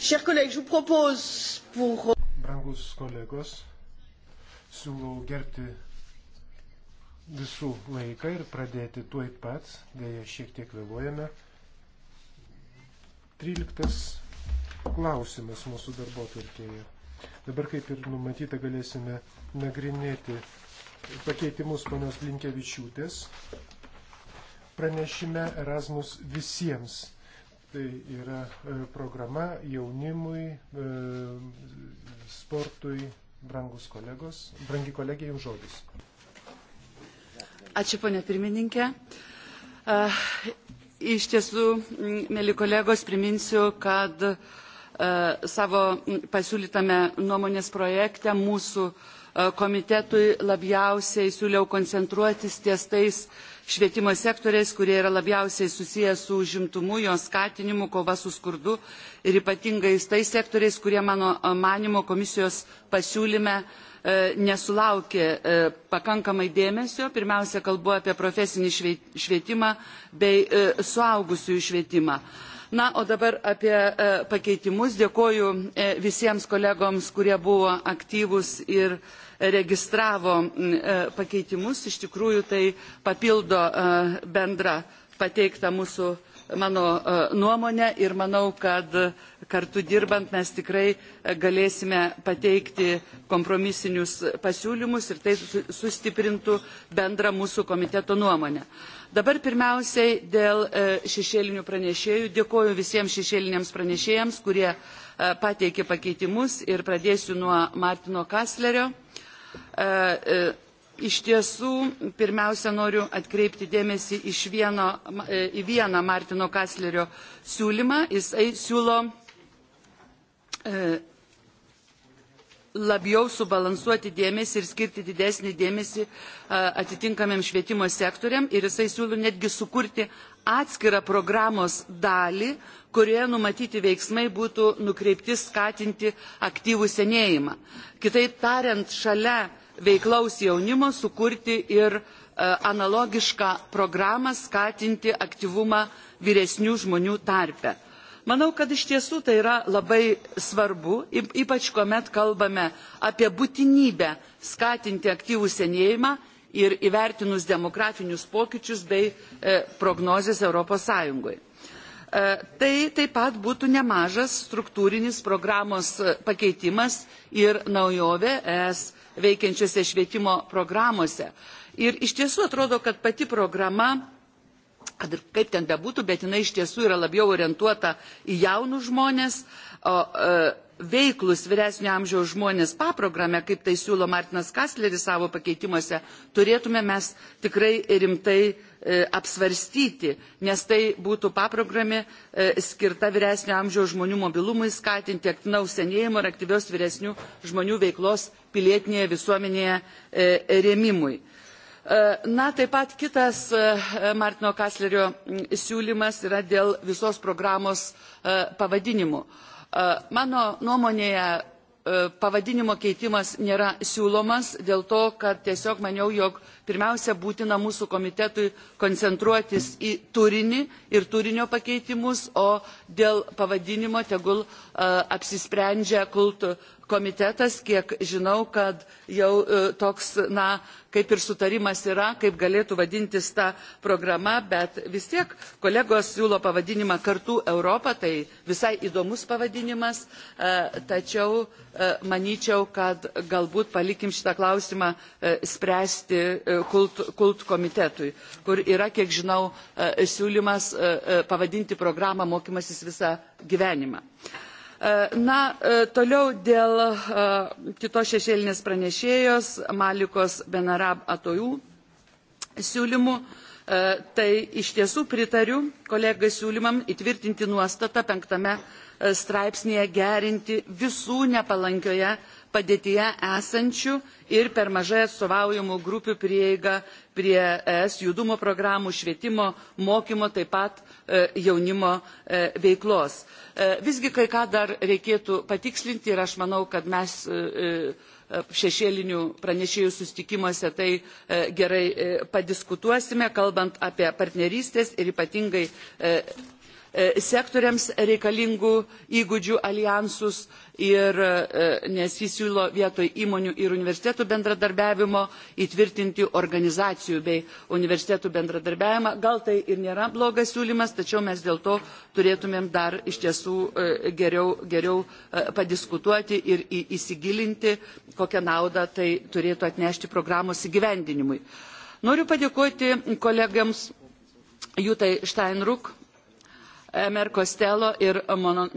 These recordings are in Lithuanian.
Chers collègues, je vous propose pour. Brangus kolegos, siūlau gerbti visų laiką ir pradėti tuoj pat, dėja šiek tiek vėluojame. 13 klausimas mūsų darbo tvarkėje. Dabar kaip ir numatyta galėsime nagrinėti pakeitimus ponios Blinkevičiūtės pranešime Erasmus visiems Tai yra e, programa jaunimui, e, sportui, brangus kolegos, brangi kolegija, jums žodis. Ačiū, ponė pirmininkė. E, iš tiesų, mėly kolegos, priminsiu, kad savo pasiūlytame nuomonės projekte mūsų komitetui labiausiai siūliau koncentruotis ties tais švietimo sektoriais, kurie yra labiausiai susiję su užimtumu, jo skatinimu, kova su skurdu ir ypatingai tais sektoriais, kurie mano manimo komisijos pasiūlyme e, nesulaukė e, pakankamai dėmesio. Pirmiausia, kalbu apie profesinį švietimą bei e, suaugusiųjų švietimą. Na, o dabar apie pakeitimus. Dėkoju visiems kolegoms, kurie buvo aktyvus ir aktyvus registravo mm, e, pakeitimus, iš tikrųjų tai papildo e, bendrą pateiktą mūsų mano e, nuomonę ir manau, kad kartu dirbant mes tikrai galėsime pateikti kompromisinius pasiūlymus ir tai sustiprintų bendrą mūsų komiteto nuomonę. Dabar pirmiausiai dėl šešėlinių pranešėjų. Dėkoju visiems šešėliniams pranešėjams, kurie pateikė pakeitimus ir pradėsiu nuo Martino Kaslerio. Uh, E, e, iš tiesų, pirmiausia, noriu atkreipti dėmesį vieno, e, į vieną Martino Kaslerio siūlymą. Jisai siūlo labiau subalansuoti dėmesį ir skirti didesnį dėmesį atitinkamiam švietimo sektoriam ir jisai siūlo netgi sukurti atskirą programos dalį, kurioje numatyti veiksmai būtų nukreipti skatinti aktyvų senėjimą. Kitaip tariant, šalia veiklaus jaunimo sukurti ir e, analogišką programą skatinti aktyvumą vyresnių žmonių tarpe. Manau, kad iš tiesų tai yra labai svarbu, ypač kuomet kalbame apie būtinybę skatinti aktyvų senėjimą ir įvertinus demografinius pokyčius bei e, prognozes Europos Sąjungoje. Tai taip pat būtų nemažas struktūrinis programos e, pakeitimas ir naujovė ES veikiančiose švietimo programuose. Ir iš tiesų atrodo, kad pati programa kad ir kaip ten bebūtų, bet jinai iš tiesų yra labiau orientuota į jaunus žmonės, o, o, e, veiklus vyresnio amžiaus žmonės paprograme, kaip tai siūlo Martinas Kasleris savo pakeitimuose, turėtume mes tikrai rimtai e, apsvarstyti, nes tai būtų paprogramė e, skirta vyresnio amžiaus žmonių mobilumui skatinti aktyvaus senėjimo ir aktyvios vyresnių žmonių veiklos pilietinėje visuomenėje e, rėmimui. Na, taip pat kitas Martino Kaslerio siūlymas yra dėl visos programos pavadinimų. Mano nuomonėje pavadinimo keitimas nėra siūlomas dėl to, kad tiesiog maniau, jog pirmiausia būtina mūsų komitetui koncentruotis į turinį ir turinio pakeitimus, o dėl pavadinimo tegul e, apsisprendžia kultų komitetas, kiek žinau, kad jau e, toks, na, kaip ir sutarimas yra, kaip galėtų vadintis ta programa, bet vis tiek kolegos siūlo pavadinimą Kartu Europą, tai visai įdomus pavadinimas, e, tačiau manyčiau, kad galbūt palikim šitą klausimą spręsti kult, kult komitetui, kur yra, kiek žinau, e, siūlymas e, e, pavadinti programą mokymasis visą gyvenimą. Na, toliau dėl kitos šešėlinės pranešėjos Malikos Benarab Atojų siūlymų tai iš tiesų pritariu kolegai siūlymam įtvirtinti nuostatą penktame straipsnėje gerinti visų nepalankioje padėtyje esančių ir per mažai atstovaujamų grupių prieigą prie es judumo programų švietimo mokymo taip pat e, jaunimo e, veiklos. E, visgi kai ką dar reikėtų patikslinti ir aš manau kad mes šešėlinių pranešėjų susitikimuose tai gerai padiskutuosime kalbant apie partnerystės ir ypatingai E, sektoriams reikalingų įgūdžių alijansus ir e, nes jis siūlo vietoj įmonių ir universitetų bendradarbiavimo įtvirtinti organizacijų bei universitetų bendradarbiavimą. Gal tai ir nėra blogas siūlymas, tačiau mes dėl to turėtumėm dar iš tiesų e, geriau, geriau padiskutuoti ir įsigilinti, kokią naudą tai turėtų atnešti programos įgyvendinimui. Noriu padėkoti kolegams Jutai Steinruk Emer Kostelo ir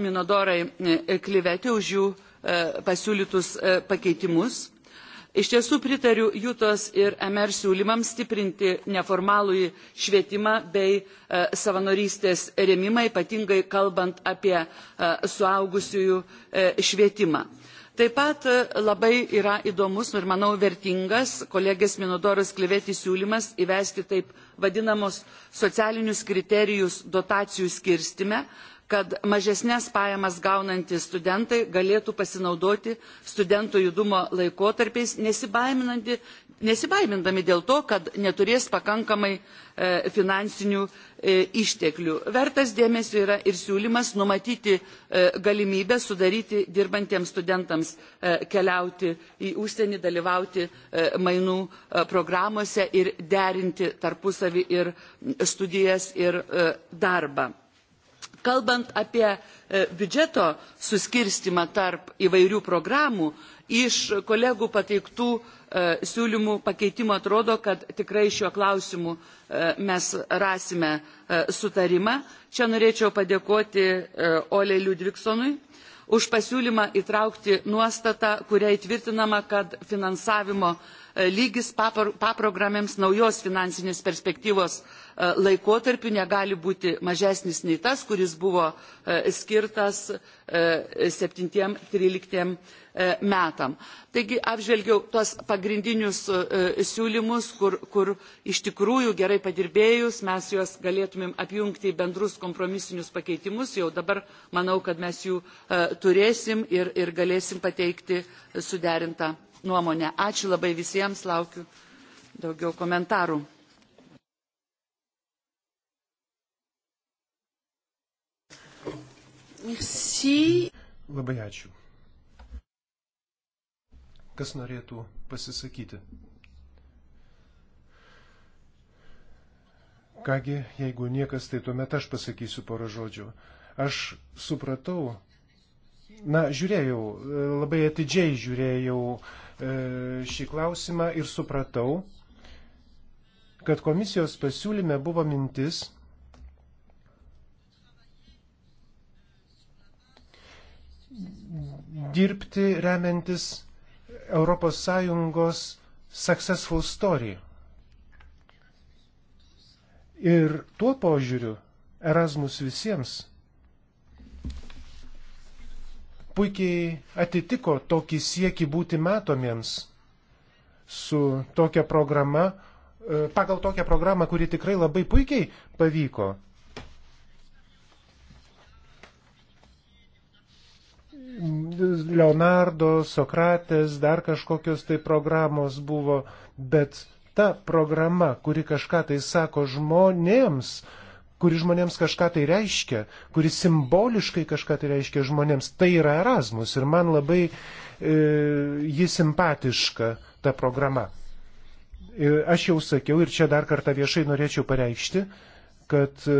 Minodorai e, Klivetė už jų e, pasiūlytus e, pakeitimus. Iš tiesų pritariu Jūtos ir MR siūlymams stiprinti neformalųjį švietimą bei savanorystės remimą, ypatingai kalbant apie suaugusiųjų švietimą Taip pat e, labai yra įdomus nu ir, manau, vertingas kolegės Minodoras Klivetis siūlymas įvesti taip vadinamos socialinius kriterijus dotacijų skirstime, kad mažesnės pajamas gaunantys studentai galėtų pasinaudoti studentų judumo laikotarpiais, nesibaiminanti nesibaimindami dėl to, kad neturės pakankamai e, finansinių e, išteklių. Vertas dėmesio yra ir siūlymas numatyti e, galimybę sudaryti dirbantiems studentams keliauti į užsienį, dalyvauti mainų programuose ir derinti tarpusavį ir studijas ir darbą kalbant apie e, biudžeto suskirstimą tarp įvairių programų iš kolegų pateiktų e, siūlymų pakeitimų atrodo kad tikrai šiuo klausimu e, mes rasime sutarimą. čia norėčiau padėkoti olei liudviksonui už pasiūlymą įtraukti nuostatą kuria įtvirtinama kad finansavimo lygis paprogramėms naujos finansinės perspektyvos E, laikotarpiu negali būti mažesnis nei tas, kuris buvo e, skirtas 7-13 e, metam. Taigi apžvelgiau tuos pagrindinius siūlymus, kur, kur iš tikrųjų gerai padirbėjus mes juos galėtumėm apjungti į bendrus kompromisinius pakeitimus. Jau dabar manau, kad mes jų turėsim ir, ir galėsim pateikti suderintą nuomonę. Ačiū labai visiems, laukiu daugiau komentarų. Merci. Labai ačiū. Kas norėtų pasisakyti? Kągi, jeigu niekas, tai tuomet aš pasakysiu porą žodžių. Aš supratau, na, žiūrėjau, labai atidžiai žiūrėjau e, šį klausimą ir supratau, kad komisijos pasiūlyme buvo mintis, dirbti remiantis ES successful story. Ir tuo požiūriu Erasmus visiems puikiai atitiko tokį siekį būti matomiems su tokia programa, e, pagal tokią programą, kuri tikrai labai puikiai pavyko Leonardo, Sokratės, dar kažkokios tai programos buvo, bet ta programa, kuri kažką tai sako žmonėms, kuri žmonėms kažką tai reiškia, kuri simboliškai kažką tai reiškia žmonėms, tai yra Erasmus ir man labai e, ji simpatiška ta programa. E, aš jau sakiau ir čia dar kartą viešai norėčiau pareikšti, kad e,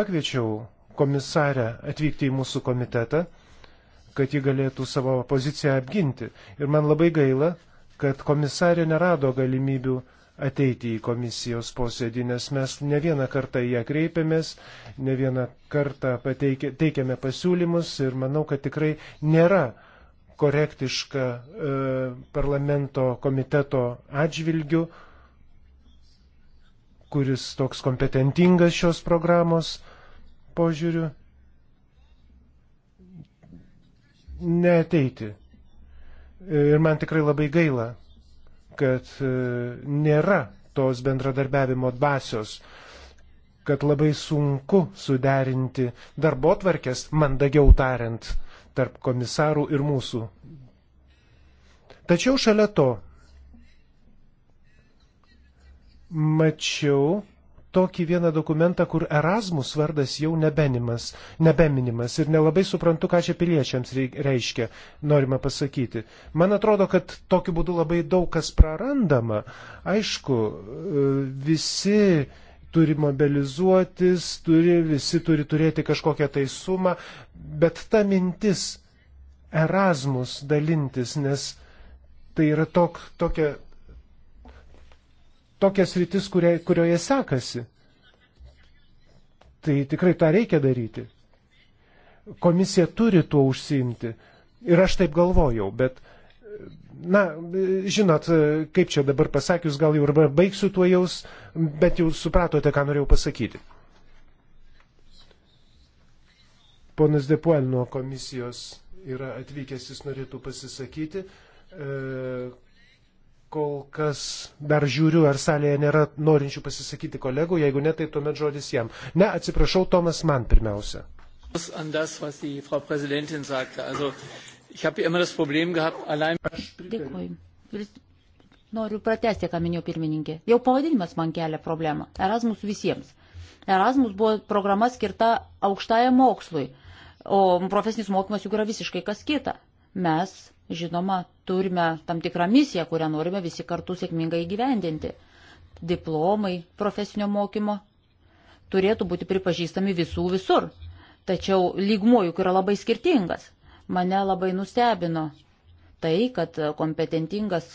pakviečiau komisarę atvykti į mūsų komitetą kad ji galėtų savo poziciją apginti. Ir man labai gaila, kad komisarė nerado galimybių ateiti į komisijos posėdį, nes mes ne vieną kartą į ją kreipėmės, ne vieną kartą pateikė, teikėme pasiūlymus ir manau, kad tikrai nėra korektiška e, parlamento komiteto atžvilgių, kuris toks kompetentingas šios programos požiūriu neateiti. Ir man tikrai labai gaila, kad e, nėra tos bendradarbiavimo dvasios, kad labai sunku suderinti darbo tvarkės, mandagiau tariant, tarp komisarų ir mūsų. Tačiau šalia to mačiau, tokį vieną dokumentą, kur Erasmus vardas jau nebenimas, nebeminimas ir nelabai suprantu, ką čia piliečiams reiškia, norima pasakyti. Man atrodo, kad tokiu būdu labai daug kas prarandama. Aišku, e, visi turi mobilizuotis, turi, visi turi turėti kažkokią tai sumą, bet ta mintis Erasmus dalintis, nes tai yra tok, tokia tokias rytis, kurie, kurioje sekasi. Tai tikrai tą reikia daryti. Komisija turi tuo užsiimti. Ir aš taip galvojau, bet, na, žinot, kaip čia dabar pasakius, gal jau ir baigsiu tuo jaus, bet jau supratote, ką norėjau pasakyti. Ponas Depuel nuo komisijos yra atvykęs, jis norėtų pasisakyti. E, kol kas dar žiūriu, ar salėje nėra norinčių pasisakyti kolegų, jeigu ne, tai tuomet žodis jam. Ne, atsiprašau, Tomas man pirmiausia. Dėkuoju. Noriu pratesti, ką minėjo pirmininkė. Jau pavadinimas man kelia problemą. Erasmus visiems. Erasmus buvo programa skirta aukštajam mokslui, o profesinis mokymas juk yra visiškai kas kita. Mes žinoma, turime tam tikrą misiją, kurią norime visi kartu sėkmingai įgyvendinti. Diplomai profesinio mokymo turėtų būti pripažįstami visų visur. Tačiau lygmuo juk yra labai skirtingas. Mane labai nustebino tai, kad kompetentingas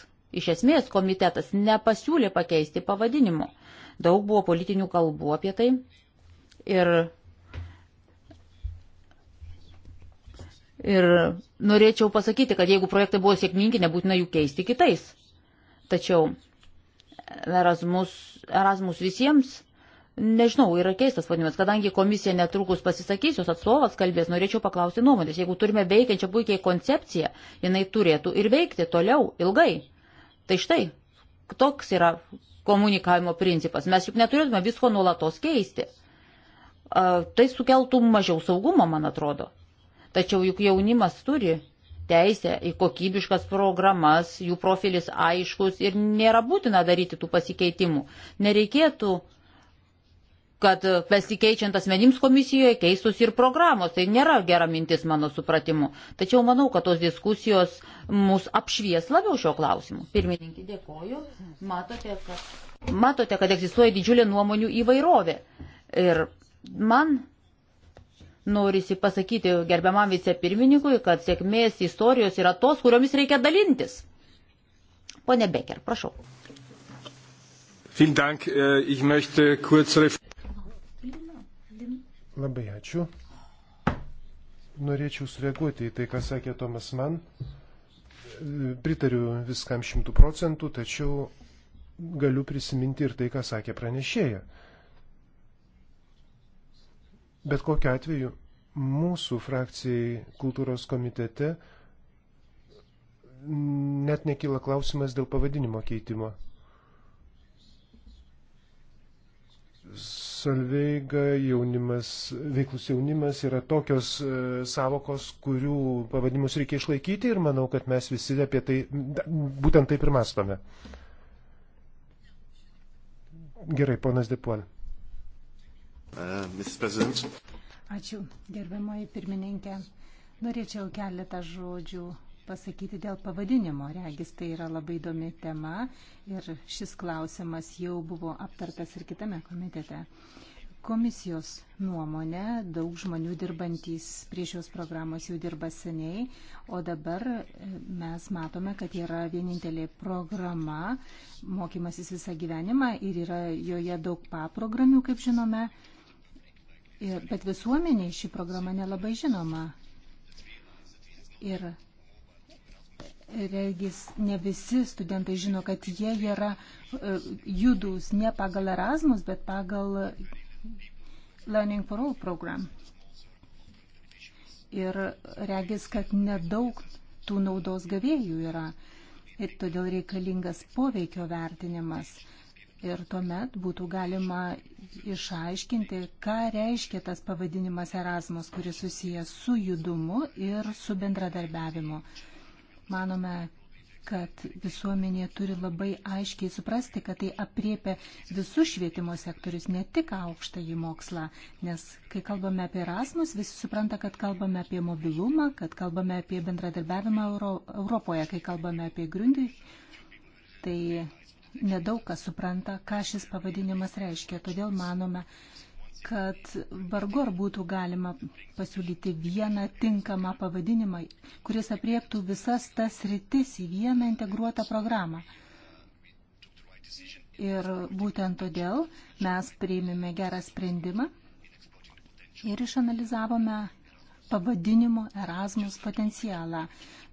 iš esmės komitetas nepasiūlė pakeisti pavadinimu. Daug buvo politinių kalbų apie tai. Ir Ir norėčiau pasakyti, kad jeigu projektai buvo sėkmingi, nebūtina jų keisti kitais. Tačiau Erasmus, Erasmus visiems, nežinau, yra keistas vadinimas, kadangi komisija netrukus pasisakys, jos atstovas kalbės, norėčiau paklausti nuomonės. Jeigu turime veikiančią puikiai koncepciją, jinai turėtų ir veikti toliau, ilgai. Tai štai, toks yra komunikavimo principas. Mes juk neturėtume visko nuolatos keisti. Tai sukeltų mažiau saugumo, man atrodo. Tačiau juk jaunimas turi teisę į kokybiškas programas, jų profilis aiškus ir nėra būtina daryti tų pasikeitimų. Nereikėtų, kad pasikeičiant asmenims komisijoje keistus ir programos. Tai nėra gera mintis mano supratimu. Tačiau manau, kad tos diskusijos mus apšvies labiau šio klausimu. Pirmininkį dėkoju. Matote, kad, Matote, kad egzistuoja didžiulė nuomonių įvairovė. Ir man norisi pasakyti gerbiamam vicepirmininkui, kad sėkmės istorijos yra tos, kuriomis reikia dalintis. Pone Becker, prašau. Äh, Labai ačiū. Norėčiau sureaguoti į tai, ką sakė Tomas Man. Pritariu viskam šimtų procentų, tačiau galiu prisiminti ir tai, ką sakė pranešėja. Bet kokiu atveju mūsų frakcijai kultūros komitete net nekyla klausimas dėl pavadinimo keitimo. Salveiga, jaunimas, veiklus jaunimas yra tokios e, savokos, kurių pavadimus reikia išlaikyti ir manau, kad mes visi apie tai būtent taip ir mastome. Gerai, ponas Depuolė. Uh, Ačiū, gerbiamoji pirmininkė. Norėčiau keletą žodžių pasakyti dėl pavadinimo. Regis tai yra labai įdomi tema ir šis klausimas jau buvo aptartas ir kitame komitete. Komisijos nuomonė, daug žmonių dirbantys prie šios programos jau dirba seniai, o dabar e, mes matome, kad yra vienintelė programa, mokymasis visą gyvenimą ir yra joje daug paprogramių, kaip žinome, Bet visuomeniai ši programa nelabai žinoma. Ir regis ne visi studentai žino, kad jie yra e, judus ne pagal Erasmus, bet pagal Learning for All program. Ir regis, kad nedaug tų naudos gavėjų yra. Ir todėl reikalingas poveikio vertinimas ir tuomet būtų galima išaiškinti, ką reiškia tas pavadinimas Erasmus, kuris susijęs su judumu ir su bendradarbiavimu. Manome, kad visuomenė turi labai aiškiai suprasti, kad tai apriepia visus švietimo sektorius, ne tik aukštąjį mokslą, nes kai kalbame apie Erasmus, visi supranta, kad kalbame apie mobilumą, kad kalbame apie bendradarbiavimą Euro Europoje, kai kalbame apie Grundig, tai nedaug kas supranta, ką šis pavadinimas reiškia. Todėl manome, kad vargu ar būtų galima pasiūlyti vieną tinkamą pavadinimą, kuris apriektų visas tas rytis į vieną integruotą programą. Ir būtent todėl mes priėmėme gerą sprendimą ir išanalizavome pavadinimo Erasmus potencialą.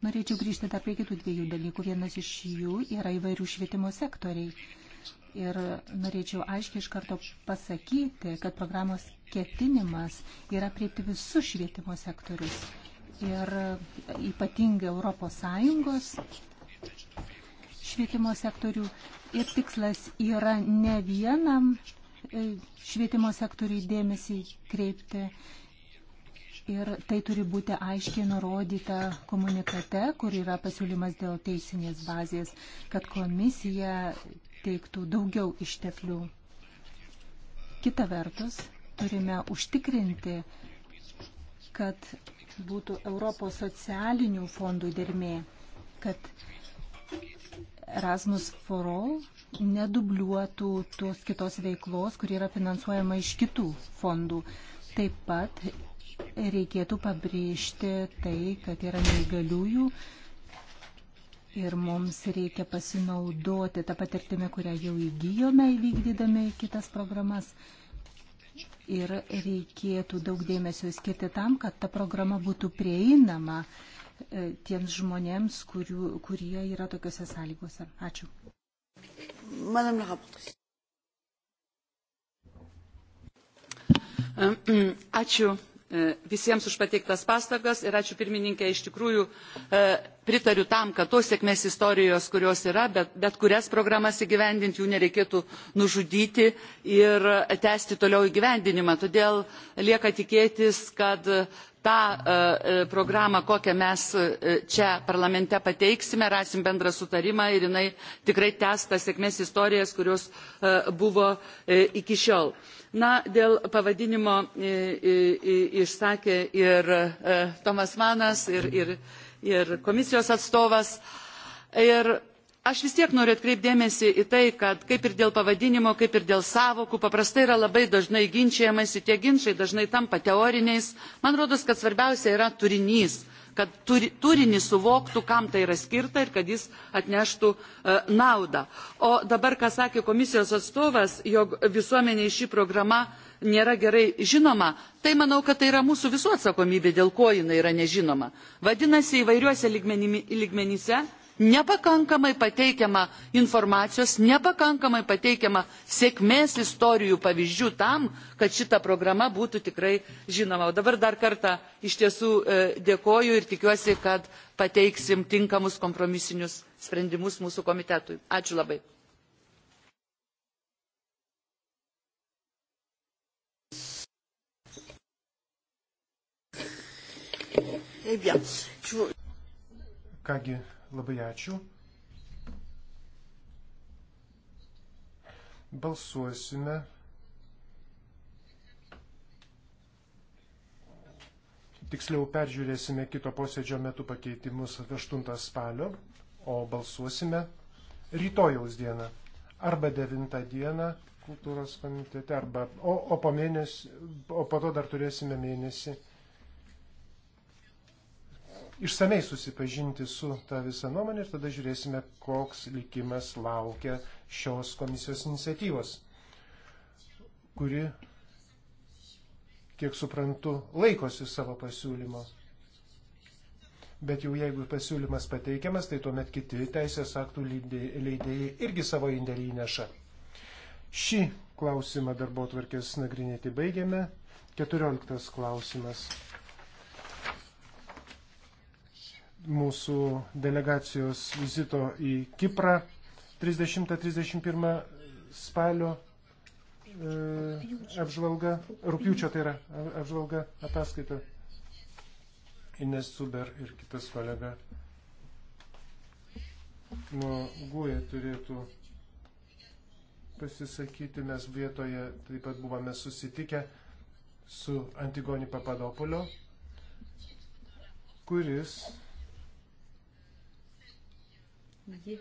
Norėčiau grįžti dar prie kitų dviejų dalykų. Vienas iš jų yra įvairių švietimo sektoriai. Ir norėčiau aiškiai iš karto pasakyti, kad programos ketinimas yra prieiti visus švietimo sektorius. Ir ypatingai Europos Sąjungos švietimo sektorių. Ir tikslas yra ne vienam e, švietimo sektoriui dėmesį kreipti Ir tai turi būti aiškiai nurodyta komunikate, kur yra pasiūlymas dėl teisinės bazės, kad komisija teiktų daugiau išteklių. Kita vertus, turime užtikrinti, kad būtų Europos socialinių fondų dermė, kad Erasmus for All nedubliuotų tos kitos veiklos, kur yra finansuojama iš kitų fondų. Taip pat reikėtų pabrėžti tai, kad yra neįgaliųjų ir mums reikia pasinaudoti tą patirtimį, kurią jau įgyjome įvykdydami kitas programas. Ir reikėtų daug dėmesio skirti tam, kad ta programa būtų prieinama e, tiems žmonėms, kurių, kurie yra tokiuose sąlygose. Ačiū. Madame la rapporteure. Ačiū E, visiems už pateiktas pastangas ir ačiū pirmininkė, iš tikrųjų e, pritariu tam, kad tos sėkmės istorijos, kurios yra, bet, bet kurias programas įgyvendinti, jų nereikėtų nužudyti ir tęsti toliau įgyvendinimą. Todėl lieka tikėtis, kad tą e, e, programą, kokią mes e, čia parlamente pateiksime, rasim bendrą sutarimą ir jinai tikrai tęs tas sėkmės istorijas, kurios e, buvo e, iki šiol. Na, dėl pavadinimo e, išsakė ir Tomas Manas, ir, ir, ir komisijos atstovas. Ir aš vis tiek noriu atkreipdėmėsi į tai, kad kaip ir dėl pavadinimo, kaip ir dėl savokų, paprastai yra labai dažnai ginčiamasi, tie ginčiai dažnai tampa teoriniais. Man rodos, kad svarbiausia yra turinys kad turi, turinį suvoktų, kam tai yra skirta ir kad jis atneštų e, naudą. O dabar, ką sakė komisijos atstovas, jog visuomeniai ši programa nėra gerai žinoma, tai manau, kad tai yra mūsų visų atsakomybė, dėl ko jinai yra nežinoma. Vadinasi, įvairiuose lygmenyse nepakankamai pateikiama informacijos, nepakankamai pateikiama sėkmės istorijų pavyzdžių tam, kad šita programa būtų tikrai žinoma. O dabar dar kartą iš tiesų e, dėkoju ir tikiuosi, kad pateiksim tinkamus kompromisinius sprendimus mūsų komitetui. Ačiū labai. Eh bien, je vous... Kągi, Labai ačiū. Balsuosime. Tiksliau peržiūrėsime kito posėdžio metu pakeitimus 8 spalio, o balsuosime rytojaus dieną arba 9 dieną kultūros komitete, arba, o, o, po mėnesį, o po to dar turėsime mėnesį išsamei susipažinti su tą visą nuomonę ir tada žiūrėsime, koks likimas laukia šios komisijos iniciatyvos, kuri, kiek suprantu, laikosi savo pasiūlymo. Bet jau jeigu pasiūlymas pateikiamas, tai tuomet kiti teisės aktų leidėjai irgi savo indėlį įneša. Šį klausimą darbo tvarkės nagrinėti baigiame. Keturioliktas klausimas. mūsų delegacijos vizito į Kiprą 30-31 spalio e, apžvalga, rūpiučio tai yra apžvalga, ataskaita. Ines Suber ir kitas kolega nuo Guja turėtų pasisakyti, mes vietoje taip pat buvome susitikę su Antigoni Papadopolio, kuris ji,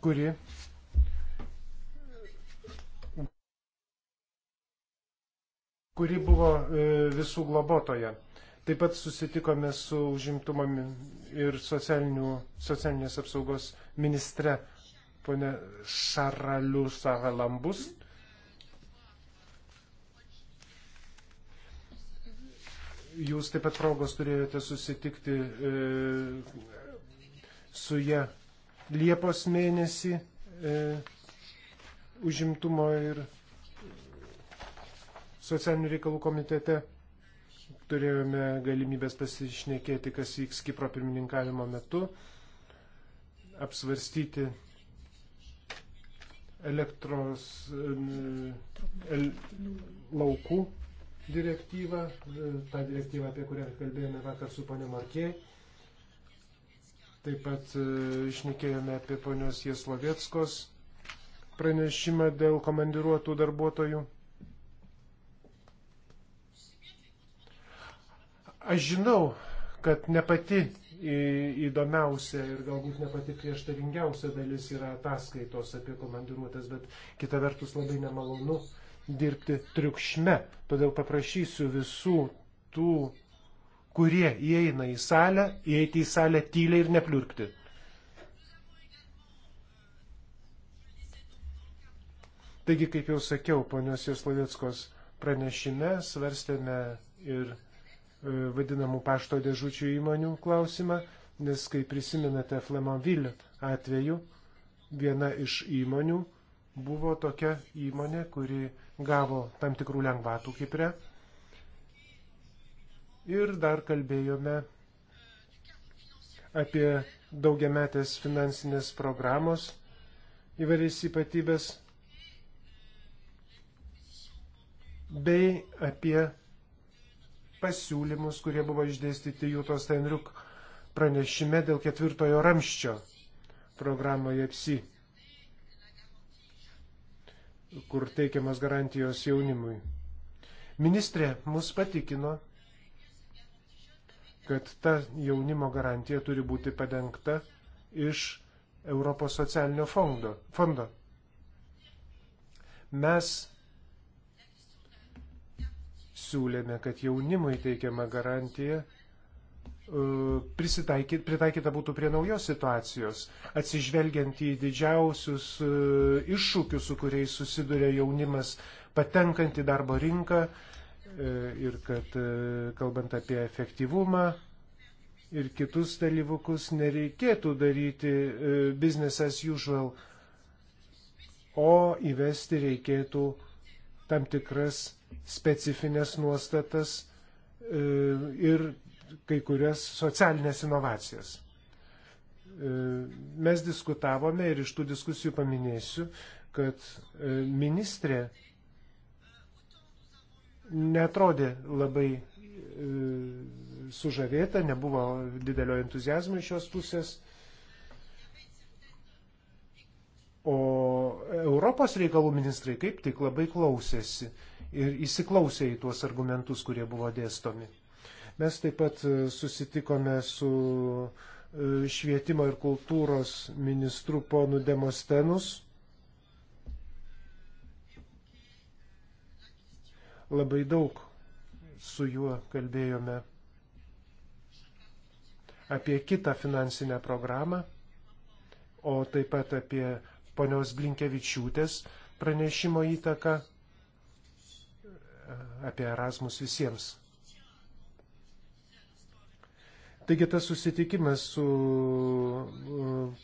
kuri kuri buvo e, visų globotoje. Taip pat susitikome su užimtumo ir socialinės apsaugos ministre ponė Šaraliu Sahalambus. Mhm. Jūs taip pat progos turėjote susitikti e, su ją Liepos mėnesį e, užimtumo ir socialinių reikalų komitete. Turėjome galimybės pasišnekėti, kas vyks Kipro pirmininkavimo metu, apsvarstyti elektros e, el, laukų direktyvą, e, tą direktyvą, apie kurią kalbėjome vakar su ponė Markė. Taip pat išnekėjome e, apie ponios Jeslovetskos pranešimą dėl komandiruotų darbuotojų. Aš žinau, kad ne pati įdomiausia ir galbūt ne pati prieštaringiausia dalis yra ataskaitos apie komandiruotas, bet kita vertus labai nemalonu, dirbti triukšme. Todėl paprašysiu visų tų, kurie įeina į salę, įeiti į salę tyliai ir nepliurkti. Taigi, kaip jau sakiau, ponios Jaslovieckos pranešime svarstėme ir e, vadinamų pašto dėžučių įmonių klausimą, nes, kai prisimenate Flamanville atveju, viena iš įmonių buvo tokia įmonė, kuri gavo tam tikrų lengvatų Kipre. Ir dar kalbėjome apie daugiametės finansinės programos įvairiais ypatybės bei apie pasiūlymus, kurie buvo išdėstyti Jūtos Tenriuk pranešime dėl ketvirtojo ramščio programoje PSI kur teikiamas garantijos jaunimui. Ministrė mus patikino, kad ta jaunimo garantija turi būti padengta iš Europos socialinio fondo. fondo. Mes siūlėme, kad jaunimui teikiama garantija E, pritaikyta būtų prie naujos situacijos, atsižvelgiant į didžiausius e, iššūkius, su kuriais susiduria jaunimas patenkant į darbo rinką e, ir kad kalbant apie efektyvumą ir kitus dalyvukus nereikėtų daryti business as usual, o įvesti reikėtų tam tikras specifines nuostatas ir kai kurias socialinės inovacijas. E, mes diskutavome ir iš tų diskusijų paminėsiu, kad e, ministrė netrodė labai e, sužavėta, nebuvo didelio entuzijazmo iš jos pusės. O Europos reikalų ministrai kaip tik labai klausėsi ir įsiklausė į tuos argumentus, kurie buvo dėstomi. Mes taip pat e, susitikome su e, švietimo ir kultūros ministru ponu Demostenus. Labai daug su juo kalbėjome apie kitą finansinę programą, o taip pat apie ponios Blinkevičiūtės pranešimo įtaką e, apie Erasmus visiems. Taigi tas susitikimas su e,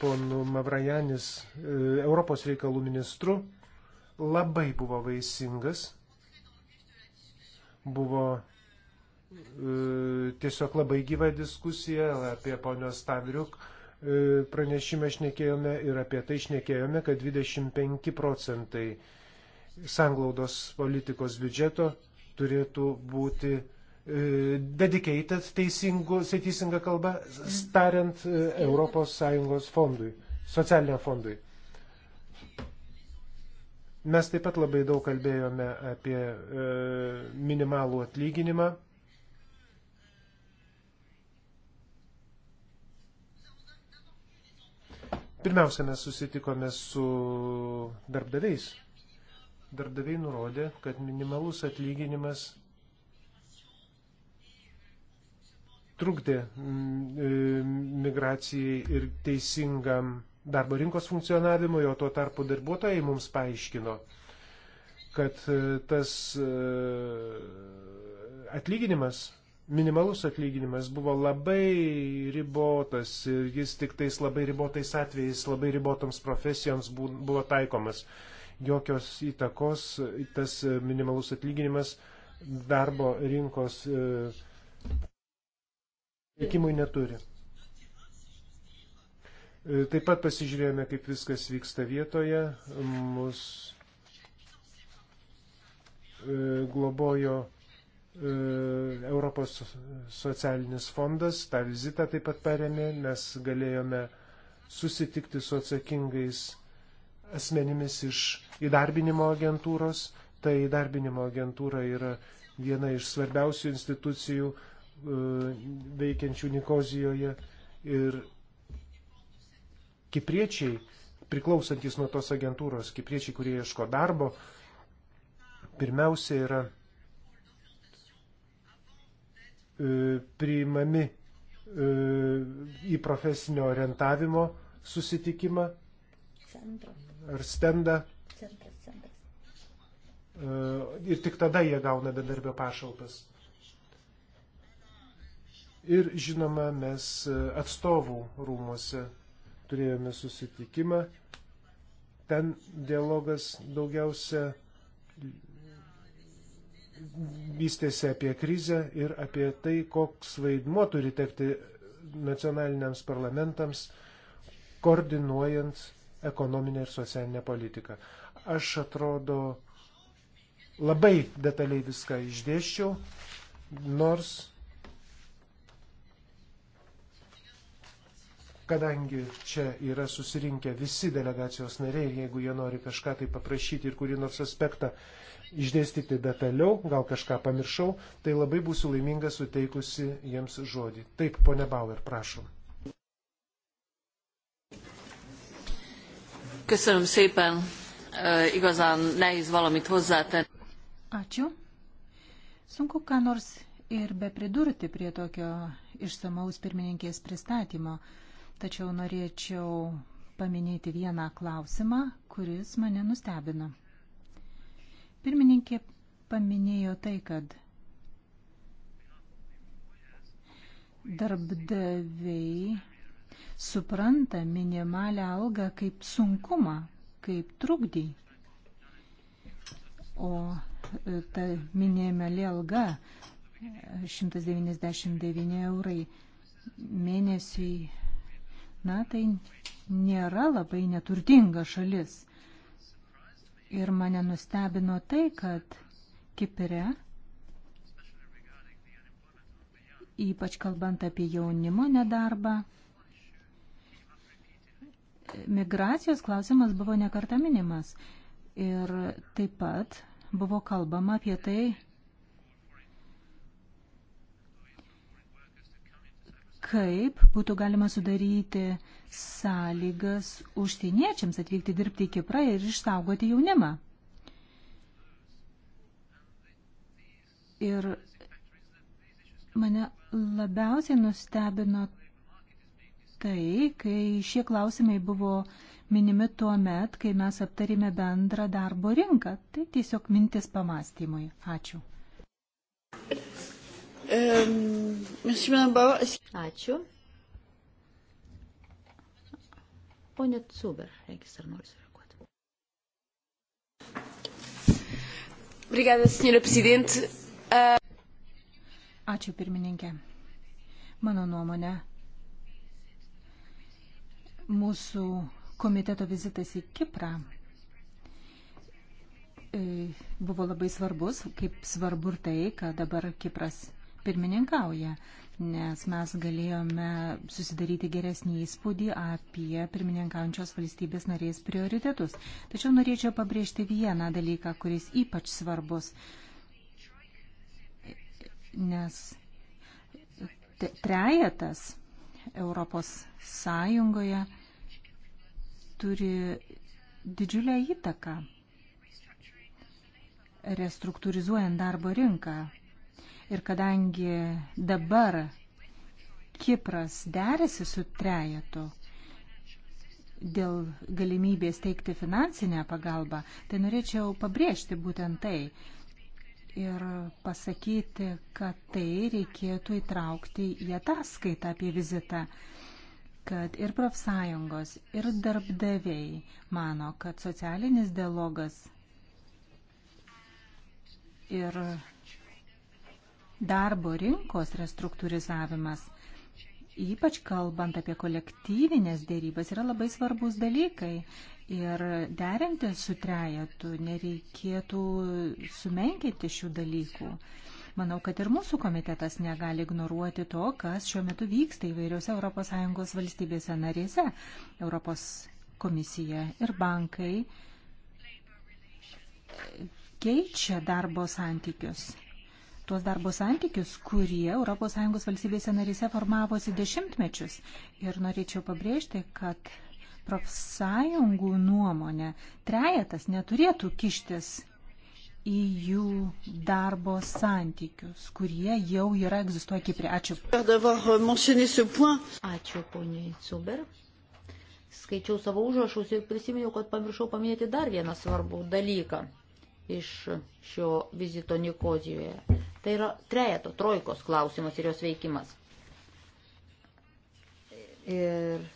ponu Mavrajanis, e, Europos reikalų ministru, labai buvo vaisingas. Buvo e, tiesiog labai gyva diskusija apie ponios Stavriuk pranešimą šnekėjome ir apie tai šnekėjome, kad 25 procentai sanglaudos politikos biudžeto turėtų būti E, dedicated teisingų, teisinga kalba, tariant ES fondui, socialiniam fondui. Mes taip pat labai daug kalbėjome apie e, minimalų atlyginimą. Pirmiausia, mes susitikome su darbdaviais. Darbdaviai nurodė, kad minimalus atlyginimas trukdė mm, e, migracijai ir teisingam darbo rinkos funkcionavimui, o tuo tarpu darbuotojai mums paaiškino, kad e, tas e, atlyginimas, minimalus atlyginimas buvo labai ribotas ir jis tik tais labai ribotais atvejais, labai ribotoms profesijoms buvo taikomas. Jokios įtakos tas minimalus atlyginimas darbo rinkos likimui neturi. E, taip pat pasižiūrėjome, kaip viskas vyksta vietoje. Mus e, globojo e, Europos socialinis fondas, tą vizitą taip pat perėmė, mes galėjome susitikti su atsakingais asmenimis iš įdarbinimo agentūros. Tai įdarbinimo agentūra yra viena iš svarbiausių institucijų E, veikiančių Nikozijoje ir kipriečiai, priklausantis nuo tos agentūros, kipriečiai, kurie ieško darbo, pirmiausia yra e, priimami e, į profesinio orientavimo susitikimą ar stendą. Ir tik tada jie gauna bedarbio pašalpas. Ir žinoma, mes e, atstovų rūmose turėjome susitikimą. Ten dialogas daugiausia vystėsi apie krizę ir apie tai, koks vaidmuo turi tekti nacionaliniams parlamentams, koordinuojant ekonominę ir socialinę politiką. Aš atrodo labai detaliai viską išdėščiau, nors kadangi čia yra susirinkę visi delegacijos nariai ir jeigu jie nori kažką tai paprašyti ir kurį nors aspektą išdėstyti detaliau, gal kažką pamiršau, tai labai būsiu laiminga suteikusi jiems žodį. Taip, ponia Bauer, prašom. Köszönöm szépen, e, igazán nehéz valamit hozzátenni. Ačiū. Sunku ką nors ir be pridurti prie tokio išsamaus pirmininkės pristatymo. E, Tačiau norėčiau paminėti vieną klausimą, kuris mane nustebino. Pirmininkė paminėjo tai, kad darbdaviai supranta minimalią algą kaip sunkumą, kaip trukdį. O e, ta minimali alga 199 e, eurai mėnesiui na, tai nėra labai neturtinga šalis. Ir mane nustebino tai, kad Kipre, ypač kalbant apie jaunimo nedarbą, migracijos klausimas buvo nekarta minimas. Ir taip pat buvo kalbama apie tai, kaip būtų galima sudaryti sąlygas užsieniečiams atvykti dirbti į Kiprą ir išsaugoti jaunimą. Ir mane labiausiai nustebino tai, kai šie klausimai buvo minimi tuo met, kai mes aptarėme bendrą darbo rinką. Tai tiesiog mintis pamastymui. Ačiū. Ehm, ačiū. Pone Cuber, reikės ar nori sureaguoti. Obrigada, senhora Presidente. Uh... Ačiū pirmininkė. Mano nuomonė, mūsų komiteto vizitas į Kiprą e, buvo labai svarbus, kaip svarbu ir tai, kad dabar Kipras pirmininkauja, nes mes galėjome susidaryti geresnį įspūdį apie pirmininkaujančios valstybės narės prioritetus. Tačiau norėčiau pabrėžti vieną dalyką, kuris ypač svarbus, nes trejetas Europos Sąjungoje turi didžiulę įtaką restruktūrizuojant darbo rinką Ir kadangi dabar Kipras derasi su trejetu dėl galimybės teikti finansinę pagalbą, tai norėčiau pabrėžti būtent tai ir pasakyti, kad tai reikėtų įtraukti į ataskaitą apie vizitą, kad ir profsąjungos, ir darbdaviai mano, kad socialinis dialogas ir darbo rinkos restruktūrizavimas, ypač kalbant apie kolektyvinės dėrybas, yra labai svarbus dalykai. Ir derinti su trejetu nereikėtų sumenkinti šių dalykų. Manau, kad ir mūsų komitetas negali ignoruoti to, kas šiuo metu vyksta įvairiose ES valstybėse narėse. Europos komisija ir bankai keičia darbo santykius tuos darbo santykius, kurie ES valstybėse narise formavosi dešimtmečius. Ir norėčiau pabrėžti, kad profsąjungų nuomonė trejetas neturėtų kištis į jų darbo santykius, kurie jau yra egzistuoja Kiprė. Ačiū. Euh, Ačiū, poniai Cuber. Skaičiau savo užrašus ir prisiminiau, kad pamiršau paminėti dar vieną svarbų dalyką iš šio vizito Nikozijoje. Tai yra trejato, trojkos klausimas ir jos veikimas. Ir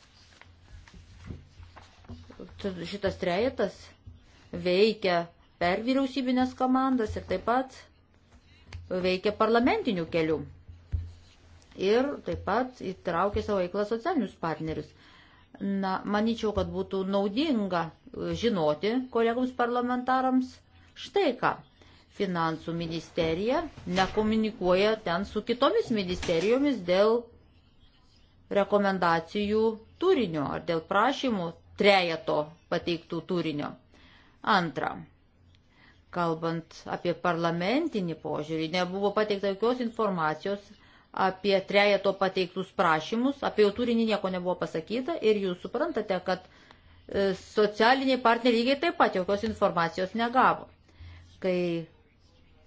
šitas trejetas veikia per vyriausybinės komandas ir taip pat veikia parlamentinių kelių. Ir taip pat įtraukia savo veiklą socialinius partnerius. Na, manyčiau, kad būtų naudinga žinoti kolegams parlamentarams štai ką finansų ministerija nekomunikuoja ten su kitomis ministerijomis dėl rekomendacijų turinio ar dėl prašymų trejeto pateiktų turinio. Antra, kalbant apie parlamentinį požiūrį, nebuvo pateikta jokios informacijos apie trejeto pateiktus prašymus, apie jų turinį nieko nebuvo pasakyta ir jūs suprantate, kad e, socialiniai partneriai lygiai taip pat jokios informacijos negavo. Kai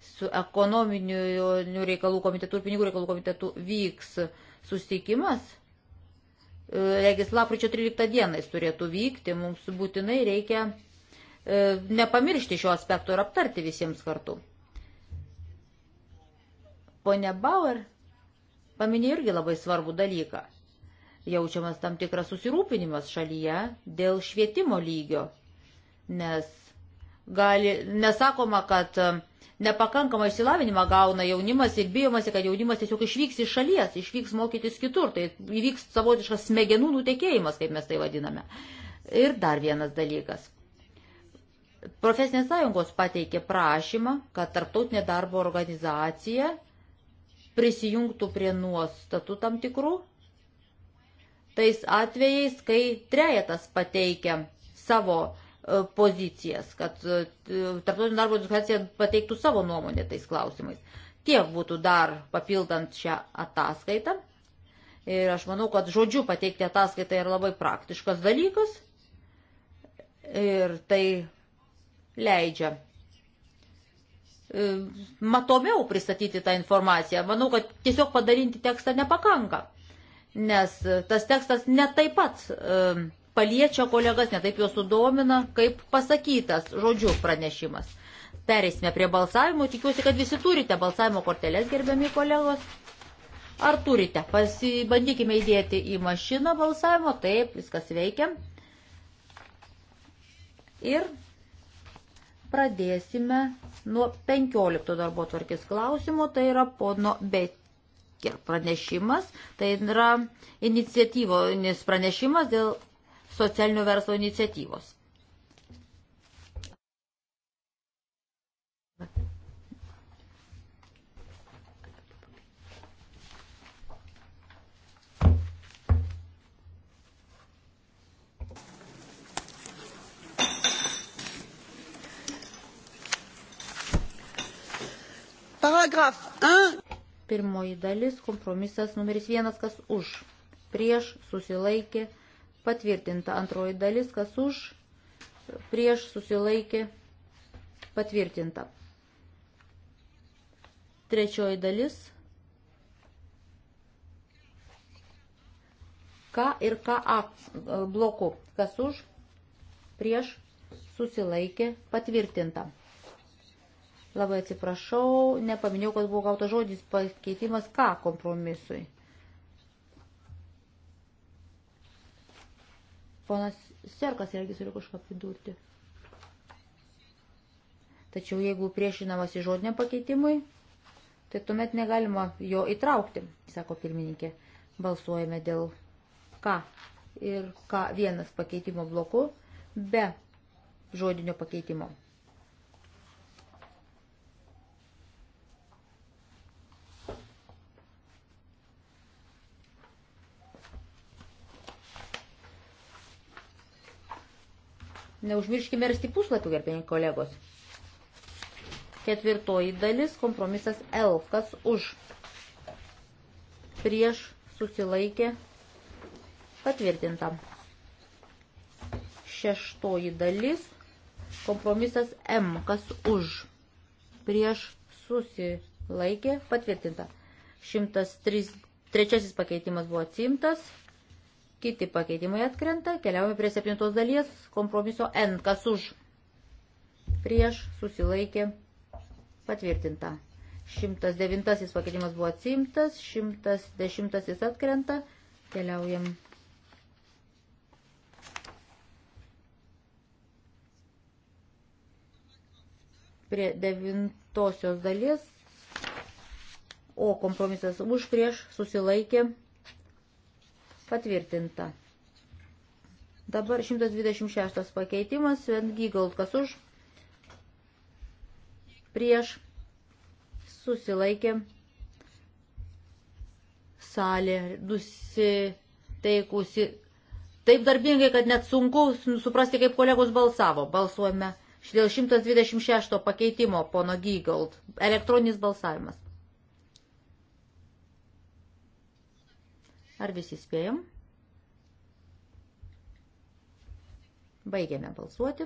su ekonominių reikalų komitetu ir pinigų reikalų komitetu vyks susitikimas. E, regis lapkričio 13 dieną jis turėtų vykti, mums būtinai reikia e, nepamiršti šio aspekto ir aptarti visiems kartu. Pone Bauer paminėjo irgi labai svarbų dalyką. Jaučiamas tam tikras susirūpinimas šalyje dėl švietimo lygio, nes gali, nesakoma, kad nepakankamą išsilavinimą gauna jaunimas ir bijomasi, kad jaunimas tiesiog išvyks iš šalies, išvyks mokytis kitur, tai įvyks savotiškas smegenų nutekėjimas, kaip mes tai vadiname. Ir dar vienas dalykas. Profesinės sąjungos pateikė prašymą, kad tarptautinė darbo organizacija prisijungtų prie nuostatų tam tikrų, tais atvejais, kai trejetas pateikia savo E, pozicijas, kad e, Tarptautinė darbo organizacija pateiktų savo nuomonę tais klausimais. Tiek būtų dar papildant šią ataskaitą. Ir aš manau, kad žodžiu pateikti ataskaitą yra labai praktiškas dalykas. Ir tai leidžia e, matomiau pristatyti tą informaciją. Manau, kad tiesiog padarinti tekstą nepakanka, nes tas tekstas netai pat paliečia kolegas, netaip juos sudomina, kaip pasakytas žodžiu pranešimas. Pereisime prie balsavimo, tikiuosi, kad visi turite balsavimo korteles, gerbiami kolegos. Ar turite? Pasibandykime įdėti į mašiną balsavimo, taip, viskas veikia. Ir pradėsime nuo 15 darbo tvarkės klausimo, tai yra pono Bet pranešimas, tai yra iniciatyvonis pranešimas dėl socialinio verslo iniciatyvos. Paragraf 1. Pirmoji dalis, kompromisas numeris vienas, kas už, prieš, susilaikė, patvirtinta antroji dalis, kas už, prieš susilaikė, patvirtinta. Trečioji dalis, K ir KA e, bloku, kas už, prieš susilaikė, patvirtinta. Labai atsiprašau, nepaminėjau, kad buvo gauta žodis pakeitimas K kompromisui. Ponas Serkas irgi turi kažką pridurti. Tačiau jeigu priešinamas į žodinę pakeitimui, tai tuomet negalima jo įtraukti, sako pirmininkė. Balsuojame dėl K ir K vienas pakeitimo bloku be žodinio pakeitimo. Neužmirškime rasti puslapių, gerbėjai kolegos. Ketvirtoji dalis, kompromisas L, kas už, prieš, susilaikė, patvirtinta. Šeštoji dalis, kompromisas M, kas už, prieš, susilaikė, patvirtinta. 103 pakeitimas buvo atsimtas. Kiti pakeitimai atkrenta. Keliaujame prie septintos dalies kompromiso N. Kas už? Prieš susilaikė patvirtinta. 109 pakeitimas buvo atsimtas, 110 atkrenta. Keliaujam. Prie devintosios dalies. O kompromisas už prieš susilaikė patvirtinta Patvirtinta. Dabar 126 pakeitimas, Sven Gigold, kas už, prieš, susilaikė, salė, nusiteikusi, taip darbingai, kad net sunku suprasti, kaip kolegos balsavo. Balsuojame dėl 126 pakeitimo, pono Gigold, elektroninis balsavimas. Ar visi spėjom? Baigėme balsuoti.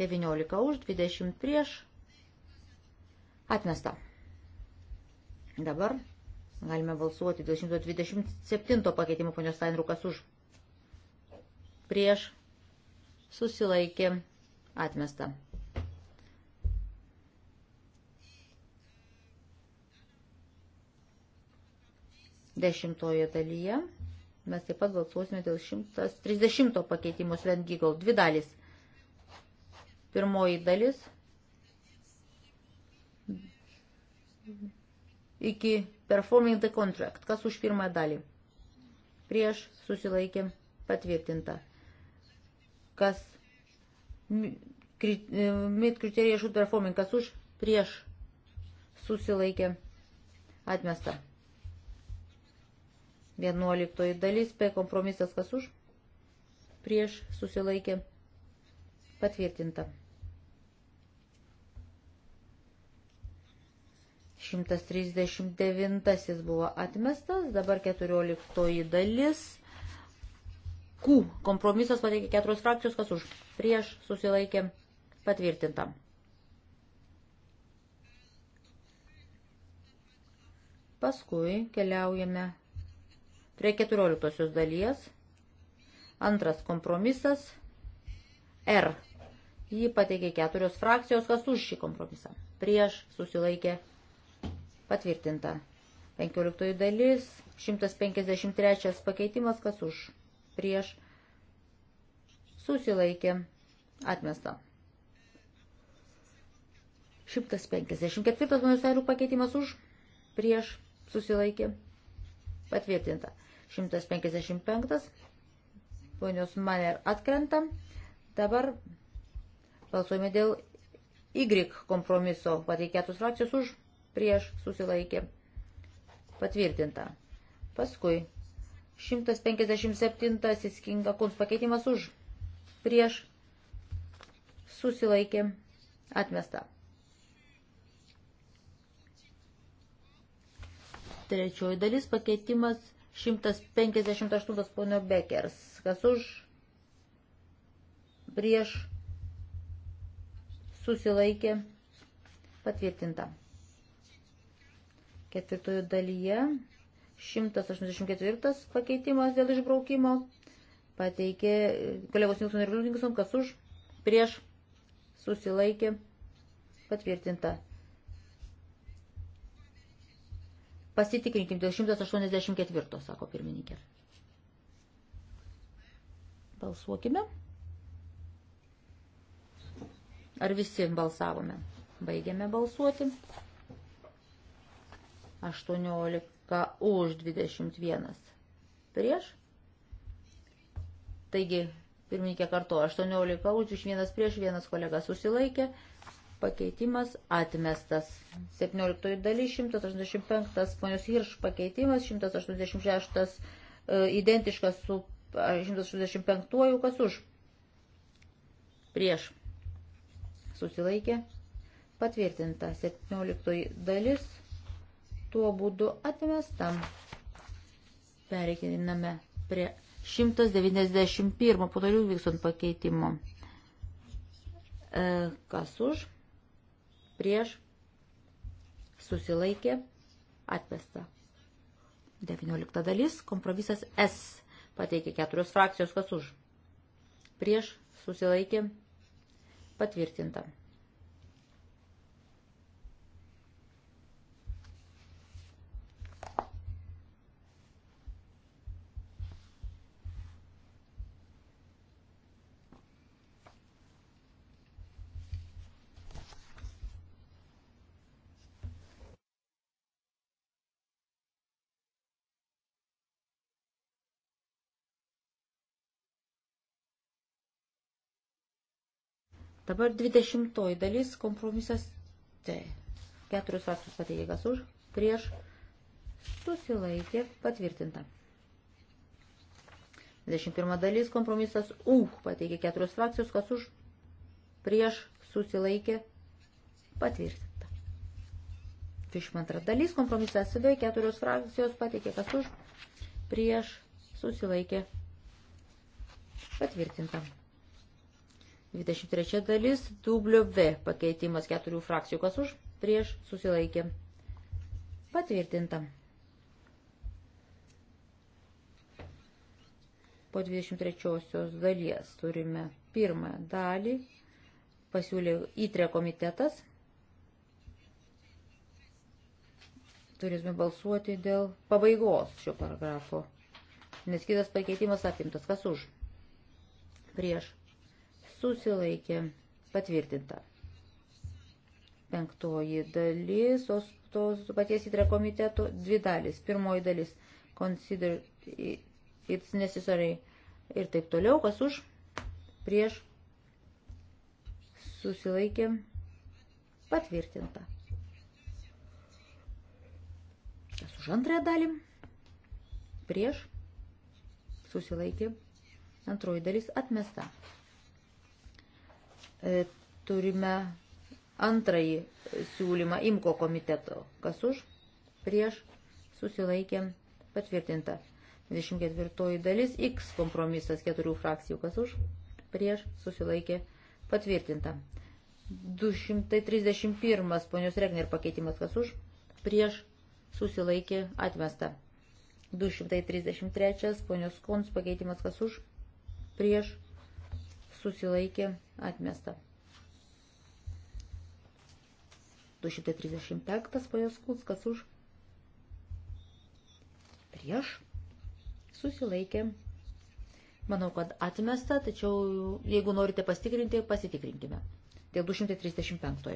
19 už, 20 prieš. Atmesta. Dabar galime balsuoti 227 pakeitimo ponios Steinrukas už. Prieš. Susilaikė. Atmesta. Dešimtoje dalyje mes taip pat balsuosime dėl 130 pakeitimo Svendygal. Dvi dalis. Pirmoji dalis iki performing the contract. Kas už pirmąją dalį? Prieš susilaikė patvirtinta. Kas mit e, kriterija should performing. Kas už prieš susilaikė atmesta. 11 dalis P kompromisas kas už, prieš susilaikė patvirtinta. 139 buvo atmestas, dabar 14 dalis. Q kompromisas pateikė keturios frakcijos, kas už, prieš susilaikė patvirtinta. Paskui keliaujame prie 14 dalies. Antras kompromisas R. Jį pateikė keturios frakcijos, kas už šį kompromisą. Prieš susilaikė patvirtinta. 15 dalis, 153 pakeitimas, kas už. Prieš susilaikė atmesta. 154 nuosarių pakeitimas už. Prieš susilaikė patvirtinta. 155. Ponios Maner atkrenta. Dabar balsuojame dėl Y kompromiso. Pateikėtus frakcijos už prieš susilaikė. Patvirtinta. Paskui 157 skinga kuns pakeitimas už prieš susilaikė atmesta. Trečioji dalis pakeitimas 158 ponio Bekers. Kas už? Prieš susilaikė patvirtinta. Ketvirtojo dalyje 184 pakeitimas dėl išbraukimo pateikė kolegos Nilson ir Liudingson, kas už prieš susilaikė patvirtinta. Pasitikrinkim dėl 184, sako pirmininkė. Balsuokime. Ar visi balsavome? Baigiame balsuoti. 18 už 21 prieš. Taigi, pirmininkė kartu, 18 už 21 prieš, vienas kolega susilaikė pakeitimas atmestas. 17 dalis 185 ponios Hirš pakeitimas, 186 e, identiškas su 185, kas už. Prieš. Susilaikė. Patvirtinta 17 dalis. Tuo būdu atmesta. Pereikiname prie 191 po tolių vykson pakeitimo. E, kas už? prieš, susilaikė, atmesta. 19 dalis, kompromisas S, pateikė keturios frakcijos, kas už, prieš, susilaikė, patvirtinta. Dabar 20 dalis kompromisas T. Keturius faktus pateikė kas už, prieš, susilaikė, patvirtinta. 21 dalis kompromisas U pateikė keturios frakcijos, kas už, prieš, susilaikė, patvirtinta. 22 dalis kompromisas V keturios frakcijos pateikė kas už, prieš, susilaikė, patvirtinta. 23 dalis, dublio V pakeitimas keturių frakcijų, kas už, prieš, susilaikė. Patvirtinta. Po 23 dalies turime pirmą dalį, pasiūlė įtrė e komitetas. Turėsime balsuoti dėl pabaigos šio paragrafo, nes kitas pakeitimas apimtas, kas už, prieš, susilaikė patvirtinta. Penktoji dalis, o tos paties įtrė komiteto dvi dalis. Pirmoji dalis, consider it's necessary ir taip toliau, kas už, prieš, susilaikė patvirtinta. Kas už antrąją dalį, prieš, susilaikė antroji dalis atmesta. E, turime antrąjį siūlymą imko komiteto. Kas už? Prieš susilaikė patvirtinta. 24 dalis X kompromisas keturių frakcijų. Kas už? Prieš susilaikė patvirtinta. 231 ponios Regner pakeitimas. Kas už? Prieš susilaikė atmesta. 233 ponios Kons pakeitimas. Kas už? Prieš susilaikė atmesta. 235 pajaskūs, kas už prieš susilaikė. Manau, kad atmesta, tačiau jeigu norite pasitikrinti, pasitikrinkime. Dėl 235.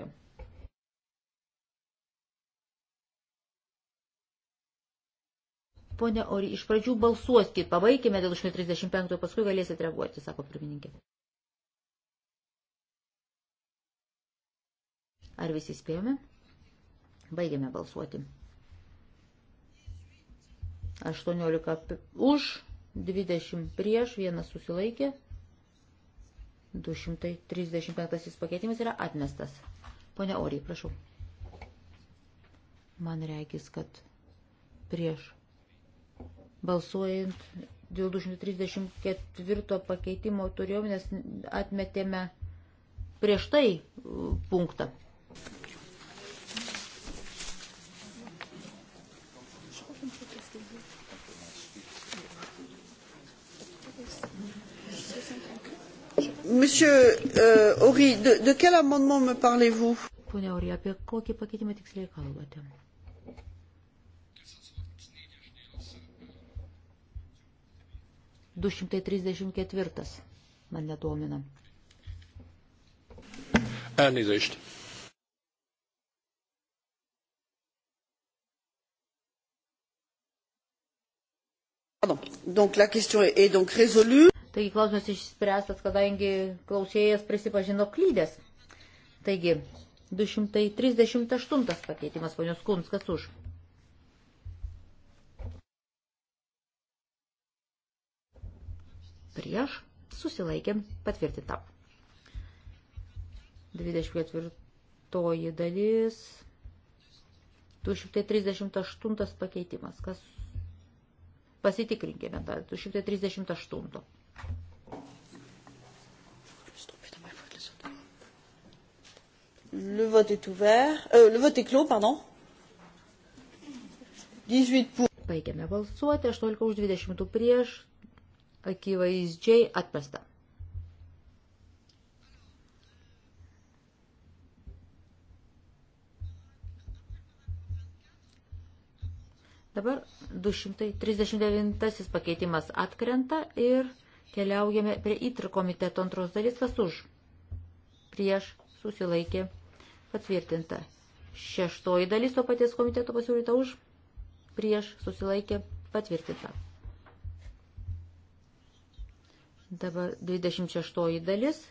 Pone Ori, iš pradžių balsuoskit, pabaikime dėl 235, paskui galėsit reaguoti, sako pirmininkė. Ar visi spėjome? Baigiame balsuoti. 18 už, 20 prieš, vienas susilaikė. 235 pakeitimas yra atmestas. Pone Oriai, prašau. Man reikis, kad prieš balsuojant dėl 234 pakeitimo turėjom, nes atmetėme prieš tai uh, punktą. Monsieur euh, Horry, de, de quel amendement me parlez-vous Pone Horry, apie kokį pakeitimą tiksliai kalbate? Du šimtai trisdešimt ketvirtas mane domina. Elnézést. Taigi klausimas išspręstas, kadangi klausėjas prisipažino klydęs. Taigi, 238 pakeitimas, ponios Kunskas už. Prieš susilaikėm patvirtintam. 24 dalis. 238 pakeitimas. Kas Pasitikrinkime tą 238. Le vote est ouvert. Euh, le vote est clos, pardon. 18 pour. Baigiame balsuoti, 18 už 20 prieš, akivaizdžiai atmesta. Dabar 239 pakeitimas atkrenta ir keliaujame prie įtri komiteto antros dalis, kas už. Prieš susilaikė patvirtinta. Šeštoji dalis to paties komiteto pasiūlyta už. Prieš susilaikė patvirtinta. Dabar 26 dalis.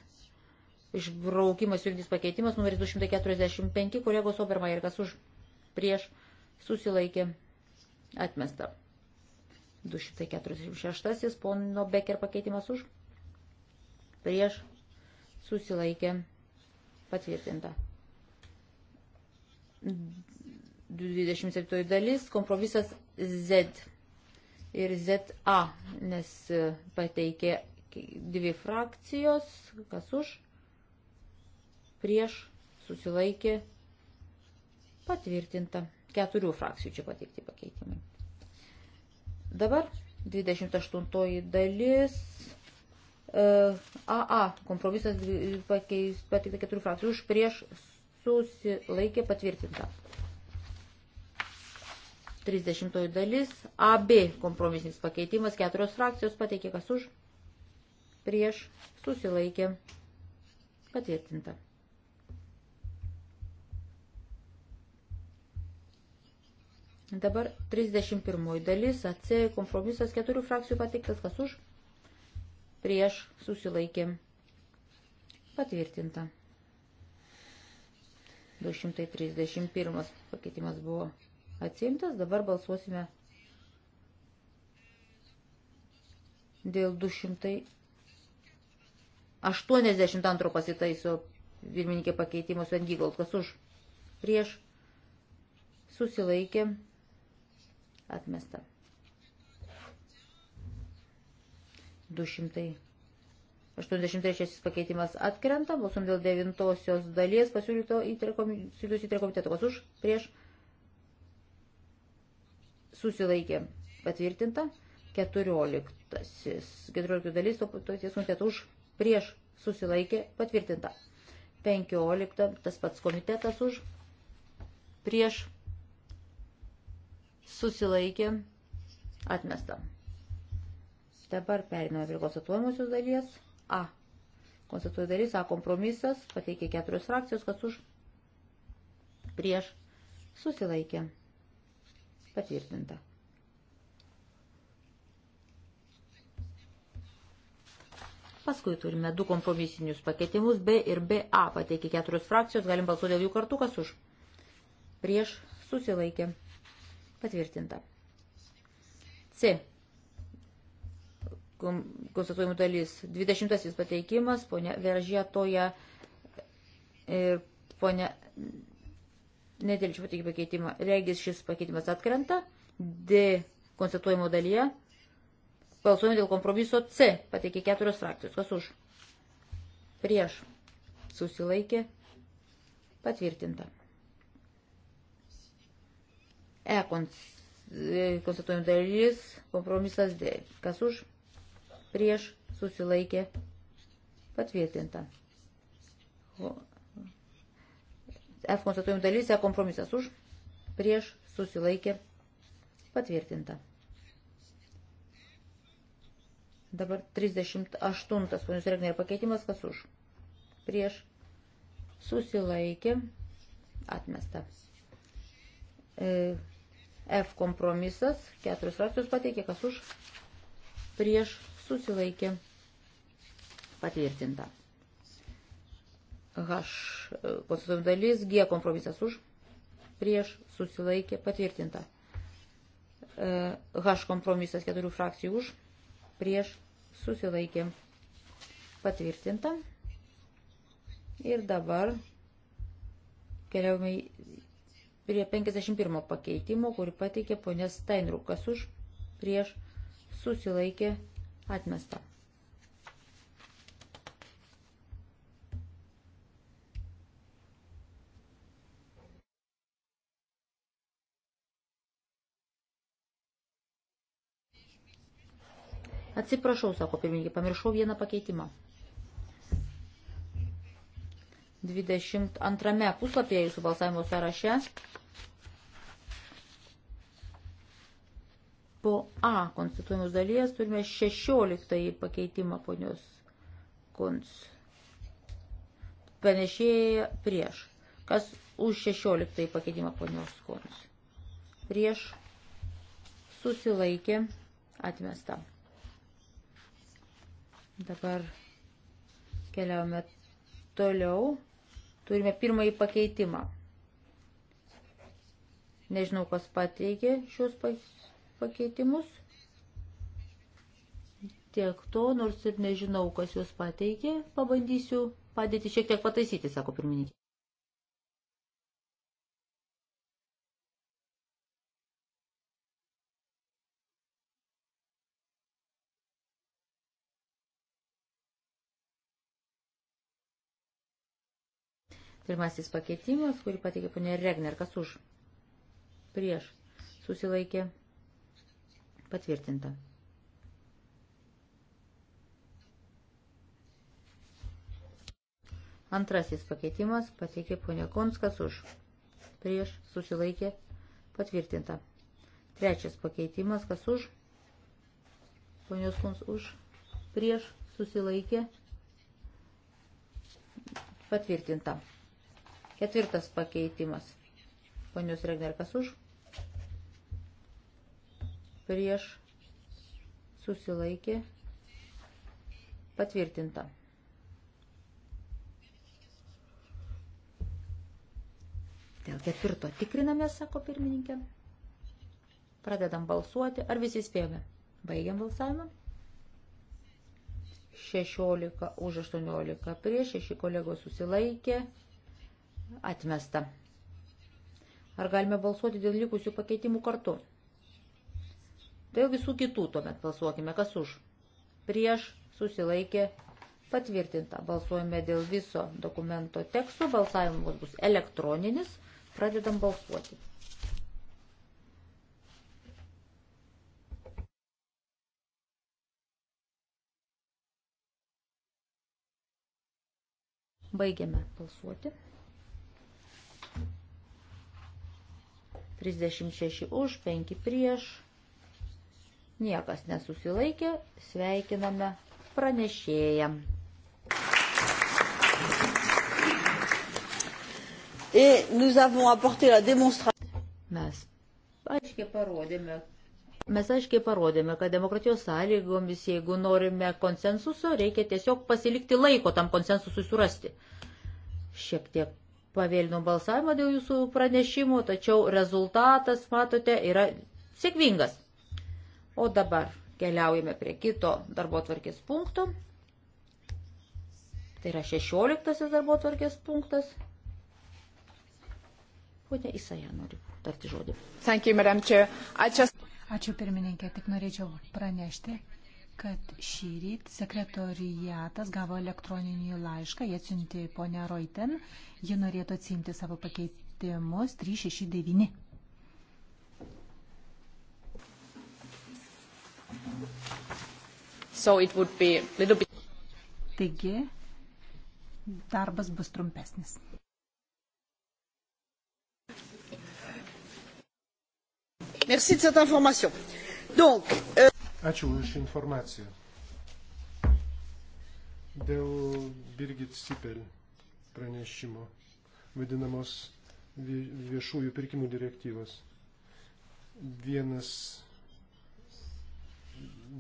Išbraukimas vykdys pakeitimas numeris 245, kolegos Obermajerkas už prieš susilaikė Atmesta. 246 pono Becker pakeitimas už. Prieš susilaikė patvirtinta. 27 dalis kompromisas Z ir ZA, nes e, pateikė dvi frakcijos, kas už, prieš susilaikė patvirtinta. Keturių frakcijų čia pateikti pakeitimai. Dabar 28 dalis. AA e, kompromisas pateikta keturių frakcijų už prieš susilaikė patvirtinta. 30 dalis AB kompromisinis pakeitimas keturios frakcijos pateikė kas už prieš susilaikė patvirtinta. Dabar 31 dalis, AC kompromisas, keturių frakcijų pateiktas, kas už, prieš, susilaikė, patvirtinta. 231 pakeitimas buvo atsiimtas, dabar balsuosime dėl 282 pasitaiso pirmininkė pakeitimo Sven Gygold, kas už, prieš, susilaikė, patvirtinta atmesta. 200. 86 pakeitimas atkrenta, balsum dėl devintosios dalies pasiūlyto į komiteto, kas už, prieš, susilaikė, patvirtinta, 14, 14 dalis, to ties komiteto už, prieš, susilaikė, patvirtinta, 15, tas pats komitetas už, prieš, susilaikė, susilaikė, atmesta. Dabar periname prie konstatuojamosios dalies. A. Konstatuoja dalis A kompromisas, pateikė keturios frakcijos, kas už prieš susilaikė, patvirtinta. Paskui turime du kompromisinius pakeitimus B ir BA. Pateikė keturios frakcijos, galim balsuoti dėl jų kartu, kas už. Prieš susilaikė. Patvirtinta. C. Konstatuojimų dalis. 20 pateikimas, ponia Veržėtoje ir ponia Netelčių pateikė pakeitimą. Regis šis pakeitimas atkrenta. D. Konstatuojimo dalyje. Balsuojame dėl kompromiso C. Pateikė keturios frakcijos. Kas už? Prieš. Susilaikė. Patvirtinta. E, e konstatuojant dalis, kompromisas D. Kas už, prieš, susilaikė, patvirtinta. F konstatuojant dalis, E kompromisas už, prieš, susilaikė, patvirtinta. Dabar 38 ponius Regner pakeitimas, kas už, prieš, susilaikė, atmesta. E, F kompromisas, keturis frakcijos pateikė, kas už, prieš, susilaikė, patvirtinta. H konstitucijų dalis, G kompromisas už, prieš, susilaikė, patvirtinta. E, H kompromisas keturių frakcijų už, prieš, susilaikė, patvirtinta. Ir dabar keliaujame prie 51 pakeitimo, kurį pateikė ponė Steinrukas už prieš susilaikė atmestą. Atsiprašau, sako pirmininkė, pamiršau vieną pakeitimą. 22 puslapyje jūsų balsavimo sąraše Po A konstituojimus dalies turime 16 pakeitimą ponios Kunc. Panešėja prieš. Kas už 16 pakeitimą ponios Kunc? Prieš susilaikė atmesta. Dabar keliaujame toliau. Turime pirmąjį pakeitimą. Nežinau, kas pateikė šios pakeitimus. Tiek to, nors ir nežinau, kas juos pateikė, pabandysiu padėti šiek tiek pataisyti, sako pirmininkė. Pirmasis pakeitimas, kurį pateikė ponė Regner, kas už? Prieš. Susilaikė. Patvirtinta. Antrasis pakeitimas pateikė ponia Konskas už. Prieš susilaikė patvirtinta. Trečias pakeitimas kas už. Ponios Kons už. Prieš susilaikė patvirtinta. Ketvirtas pakeitimas. Ponios Regner kas už prieš susilaikė patvirtinta. Dėl ketvirto tikriname, sako pirmininkė. Pradedam balsuoti. Ar visi spėjome? Baigiam balsavimą. 16 už 18 prieš, 6 kolegos susilaikė. Atmesta. Ar galime balsuoti dėl likusių pakeitimų kartu? Dėl tai visų kitų tuomet balsuokime, kas už. Prieš susilaikė patvirtinta. Balsuojame dėl viso dokumento teksto. Balsavimas bus elektroninis. Pradedam balsuoti. Baigiame balsuoti. 36 už, 5 prieš niekas nesusilaikė, sveikiname pranešėją. Et nous avons apporté la démonstration. Mes aiškiai parodėme, Mes aiškiai parodėme, kad demokratijos sąlygomis, jeigu norime konsensuso, reikia tiesiog pasilikti laiko tam konsensusui surasti. Šiek tiek pavėlinom balsavimą dėl jūsų pranešimų, tačiau rezultatas, matote, yra sėkmingas. O dabar keliaujame prie kito darbo tvarkės punkto. Tai yra 16 darbo tvarkės punktas. Pone Isaja nori tarti žodį. Thank you, Madam Chair. Ačiū. Ačiū pirmininkė, tik norėčiau pranešti, kad šį rytą sekretorijatas gavo elektroninį laišką, jie atsiuntė ponę Reuten, ji norėtų atsimti savo pakeitimus 369. So it would be a little bit... Taigi, darbas bus trumpesnis. Merci de cette information. Donc, euh... Ačiū už informaciją. Dėl Birgit Sipel pranešimo vadinamos viešųjų pirkimų direktyvos. Vienas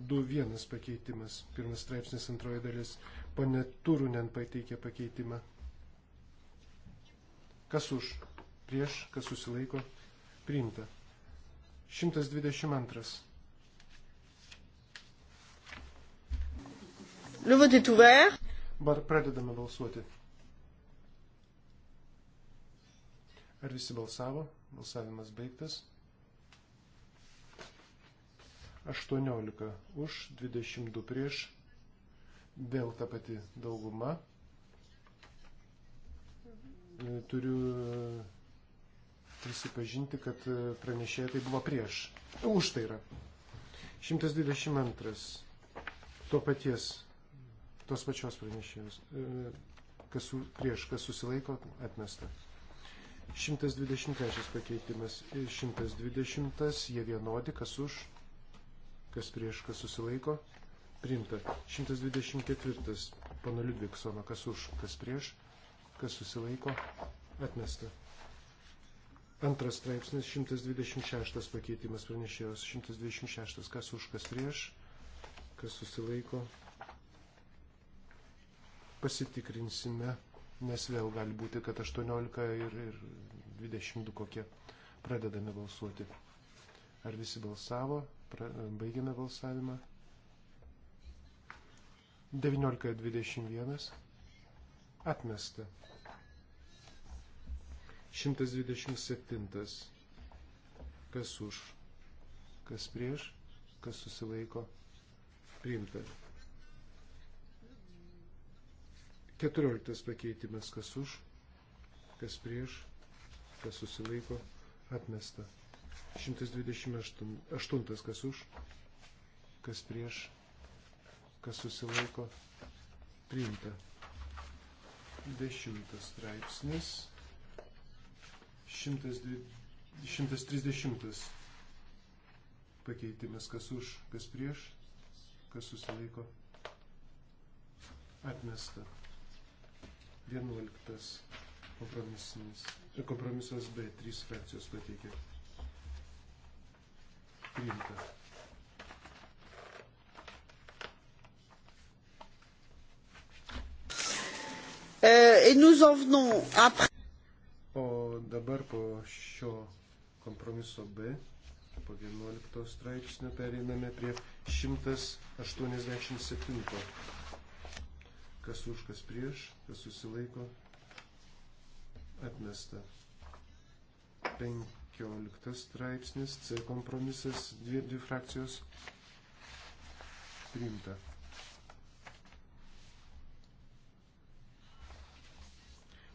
2.1 pakeitimas, pirmas straipsnis antroji dalis. Pane Turunen pateikė pakeitimą. Kas už? Prieš, kas susilaiko? Priimta. 122. Le vote est ouvert. Bar pradedame balsuoti. Ar visi balsavo? Balsavimas baigtas. 18 už, 22 prieš, vėl ta pati dauguma. E, turiu e, prisipažinti, kad e, pranešėjai tai buvo prieš. Už tai yra. 122. To paties, tos pačios pranešėjos. Kas prieš, kas susilaiko, atmesta. 123 pakeitimas ir 120, jie vienodi, kas už, kas prieš, kas susilaiko, priimta. 124. Pana Liudviksono, kas už, kas prieš, kas susilaiko, atmesta. Antras straipsnis, 126 pakeitimas pranešėjos, 126, kas už, kas prieš, kas susilaiko. Pasitikrinsime, nes vėl gali būti, kad 18 ir, ir 22 kokie. Pradedame balsuoti. Ar visi balsavo? Baigiame balsavimą. 19.21. Atmesta. 127. Kas už, kas prieš, kas susilaiko. Priimta. 14 pakeitimas. Kas už, kas prieš, kas susilaiko. Atmesta. 128 kas už, kas prieš, kas susilaiko, priimta. 10 straipsnis, 130 pakeitimas kas už, kas prieš, kas susilaiko, atmesta. 11 kompromisinis. Kompromisas B3 frakcijos pateikė Euh, priimtas. O dabar po šio kompromiso B, po 11 straipsnio pereiname prie 187. Kas už, kas prieš, kas susilaiko, atmesta. 5. 15 straipsnis, C kompromisas, dvi, dvi frakcijos priimta.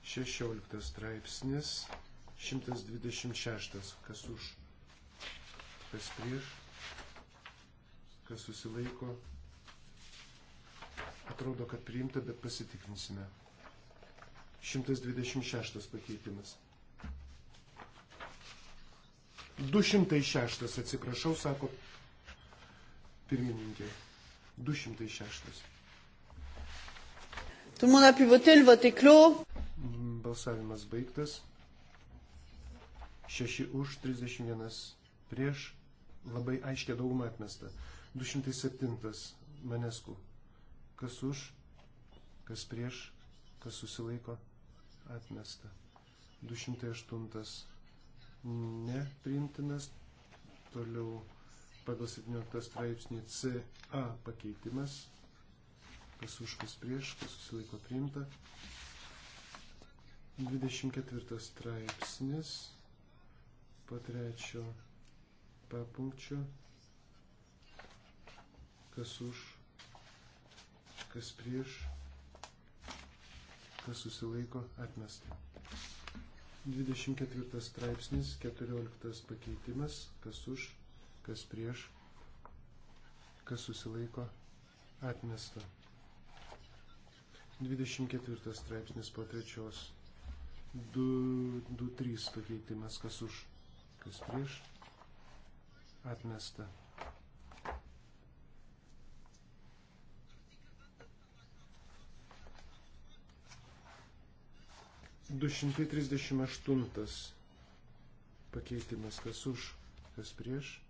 Šešioliktas straipsnis, 126, kas už, kas prieš, kas susilaiko. Atrodo, kad priimta, bet pasitikrinsime. 126 pakeitimas. 206, atsiprašau, sako pirmininkė. 206. Tout le monde a pu voter, le vote est clos. Mm, balsavimas baigtas. 6 už, 31 prieš. Labai aiškia dauguma atmesta. 207 Manesku. Kas už, kas prieš, kas susilaiko, atmesta. 208 nepriimtinas. Toliau pagal 17 straipsnį CA pakeitimas. Kas už, kas prieš, kas susilaiko priimta. 24 straipsnis po trečio papunkčio. Kas už, kas prieš, kas susilaiko atmesta. 24 straipsnis, 14 pakeitimas, kas už, kas prieš, kas susilaiko, atmesta. 24 straipsnis po trečios, 2-3 pakeitimas, kas už, kas prieš, atmesta. 238 pakeitimas, kas už, kas prieš,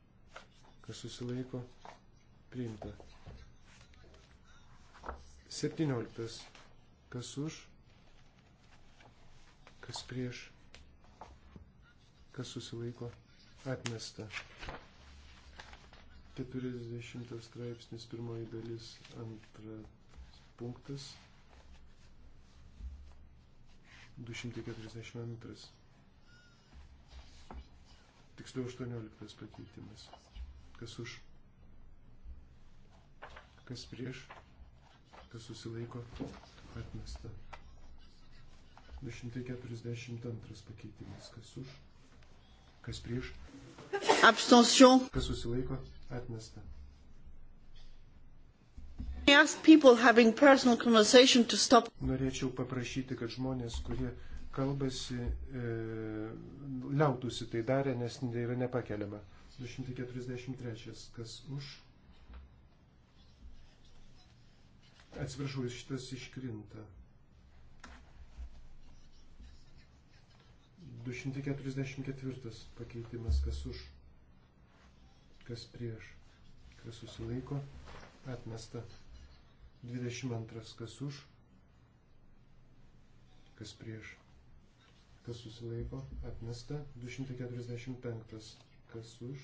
kas susilaiko, priimta. 17. Kas už, kas prieš, kas susilaiko, atmesta. 40 straipsnis, pirmoji dalis, antras punktas, 242. Tiksliau 18 pakeitimas. Kas už? Kas prieš? Kas susilaiko? Atmesta. 242 pakeitimas. Kas už? Kas prieš? Abstention. Kas susilaiko? Atmesta. Norėčiau paprašyti, kad žmonės, kurie kalbasi, e, liautųsi tai darę, nes tai yra nepakeliama. 243. Kas už? Atsiprašau, šitas iškrinta. 244 pakeitimas, kas už, kas prieš, kas susilaiko, atmesta. 22 kas už, kas prieš, kas susilaiko, atmesta. 245 kas už,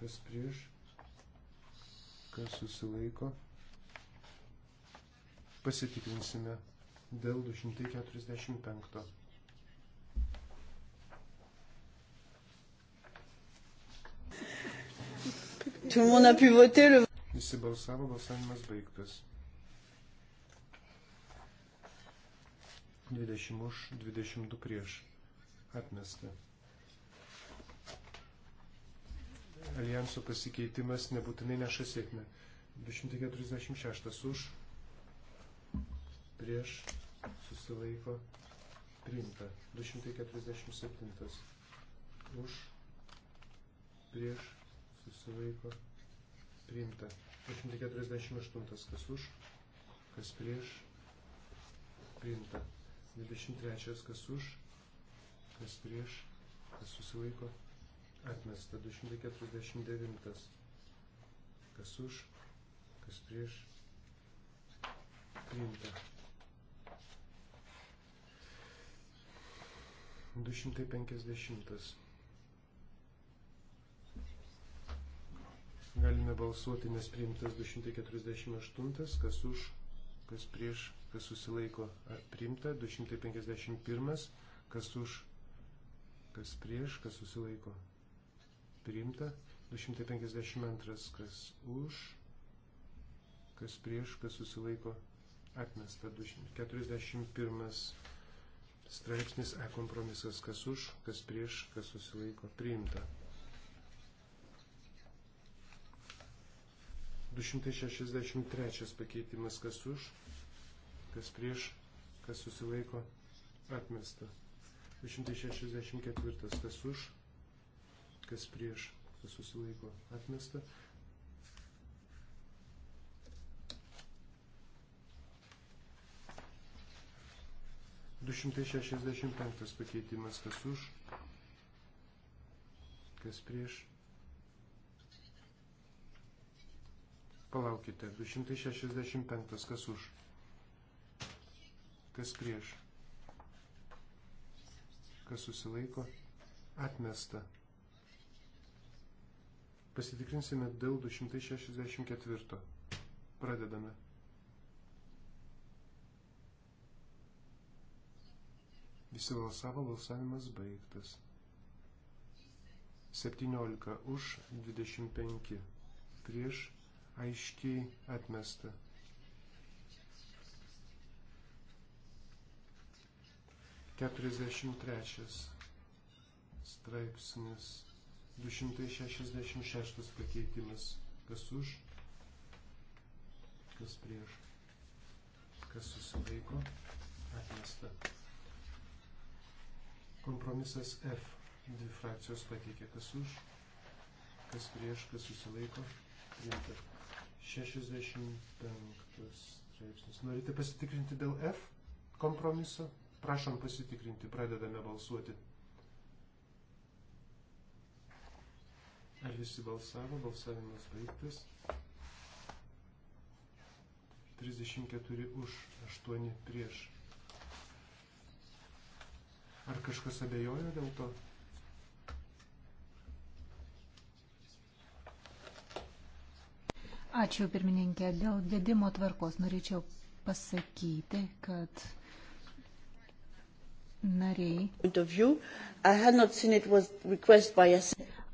kas prieš, kas susilaiko. Pasitikrinsime dėl 245. Tout le monde a pu voter le Visi balsavo, balsavimas baigtas. 20 už, 22 prieš. Atmesta. Alijanso pasikeitimas nebūtinai neša sėkmę. 246 už, prieš, susilaiko, priimta. 247 už, prieš, susilaiko, priimta priimta. 248 kas už, kas prieš, priimta. 23 kas už, kas prieš, kas susilaiko, atmesta. 249 kas už, kas prieš, priimta. 250 Galime balsuoti, nes priimtas 248, kas už, kas prieš, kas susilaiko ar priimta, 251, kas už, kas prieš, kas susilaiko priimta, 252, kas už, kas prieš, kas susilaiko atmesta, 241 straipsnis E kompromisas, kas už, kas prieš, kas susilaiko priimta. 263 pakeitimas kas už, kas prieš, kas susilaiko, atmesta. 264 kas už, kas prieš, kas susilaiko, atmesta. Du šimtai šešiasdešimt penktas pakeitimas kas už, kas prieš, Palaukite, 265 kas už, kas prieš, kas susilaiko, atmesta. Pasitikrinsime dėl 264. Pradedame. Visi balsavo, balsavimas baigtas. 17 už, 25 prieš, aiškiai atmesta. Keturiasdešimt trečias straipsnis, 266 pakeitimas. Kas už, kas prieš, kas susilaiko, atmesta. Kompromisas F. Dvi frakcijos pateikė kas už, kas prieš, kas susilaiko, priimta. 65 straipsnis. Norite pasitikrinti dėl F kompromiso? Prašom pasitikrinti, pradedame balsuoti. Ar visi balsavo? Balsavimas baigtas. 34 už, 8 prieš. Ar kažkas abejoja dėl to? Ačiū pirmininkė. Dėl vedimo tvarkos norėčiau pasakyti, kad nariai.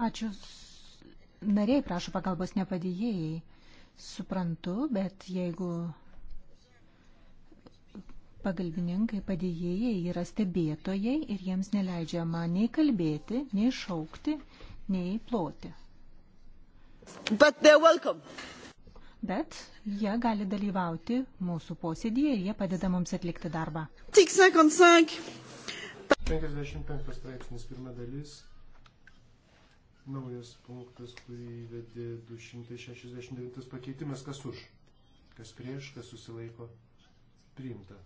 Ačiū. Nariai prašo pagalbos nepadėjėjai. Suprantu, bet jeigu pagalbininkai padėjėjai yra stebėtojai ir jiems neleidžiama nei kalbėti, nei šaukti, nei ploti. But they're welcome bet jie gali dalyvauti mūsų posėdėje ir jie padeda mums atlikti darbą. Tik 55. 55 straipsnis, pirma dalis, naujas punktas, kurį įvedė 269 pakeitimas, kas už, kas prieš, kas susilaiko, priimta.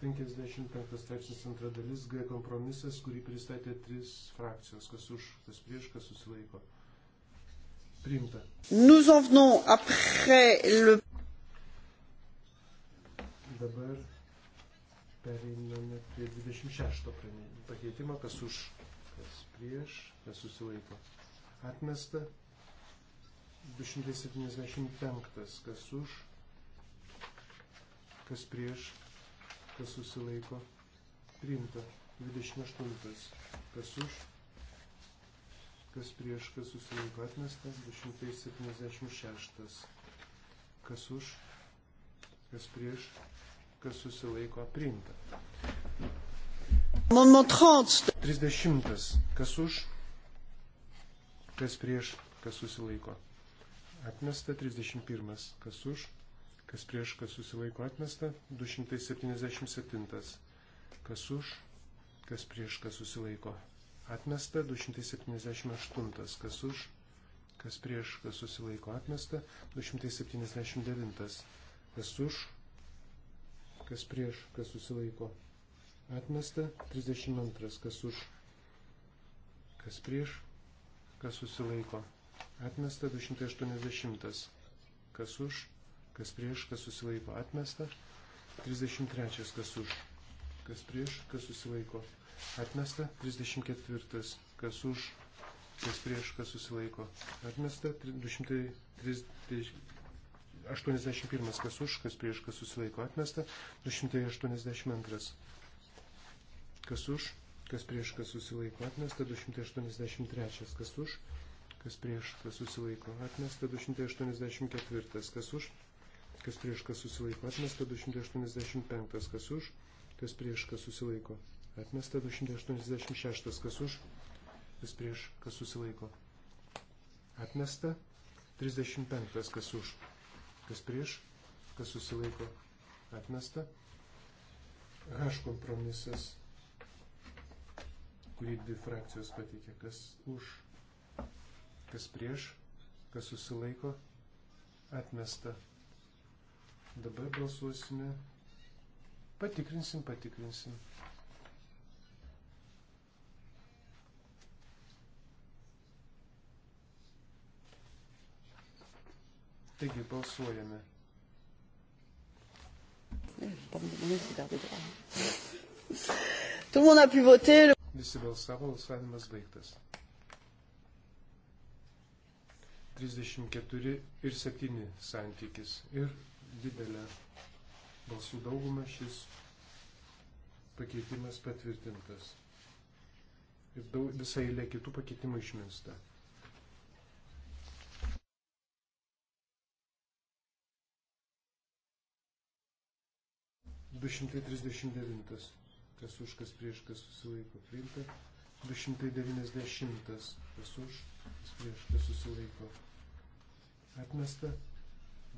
55 straipsnis antra dalis, G kompromisas, kurį pristatė tris frakcijos, kas už, kas prieš, kas susilaiko, priimta. Priimta. Nous en venons après le. Dabar pereiname prie 26 pakeitimo, kas už, kas prieš, kas susilaiko. Atmesta 275, kas už, kas prieš, kas susilaiko. Priimta 28, kas už kas prieš, kas susilaiko atmestas, 276, kas už, kas prieš, kas susilaiko priimta. 30, kas už, kas prieš, kas susilaiko. Atmesta 31, kas už, kas prieš, kas susilaiko atmesta, 277, kas už, kas prieš, kas susilaiko atmesta, 278 kas už, kas prieš, kas susilaiko atmesta, 279 kas už, kas prieš, kas susilaiko atmesta, 32 kas už, kas prieš, kas susilaiko atmesta, 280 kas už, kas prieš, kas susilaiko atmesta, 33 kas už kas prieš, kas susilaiko. Atmesta 34, kas už, kas prieš, kas susilaiko. Atmesta 281, kas už, kas prieš, kas susilaiko. Atmesta 282, kas už, kas prieš, kas susilaiko. Atmesta 283, kas už, kas prieš, kas susilaiko. Atmesta 284, kas už, kas prieš, kas susilaiko. Atmesta 285, kas už kas prieš, kas susilaiko. Atmesta 286, kas už, kas prieš, kas susilaiko. Atmesta 35, kas už, kas prieš, kas susilaiko. Atmesta. H kompromisas, kurį dvi frakcijos pateikė, kas už, kas prieš, kas susilaiko. Atmesta. Dabar balsuosime Patikrinsim, patikrinsim. Taigi balsuojame. Visi balsavo, balsavimas baigtas. 34 ir 7 santykis ir didelė balsų daugumą šis pakeitimas patvirtintas. Ir daug, visai eilė kitų pakeitimų išmesta. Du šimtai trisdešimt devintas. Kas už, kas prieš, kas susilaiko priimta. 290 kas už, kas prieš, kas susilaiko. Atmesta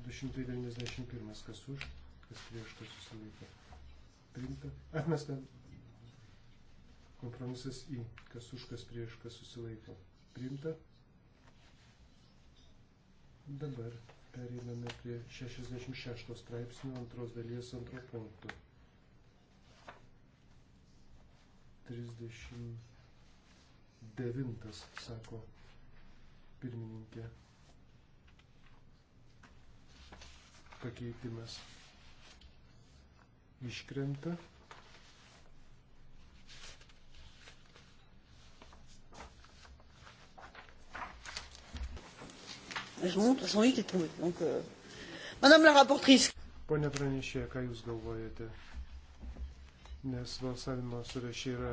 291 kas už, kas prieš, kas susilaiko priimta. Atmesta kompromisas į kas už, kas prieš, kas susilaiko priimta. Dabar pereiname prie 66 straipsnio antros dalies antro punkto. 39, sako pirmininkė, pakeitimas iškrenta. Je monte, Jean-Luc est tombé. Donc, euh... Madame la rapportrice. Pone pranešėja, ką Jūs galvojate? Nes balsavimo surašė yra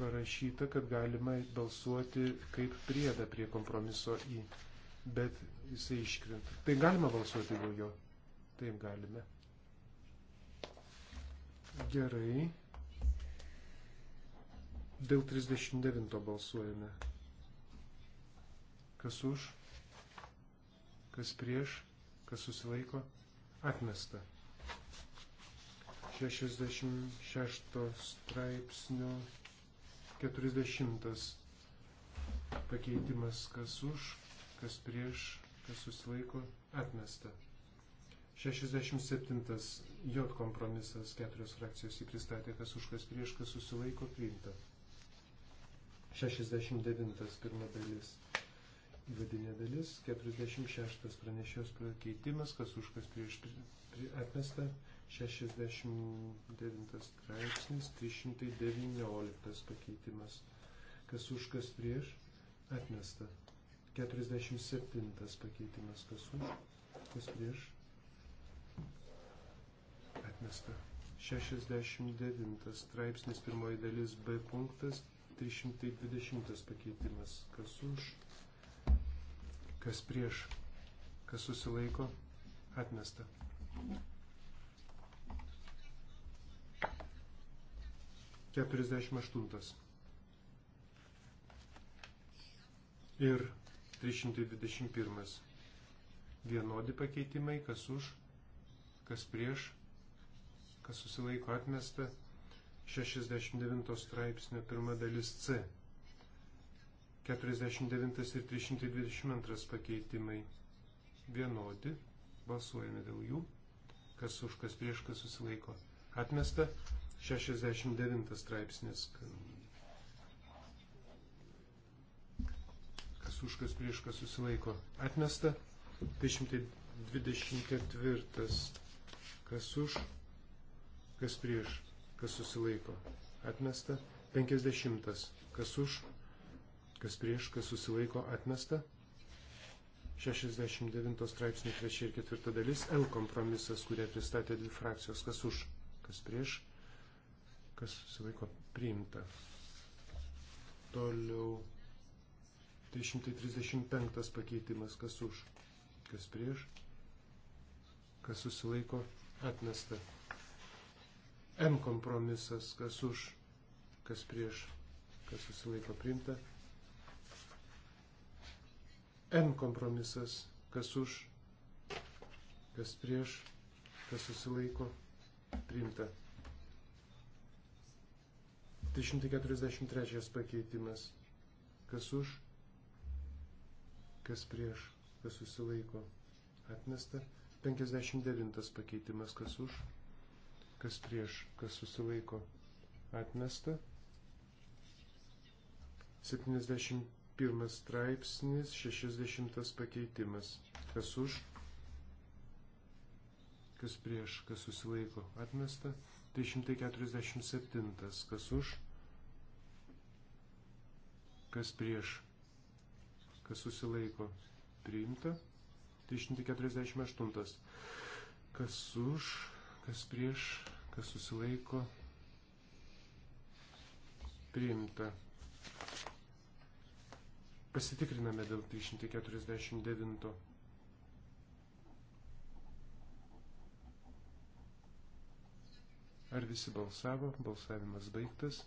parašyta, kad galima balsuoti kaip priedą prie kompromiso į, bet jisai iškrenta. Tai galima balsuoti dėl jo? Taip galime. Gerai. Dėl 39 balsuojame. Kas už, kas prieš, kas susilaiko, atmesta. 66 straipsnio 40 pakeitimas, kas už, kas prieš, kas susilaiko, atmesta. 67 J kompromisas, keturios frakcijos jį pristatė, kas už kas prieš, kas susilaiko priimta. 69 pirma dalis, įvadinė dalis, 46 pranešėjos pakeitimas, kas už kas prieš atmesta, 69 straipsnis, 319 pakeitimas, kas už kas prieš atmesta, 47 pakeitimas, kas už, kas prieš atmesta. 69 straipsnis pirmoji dalis B punktas 320 pakeitimas. Kas už, kas prieš, kas susilaiko, atmesta. Keturiasdešimt aštuntas. Ir 321. Vienodi pakeitimai, kas už, kas prieš, kas susilaiko atmesta, 69 straipsnio pirma dalis C, 49 ir 322 pakeitimai vienodi, balsuojame dėl jų, kas už, kas prieš, kas susilaiko atmesta, 69 straipsnis, kas už, kas prieš, kas susilaiko atmesta, 224 kas už, kas prieš, kas susilaiko, atmesta. 50. Kas už, kas prieš, kas susilaiko, atmesta. 69 straipsnių 3 ir 4 dalis L kompromisas, kurią pristatė dvi frakcijos, kas už, kas prieš, kas susilaiko priimta. Toliau 335 pakeitimas, kas už, kas prieš, kas susilaiko atmesta. M kompromisas, kas už, kas prieš, kas susilaiko priimta. N kompromisas, kas už, kas prieš, kas susilaiko priimta. 343 pakeitimas, kas už, kas prieš, kas susilaiko atmesta. 59 pakeitimas, kas už, kas prieš, kas susilaiko atmesta. 71 straipsnis, 60 pakeitimas. Kas už, kas prieš, kas susilaiko atmesta. 347. Kas už, kas prieš, kas susilaiko priimta. 348. Kas už, kas prieš, kas susilaiko, priimta. Pasitikriname dėl 349. Ar visi balsavo? Balsavimas baigtas.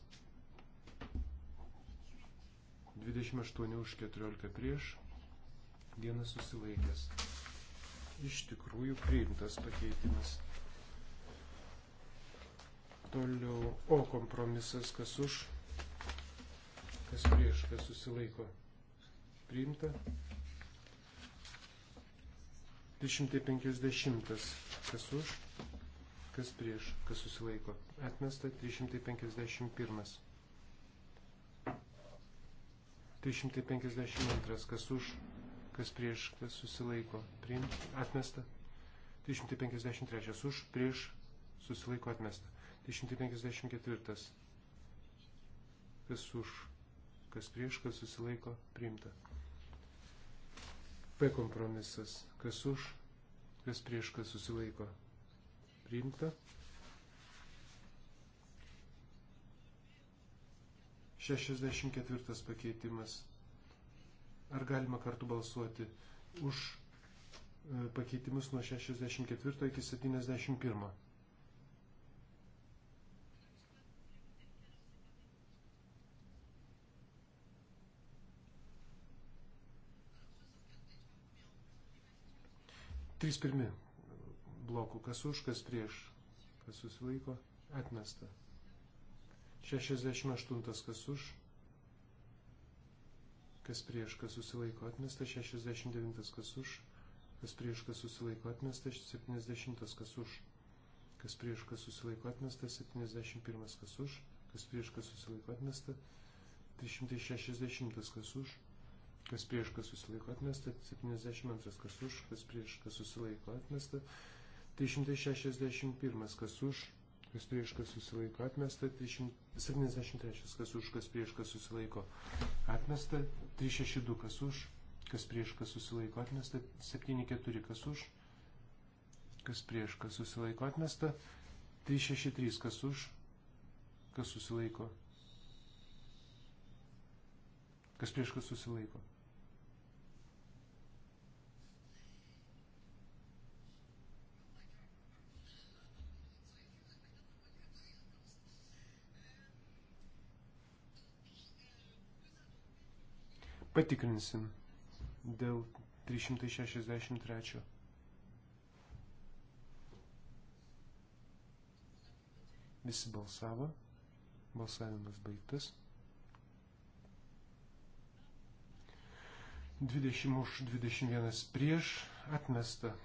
28 už 14 prieš. Vienas susilaikęs. Iš tikrųjų priimtas pakeitimas. Toliau O kompromisas, kas už, kas prieš, kas susilaiko. Priimta. 350. Kas už, kas prieš, kas susilaiko. Atmesta 351. 352. Kas už, kas prieš, kas susilaiko. Priimta. Atmesta. 353. Už, prieš, susilaiko atmesta. 254. Kas už, kas prieš, kas susilaiko, priimta. P kompromisas. Kas už, kas prieš, kas susilaiko, priimta. 64 pakeitimas. Ar galima kartu balsuoti už e, pakeitimus nuo 64 iki 71? Trys pirmi blokų, kas už, kas prieš, kas susilaiko, atmesta. 68 kas už, kas prieš, kas susilaiko, atmesta. 69 kas už, kas prieš, kas susilaiko, atmesta. 70 kas už, kas prieš, kas susilaiko, atmesta. 71 kas už, kas prieš, kas susilaiko, atmesta. 360 kas už, kas prieš, kas susilaiko atmesta, 72, kas už, kas prieš, kas susilaiko atmesta, 361, kas už, kas prieš, kas susilaiko atmesta, 73, kas už, kas prieš, kas susilaiko atmesta, 362, kas už, kas prieš, kas susilaiko atmesta, 74, kas už, kas prieš, kas susilaiko atmesta, 363, kas už, kas susilaiko. Kas prieš, kas susilaiko. Patikrinsim dėl 363. Visi balsavo. Balsavimas baigtas. 20 už 21 prieš atmesta.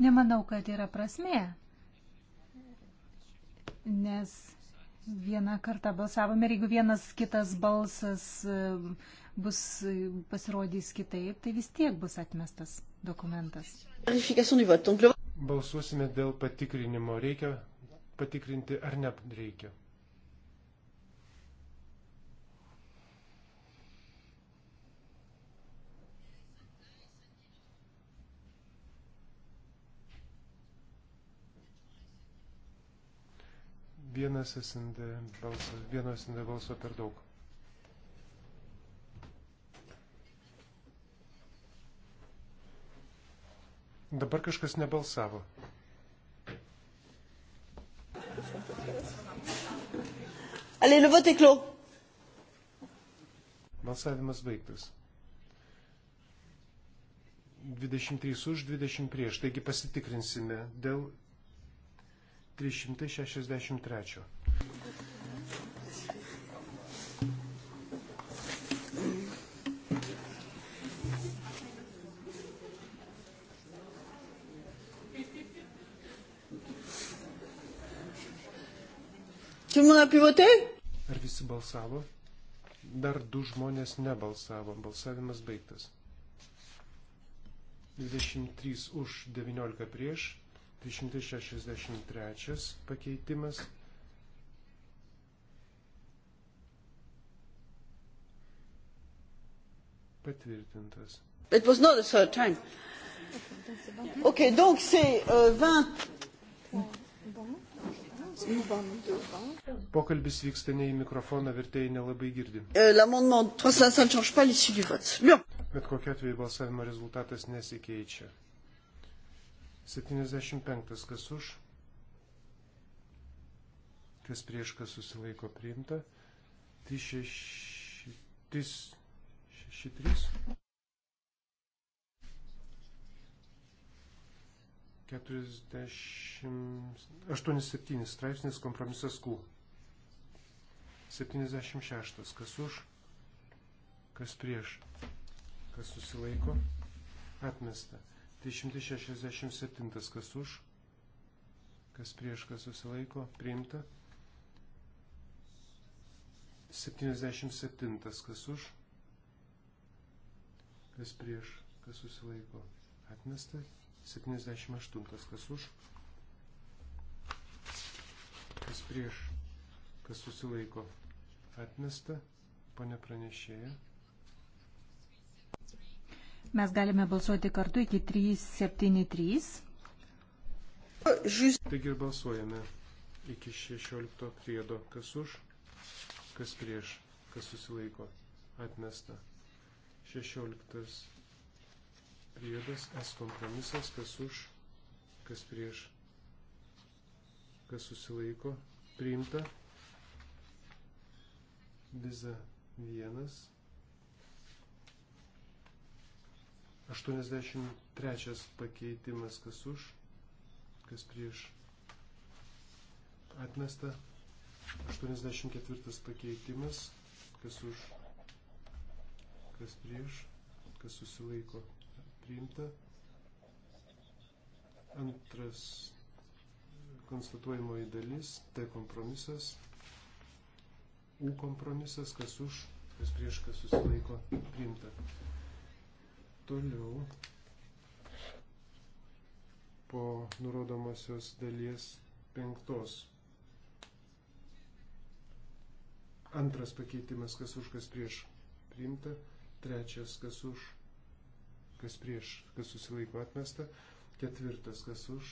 Nemanau, kad yra prasmė, nes vieną kartą balsavome ir jeigu vienas kitas balsas e, bus e, pasirodys kitaip, tai vis tiek bus atmestas dokumentas. Balsuosime dėl patikrinimo. Reikia patikrinti ar ne reikia. Vienas SND balsas, vieno SND balso per daug. Dabar kažkas nebalsavo. Allez, le vote est clos. Balsavimas baigtas. 23 už, 20 prieš. Taigi pasitikrinsime dėl 363. Čia mano pivotai? Ar visi balsavo? Dar du žmonės nebalsavo. Balsavimas baigtas. 23 už 19 prieš 363 pakeitimas. Patvirtintas. It was not the third time. Ok, donc c'est euh, 20. Pokalbis vyksta ne į mikrofoną, vertėjai nelabai girdi. Euh, Bet kokia atveju balsavimo rezultatas nesikeičia. 75. Kas už? Kas prieš, kas susilaiko priimta? 363. Aštuonis septynis straipsnis kompromisas Q. 76. Kas už, kas prieš, kas susilaiko, atmesta. 367 kas už, kas prieš, kas susilaiko, priimta. 77 kas už, kas prieš, kas susilaiko, atmesta. 78 kas už, kas prieš, kas susilaiko, atmesta. Pane pranešėja. Mes galime balsuoti kartu iki 373. Taigi ir balsuojame iki 16 priedo. Kas už, kas prieš, kas susilaiko. Atmesta. 16 priedas S kompromisas, kas už, kas prieš, kas susilaiko, priimta. Viza vienas. 83 pakeitimas kas už, kas prieš atmesta. 84 pakeitimas kas už, kas prieš, kas susilaiko priimta. Antras konstatuojamoji dalis T kompromisas. U kompromisas, kas už, kas prieš, kas susilaiko priimta. Toliau po nurodomosios dalies penktos. Antras pakeitimas, kas už, kas prieš priimta. Trečias, kas už, kas prieš, kas susilaiko atmesta. Ketvirtas, kas už,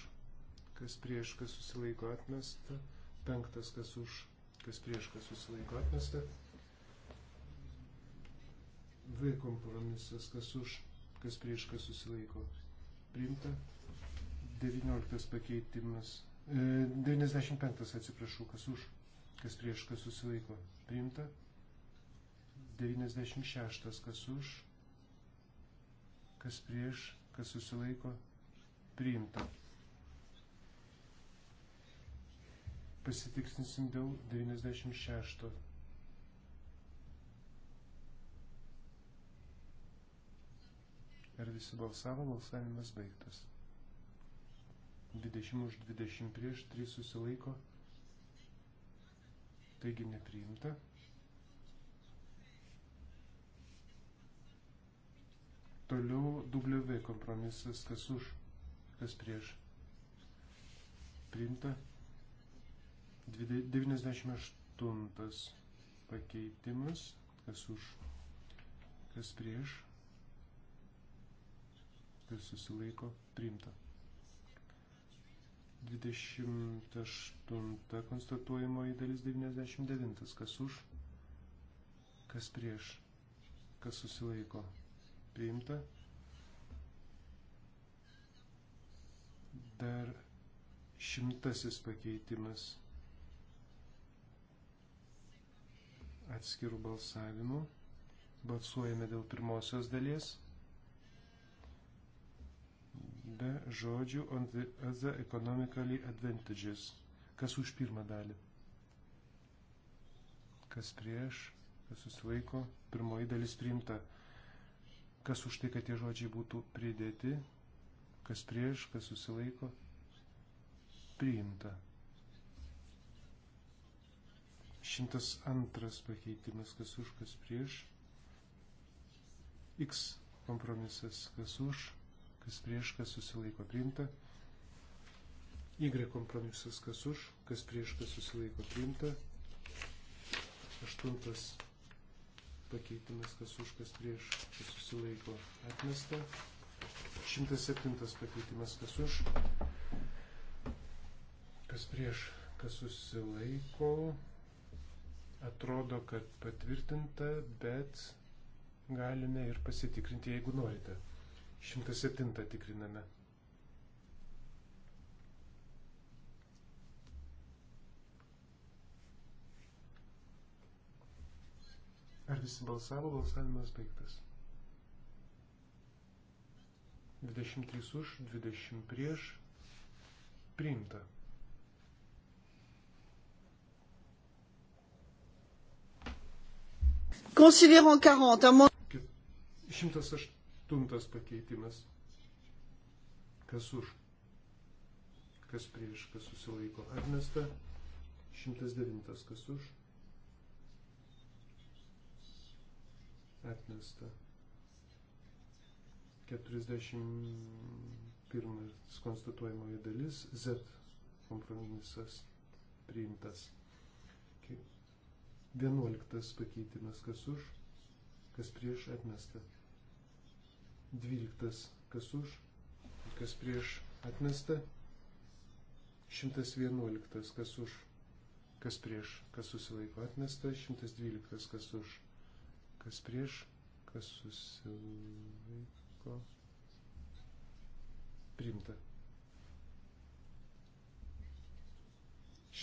kas prieš, kas susilaiko atmesta. Penktas, kas už, kas prieš, kas susilaiko atmesta. V kompromisas, kas už, kas prieš kas susilaiko. Priimta. 19 pakeitimas. E, 95 atsiprašau, kas už, kas prieš kas susilaiko. Priimta. 96 kas už, kas prieš kas susilaiko. Priimta. Pasitikslinsim dėl 96 Ar visi balsavo? Balsavimas baigtas. 20 už 20 prieš, 3 susilaiko. Taigi nepriimta. Toliau W kompromisas, kas už, kas prieš. Priimta. 98 pakeitimas, kas už, kas prieš kas susilaiko, priimta. 28 konstatuojamoji dalis 99, kas už, kas prieš, kas susilaiko, priimta. Dar šimtasis pakeitimas atskirų balsavimų. Balsuojame dėl pirmosios dalies be žodžių on the other economically advantages. Kas už pirmą dalį? Kas prieš? Kas susilaiko? Pirmoji dalis priimta. Kas už tai, kad tie žodžiai būtų pridėti? Kas prieš? Kas susilaiko? Priimta. 102 pakeitimas. Kas už, kas prieš? X kompromisas. Kas už? kas prieš, kas susilaiko priimta. Y kompromisas, kas už, kas prieš, kas susilaiko priimta. Aštuntas pakeitimas, kas už, kas prieš, kas susilaiko atmesta. 107 pakeitimas, kas už, kas prieš, kas susilaiko. Atrodo, kad patvirtinta, bet galime ir pasitikrinti, jeigu norite. 107 tikriname. Ar visi balsavo? Balsavimas baigtas. 23 už, 20 prieš. Priimta. Considérant 40, amendement. 108 aštuntas pakeitimas. Kas už? Kas prieš? Kas susilaiko? Atmesta. 109. Kas už? Atmesta. 41. Konstatuojamoji dalis. Z kompromisas priimtas. 11 pakeitimas, kas už, kas prieš atmesta. 12. Kas už, kas prieš atmesta. 111. Kas už, kas prieš, kas susilaiko atmesta. 112. Kas už, kas prieš, kas susilaiko primta.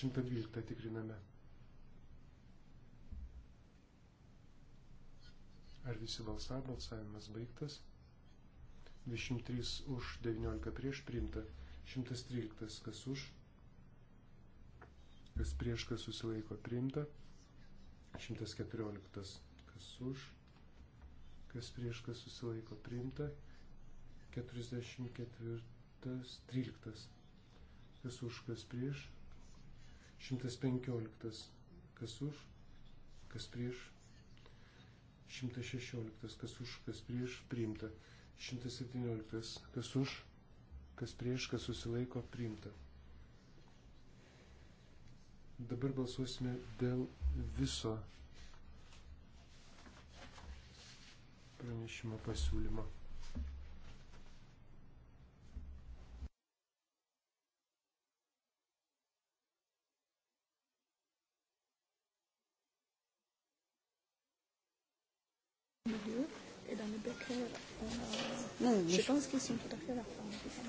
112 tikriname. Ar visi balsavo, balsavimas baigtas? 23 už, 19 prieš priimta. 113 kas už, kas prieš, kas susilaiko priimta. 114 kas už, kas prieš, kas susilaiko priimta. 44 13 kas už, kas prieš. 115 kas už, kas prieš. 116 kas už, kas prieš priimta. 117. Kas už, kas prieš, kas susilaiko, priimta. Dabar balsuosime dėl viso pranešimo pasiūlymo. Je pense qu'ils sont tout à fait à la fin.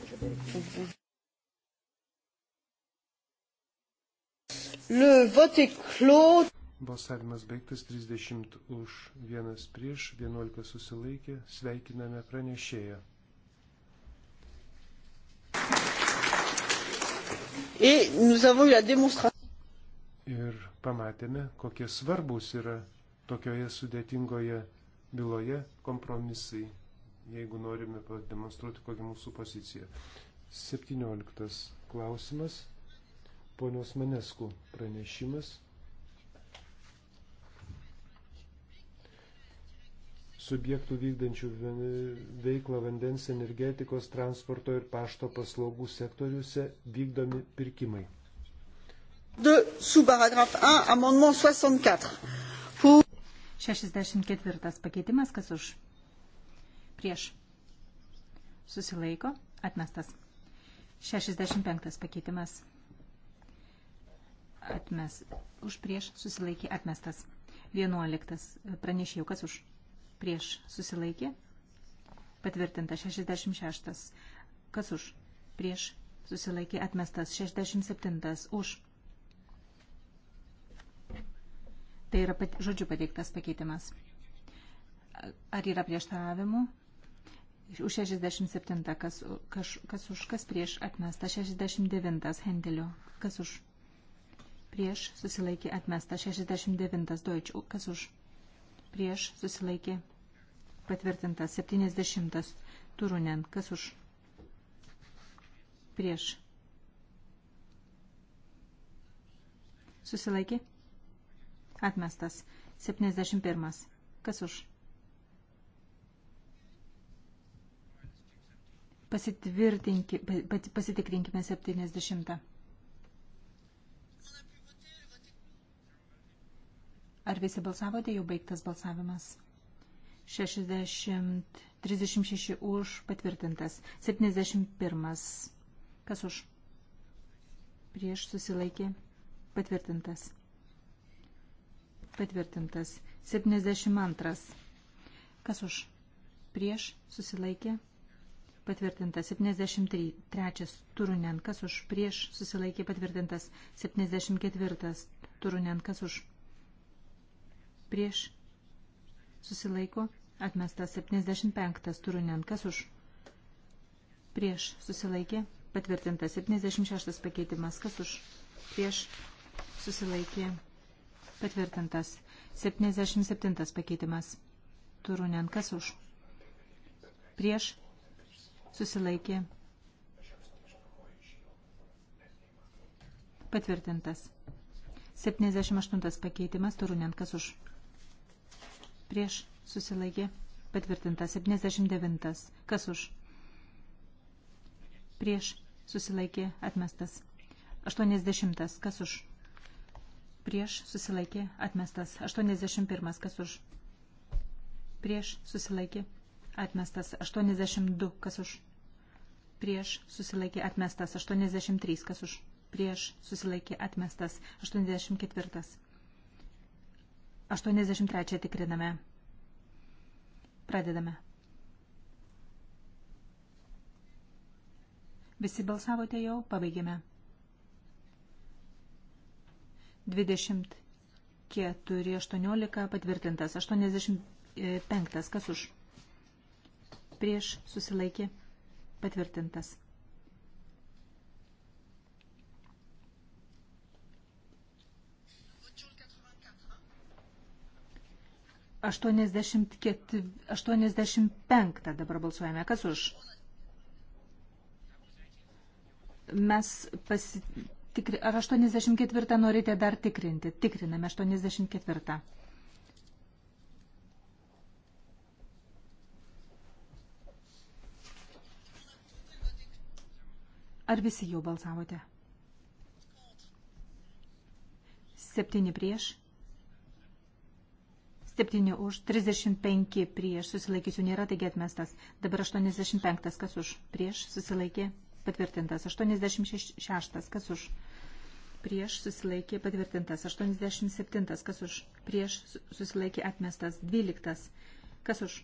Je vérifie. Le vote est clos. Balsavimas baigtas 30 už, 1 prieš, 11 susilaikė. Sveikiname pranešėją. Ir pamatėme, kokie svarbus yra tokioje sudėtingoje byloje kompromisai jeigu norime pademonstruoti kokią mūsų poziciją. 17 klausimas. Ponios Manesku pranešimas. subjektų vykdančių veiklą vandens energetikos, transporto ir pašto paslaugų sektoriuose vykdomi pirkimai. De subparagraf 1, amendement 64. Pour... 64 pakeitimas, kas už? prieš susilaiko atmestas. 65 pakeitimas atmes, už prieš susilaikė atmestas. 11 pranešėjau, kas už prieš susilaikė patvirtinta 66, kas už prieš susilaikė atmestas 67 už. Tai yra pat, žodžiu pateiktas pakeitimas. Ar yra prieštaravimų? už 67, kas, kas, kas už, kas prieš atmesta, 69 Hendelio, kas už, prieš susilaikė atmesta, 69 Deutsch, kas už, prieš susilaikė patvirtintas, 70 Turunen, kas už, prieš susilaikė atmestas, 71, kas už, prieš Pasitikrinkime 70. Ar visi balsavote, jau baigtas balsavimas? 60, 36 už patvirtintas, 71. Kas už? Prieš susilaikė patvirtintas. Patvirtintas. 72. Kas už? Prieš susilaikė patvirtintas patvirtinta 73 turunen, kas už prieš susilaikė patvirtintas 74 turunen, kas už prieš susilaiko atmestas 75 turunen, kas už prieš susilaikė patvirtintas 76 pakeitimas, kas už prieš susilaikė patvirtintas 77 pakeitimas turunen, kas už prieš susilaikė. Patvirtintas. 78 pakeitimas turunent kas už. Prieš susilaikė. Patvirtintas. 79. Kas už. Prieš susilaikė. Atmestas. 80. Kas už. Prieš susilaikė. Atmestas. 81. Kas už. Prieš susilaikė. Atmestas. 82. Kas už prieš susilaikė atmestas 83, kas už prieš susilaikė atmestas 84. 83 tikriname. Pradedame. Visi balsavote jau, pabaigėme. 24, 18 patvirtintas, 85, kas už? Prieš susilaikė Patvirtintas. Aštuoniasdešimt penktą dabar balsuojame. Kas už? Mes pasitikri... Ar 84 norite dar tikrinti? Tikriname 84. Ar visi jau balsavote? Septyni prieš. Septyni už. 35 prieš. Susilaikysiu nėra, taigi atmestas. Dabar 85. Kas už? Prieš. Susilaikė. Patvirtintas. 86. Kas už? Prieš. Susilaikė. Patvirtintas. 87. Kas už? Prieš. Susilaikė. Atmestas. 12. Kas už?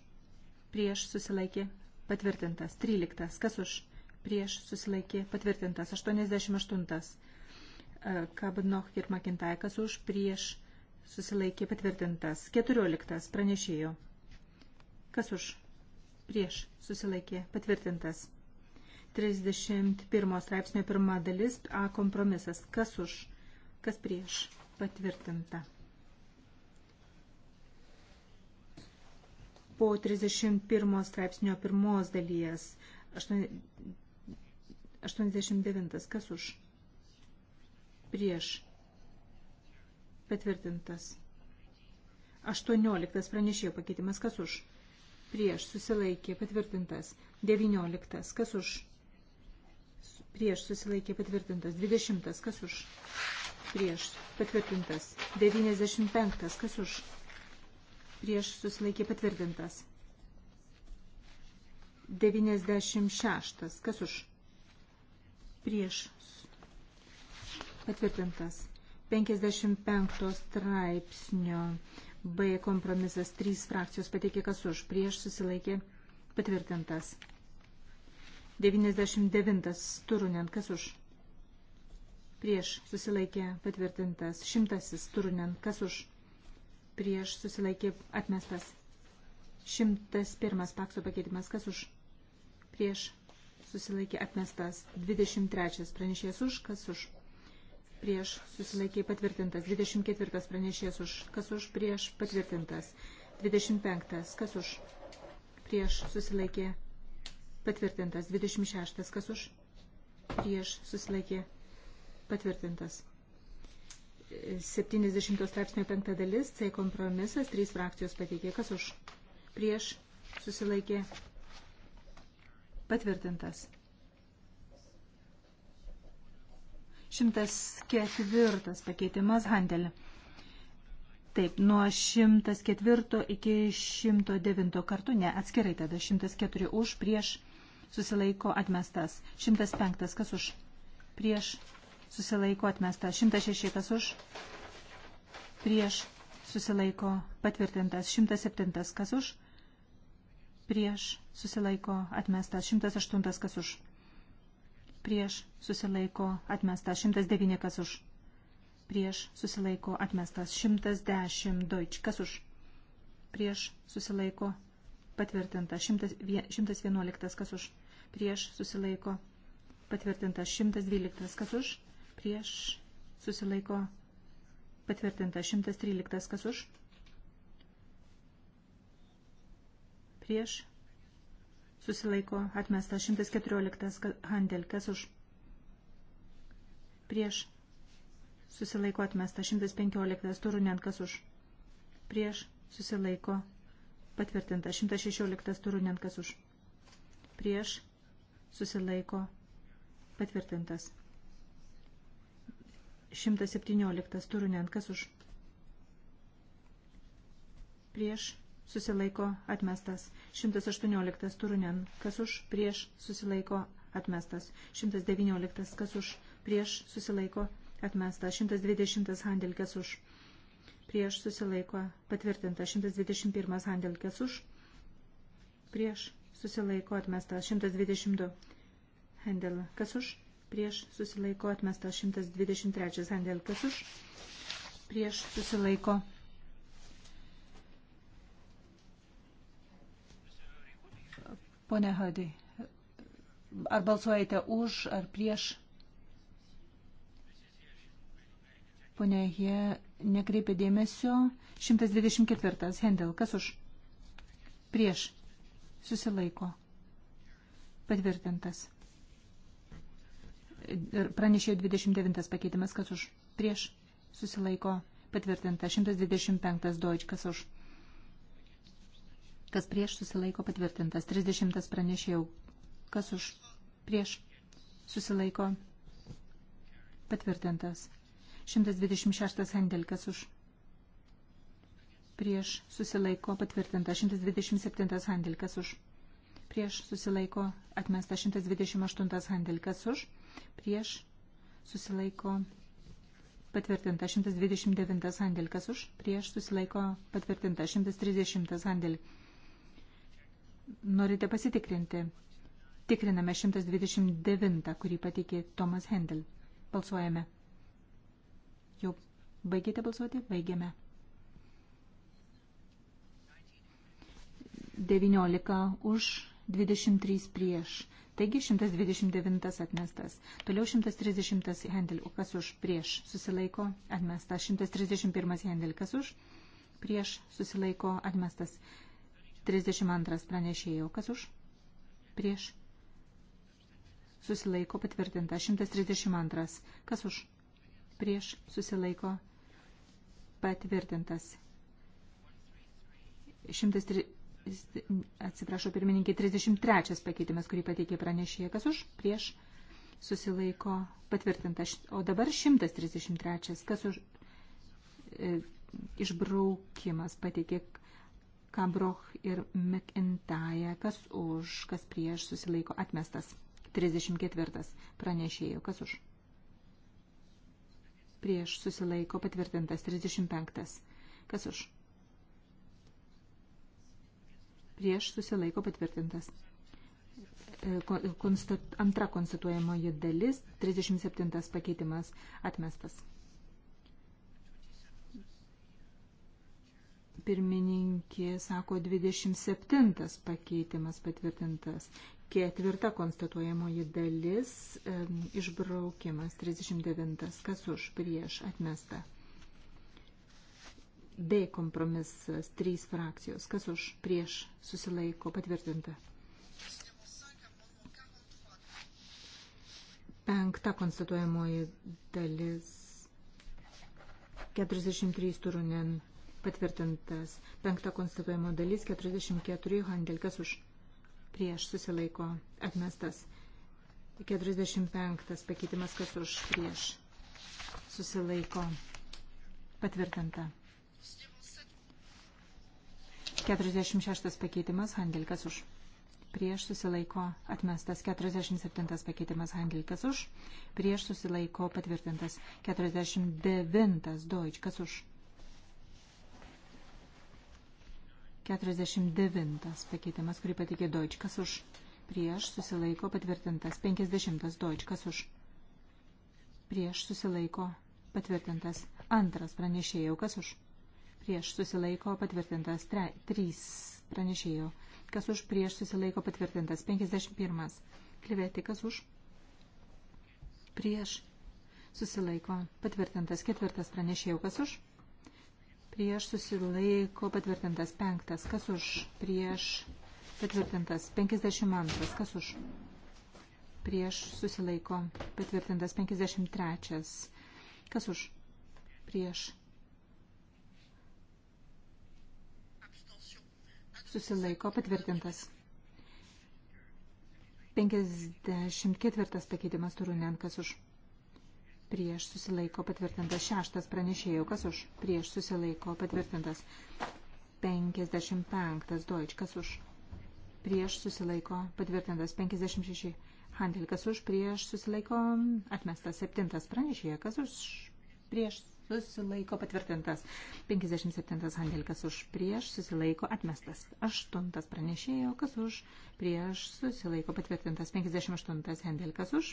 Prieš. Susilaikė. Patvirtintas. 13. Kas už? prieš susilaikė patvirtintas. 88. E, Kabnoch ir Makintaikas už prieš susilaikė patvirtintas. 14. Pranešėjo. Kas už prieš susilaikė patvirtintas. 31 straipsnio pirma dalis A kompromisas. Kas už, kas prieš patvirtinta. po 31 straipsnio pirmos dalies 89. Kas už? Prieš. Patvirtintas. 18. Pranešėjo pakeitimas. Kas už? Prieš. Susilaikė. Patvirtintas. 19. Kas už? Prieš. Susilaikė. Patvirtintas. 20. Kas už? Prieš. Patvirtintas. 95. Kas už? Prieš. Susilaikė. Patvirtintas. 96. Kas už? prieš patvirtintas 55 straipsnio B kompromisas 3 frakcijos pateikė kas už, prieš susilaikė patvirtintas 99 turunent kas už, prieš susilaikė patvirtintas 100 turunent kas už, prieš susilaikė atmestas 101 pakso pakeitimas kas už, prieš susilaikė atmestas. 23 pranešėjas už, kas už, prieš susilaikė patvirtintas. 24 pranešėjas už, kas už, prieš patvirtintas. 25 kas už, prieš susilaikė patvirtintas. 26 kas už, prieš susilaikė patvirtintas. 70 straipsnio 5 dalis, C kompromisas, 3 frakcijos pateikė, kas už, prieš susilaikė patvirtintas Patvirtintas. 104 pakeitimas Handelį. Taip, nuo 104 iki 109 kartų, ne, atskirai tada 104 už, prieš, susilaiko atmestas, 105 kas už, prieš, susilaiko atmestas, 106 kas už, prieš, susilaiko patvirtintas, 107 kas už, prieš susilaiko atmestas 108 kas už, prieš susilaiko atmestas 109 kas už, prieš susilaiko atmestas 110 deutsch kas už, prieš susilaiko patvirtinta 111 kas už, prieš susilaiko patvirtinta 112 kas už, prieš susilaiko patvirtinta 113 kas už, prieš susilaiko atmesta 114 handel, kas už prieš susilaiko atmesta 115 turunen, kas už prieš susilaiko patvirtinta 116 turunen, kas už prieš susilaiko patvirtintas 117 turunen, kas už prieš susilaiko atmestas. 118 turunen, kas už prieš susilaiko atmestas. 119 kas už prieš susilaiko atmestas. 120 handelkės už prieš susilaiko patvirtinta. 121 handelkės už prieš susilaiko atmestas. 122 handel kas už prieš susilaiko atmestas. 123 handel kas už prieš susilaiko atmestas Pone Hadi, ar balsuojate už ar prieš? Pone, jie nekreipia dėmesio. 124. Hendel, kas už? Prieš. Susilaiko. Patvirtintas. Pranešėjo 29 pakeitimas, kas už? Prieš. Susilaiko. Patvirtinta. 125. Deutsch, kas už? Kas prieš susilaiko patvirtintas. 30 pranešėjau. Kas už prieš susilaiko patvirtintas. 126 Hendel. Kas už prieš susilaiko patvirtintas. 127 Hendel. Kas už prieš susilaiko atmestas. 128 Hendel. Kas už prieš susilaiko patvirtinta 129 sandėlkas už, prieš susilaiko patvirtinta 130 sandėlkas norite pasitikrinti. Tikriname 129, kurį pateikė Tomas Hendel. Balsuojame. Jau baigėte balsuoti? Baigėme. 19 už, 23 prieš. Taigi 129 atmestas. Toliau 130 Hendel, kas už prieš susilaiko atmestas. 131 Hendel, kas už prieš susilaiko atmestas. 32 pranešėjo. Kas už? Prieš. Susilaiko patvirtinta. 132. Kas už? Prieš. Susilaiko patvirtintas. 103. Atsiprašau, pirmininkė, 33 pakeitimas, kurį pateikė pranešėja. Kas už? Prieš. Susilaiko patvirtinta. O dabar 133. Kas už? E, išbraukimas pateikė Kabroch ir McIntyre, kas už, kas prieš susilaiko atmestas. 34 pranešėjų, kas už. Prieš susilaiko patvirtintas 35. Kas už? Prieš susilaiko patvirtintas. E, konstat, antra konstatuojamoji dalis, 37 pakeitimas atmestas. Pirmininkė sako 27 pakeitimas patvirtintas. Ketvirta konstatuojamoji dalis e, išbraukimas 39. Kas už prieš atmesta? B kompromisas 3 frakcijos. Kas už prieš susilaiko patvirtinta? Penkta konstatuojamoji dalis 43 turunen patvirtintas. Penkta konstatuojama dalis 44 handel, kas už prieš susilaiko atmestas. 45 pakeitimas, kas už prieš susilaiko patvirtinta. 46 pakeitimas, handel, kas už prieš susilaiko atmestas 47 pakeitimas Handelkas už, prieš susilaiko patvirtintas 49 Deutsch, kas už, 49 pakeitimas, kurį patikė Deutschkas už. Prieš susilaiko patvirtintas. 50 Deutschkas už. Prieš susilaiko patvirtintas. Antras pranešėjo, kas už. Prieš susilaiko patvirtintas. Tre, trys pranešėjo, kas už. Prieš susilaiko patvirtintas. 51. Klivėti, kas už. Prieš susilaiko patvirtintas. Ketvirtas pranešėjo, kas už prieš susilaiko patvirtintas penktas, kas už prieš patvirtintas 52, kas už prieš susilaiko patvirtintas 53, kas už prieš susilaiko patvirtintas 54 pakeitimas turunenkas už prieš susilaiko patvirtintas. Šeštas pranešėjų, kas už, prieš susilaiko patvirtintas. 55 Deutsch, kas už, prieš susilaiko patvirtintas. 56 Handel, kas už, prieš susilaiko atmestas. Septintas pranešėjų, kas už, prieš susilaiko patvirtintas. 57 Handelikas už prieš susilaiko atmestas. 8 pranešėjo, kas už prieš susilaiko patvirtintas. 58 Handelikas už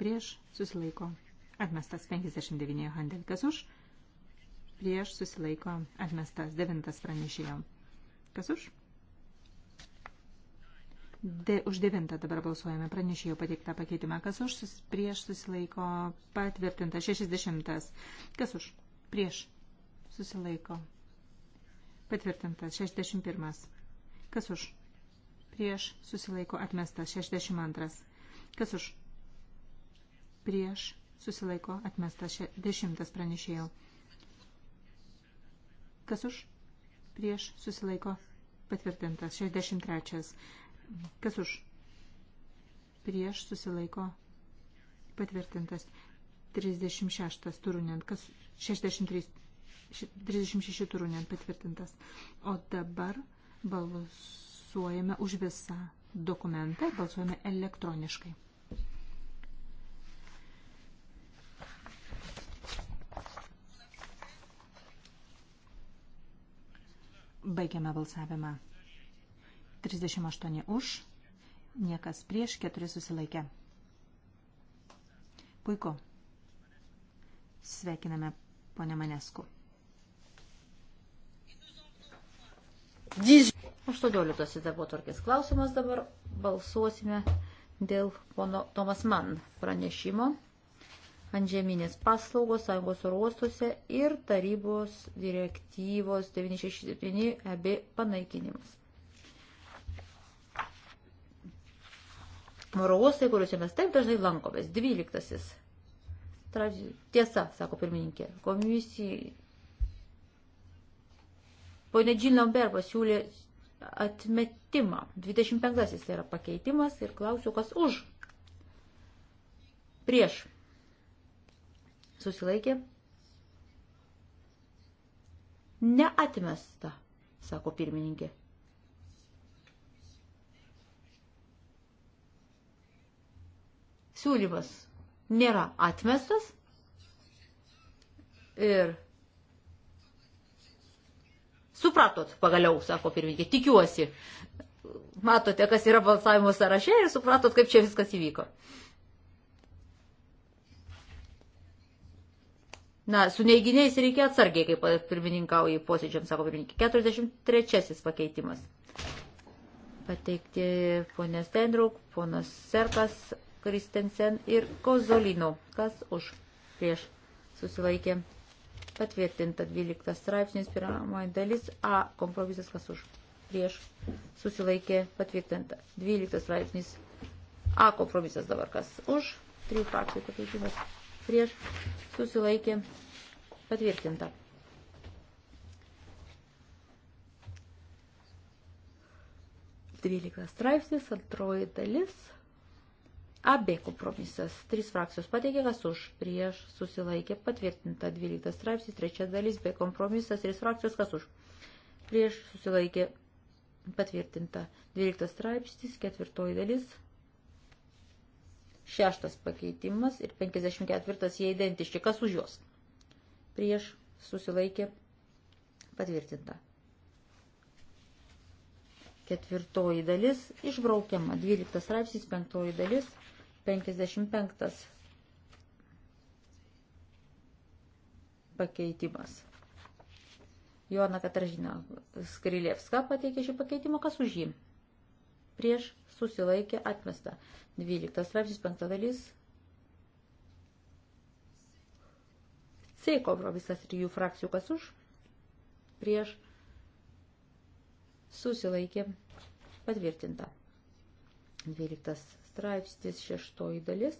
prieš susilaiko Atmestas 59 handel. Kas už? Prieš susilaiko. Atmestas 9 pranešėjo. Kas už? De, už 9 dabar balsuojame pranešėjo pateiktą pakeitimą. Kas už? Sus, prieš susilaiko. Patvirtinta 60. Kas už? Prieš susilaiko. Patvirtintas 61. Kas už? Prieš susilaiko atmestas 62. Kas už? Prieš susilaiko atmesta še, dešimtas pranešėjo. Kas už? Prieš susilaiko patvirtintas 63. Kas už? Prieš susilaiko patvirtintas 36 turunent, kas 63, 36 turunent patvirtintas. O dabar balsuojame už visą dokumentą, balsuojame elektroniškai. Baigiame balsavimą. 38 už, niekas prieš, 4 susilaikė. Puiku. Sveikiname ponę Manesku. 18 darbo tvarkės klausimas dabar balsuosime dėl pono Tomas Mann pranešimo antžeminės paslaugos sąjungos uostuose ir tarybos direktyvos 967 EB panaikinimas. Moro uostai, kuriuose mes taip dažnai lankomės. 12. Tiesa, sako pirmininkė, komisija. Pone Džin Lambert pasiūlė atmetimą. 25. Tai yra pakeitimas ir klausiu, kas už. Prieš Susilaikė. Neatmesta, sako pirmininkė. Siūlymas nėra atmestas ir supratot pagaliau, sako pirmininkė, tikiuosi. Matote, kas yra balsavimo sąraše ir supratot, kaip čia viskas įvyko. Na, su neiginiais reikia atsargiai, kaip pirmininkauji posėdžiams, sako pirmininkė. 43 pakeitimas. Pateikti ponės Tendruk, ponas Serkas, Kristensen ir Kozolino. Kas už prieš susilaikė? Patvirtinta 12 straipsnis, pirmoji dalis A, kompromisas kas už prieš susilaikė patvirtinta 12 straipsnis A, kompromisas dabar kas už, trijų frakcijų pakeitimas prieš susilaikė patvirtinta. Dvylikas straipsnis, antroji dalis. AB kompromisas. Trys frakcijos pateikė, kas už, prieš, susilaikė, patvirtinta. Dvyliktas straipsnis, trečia dalis, B kompromisas, trys frakcijos, kas už, prieš, susilaikė, patvirtinta. Dvyliktas straipsnis, ketvirtoji dalis, Šeštas pakeitimas ir 54 jie identiški. Kas už juos? Prieš susilaikė patvirtinta. Ketvirtoji dalis išbraukiama. 12 straipsnis, penktoji dalis, 55 pakeitimas. Joana Kataržina Skrilevska pateikė šį pakeitimą, kas už jį? prieš susilaikė atmesta. 12 straipsnis 5 dalis. C kompromisas ir jų frakcijų kas už prieš susilaikė patvirtinta. 12 straipsnis 6 dalis.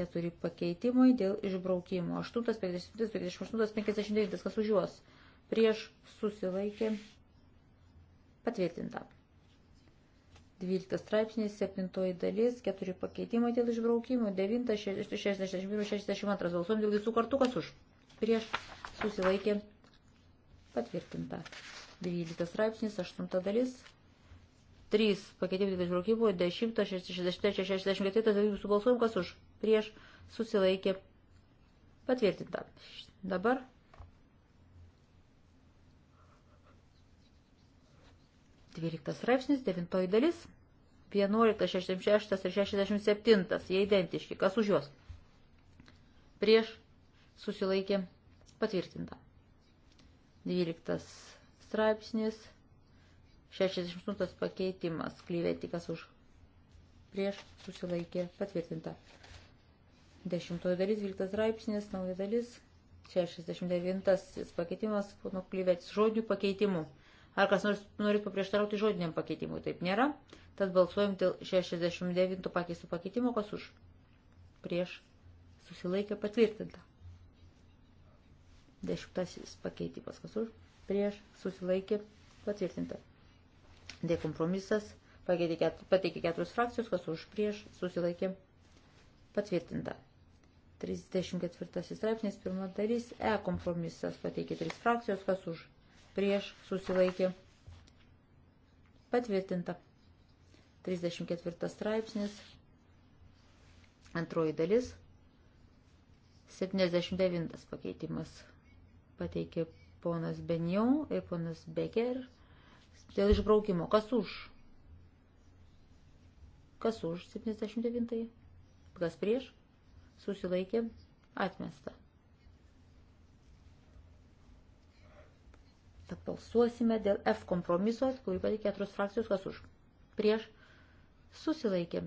4 pakeitimai dėl išbraukimo. 8, 50, 58, 59, kas už juos prieš susilaikė patvirtinta. 12 straipsnis, 7 dalis, 4 pakeitimai dėl išbraukimų, 9, 61, 62 balsuom dėl visų kartų, kas už. Prieš susilaikė patvirtinta. 12 straipsnis, 8 dalis, 3 pakeitimai dėl išbraukimų, 10, 63, 64 dėl visų balsuom, kas už. Prieš susilaikė patvirtinta. Dabar 12 straipsnis, 9 dalis, 11, 66 ir 67, jie identiški, kas už juos. Prieš susilaikė patvirtinta. 12 straipsnis, 68 pakeitimas, klyvėti, kas už. Prieš susilaikė patvirtinta. 10 dalis, 12 straipsnis, nauja dalis, 69 pakeitimas, nu, klyvėtis žodžių pakeitimu. Ar kas nors norit paprieštarauti žodiniam pakeitimui? Taip nėra. Tad balsuojam dėl 69 pakeistų pakeitimo, kas už. Prieš susilaikė patvirtinta. Dešimtasis pakeitimas, kas už. Prieš susilaikė patvirtinta. D kompromisas pateikė keturis frakcijos, kas už. Prieš susilaikė patvirtinta. 34 straipsnis, pirma darys, E kompromisas pateikė tris frakcijos, kas už prieš susilaikė patvirtinta. 34 straipsnis, antroji dalis, 79 pakeitimas pateikė ponas Benjon ir ponas Becker dėl išbraukimo. Kas už? Kas už 79? Kas prieš? Susilaikė atmesta. Tad balsuosime dėl F kompromiso, kurį pateikė keturios frakcijos, kas už. Prieš susilaikė.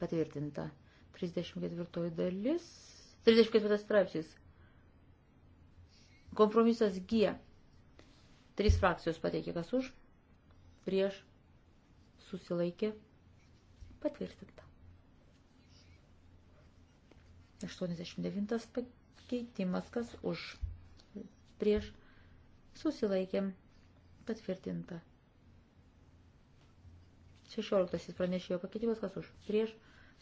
Patvirtinta. 34 dalis. 34 straipsnis. Kompromisas G. Trys frakcijos pateikė kas už. Prieš susilaikė. Patvirtinta. 89 pakeitimas kas už. Prieš Susilaikėm. Patvirtinta. 16 pranešėjo pakeitimas, kas už, prieš,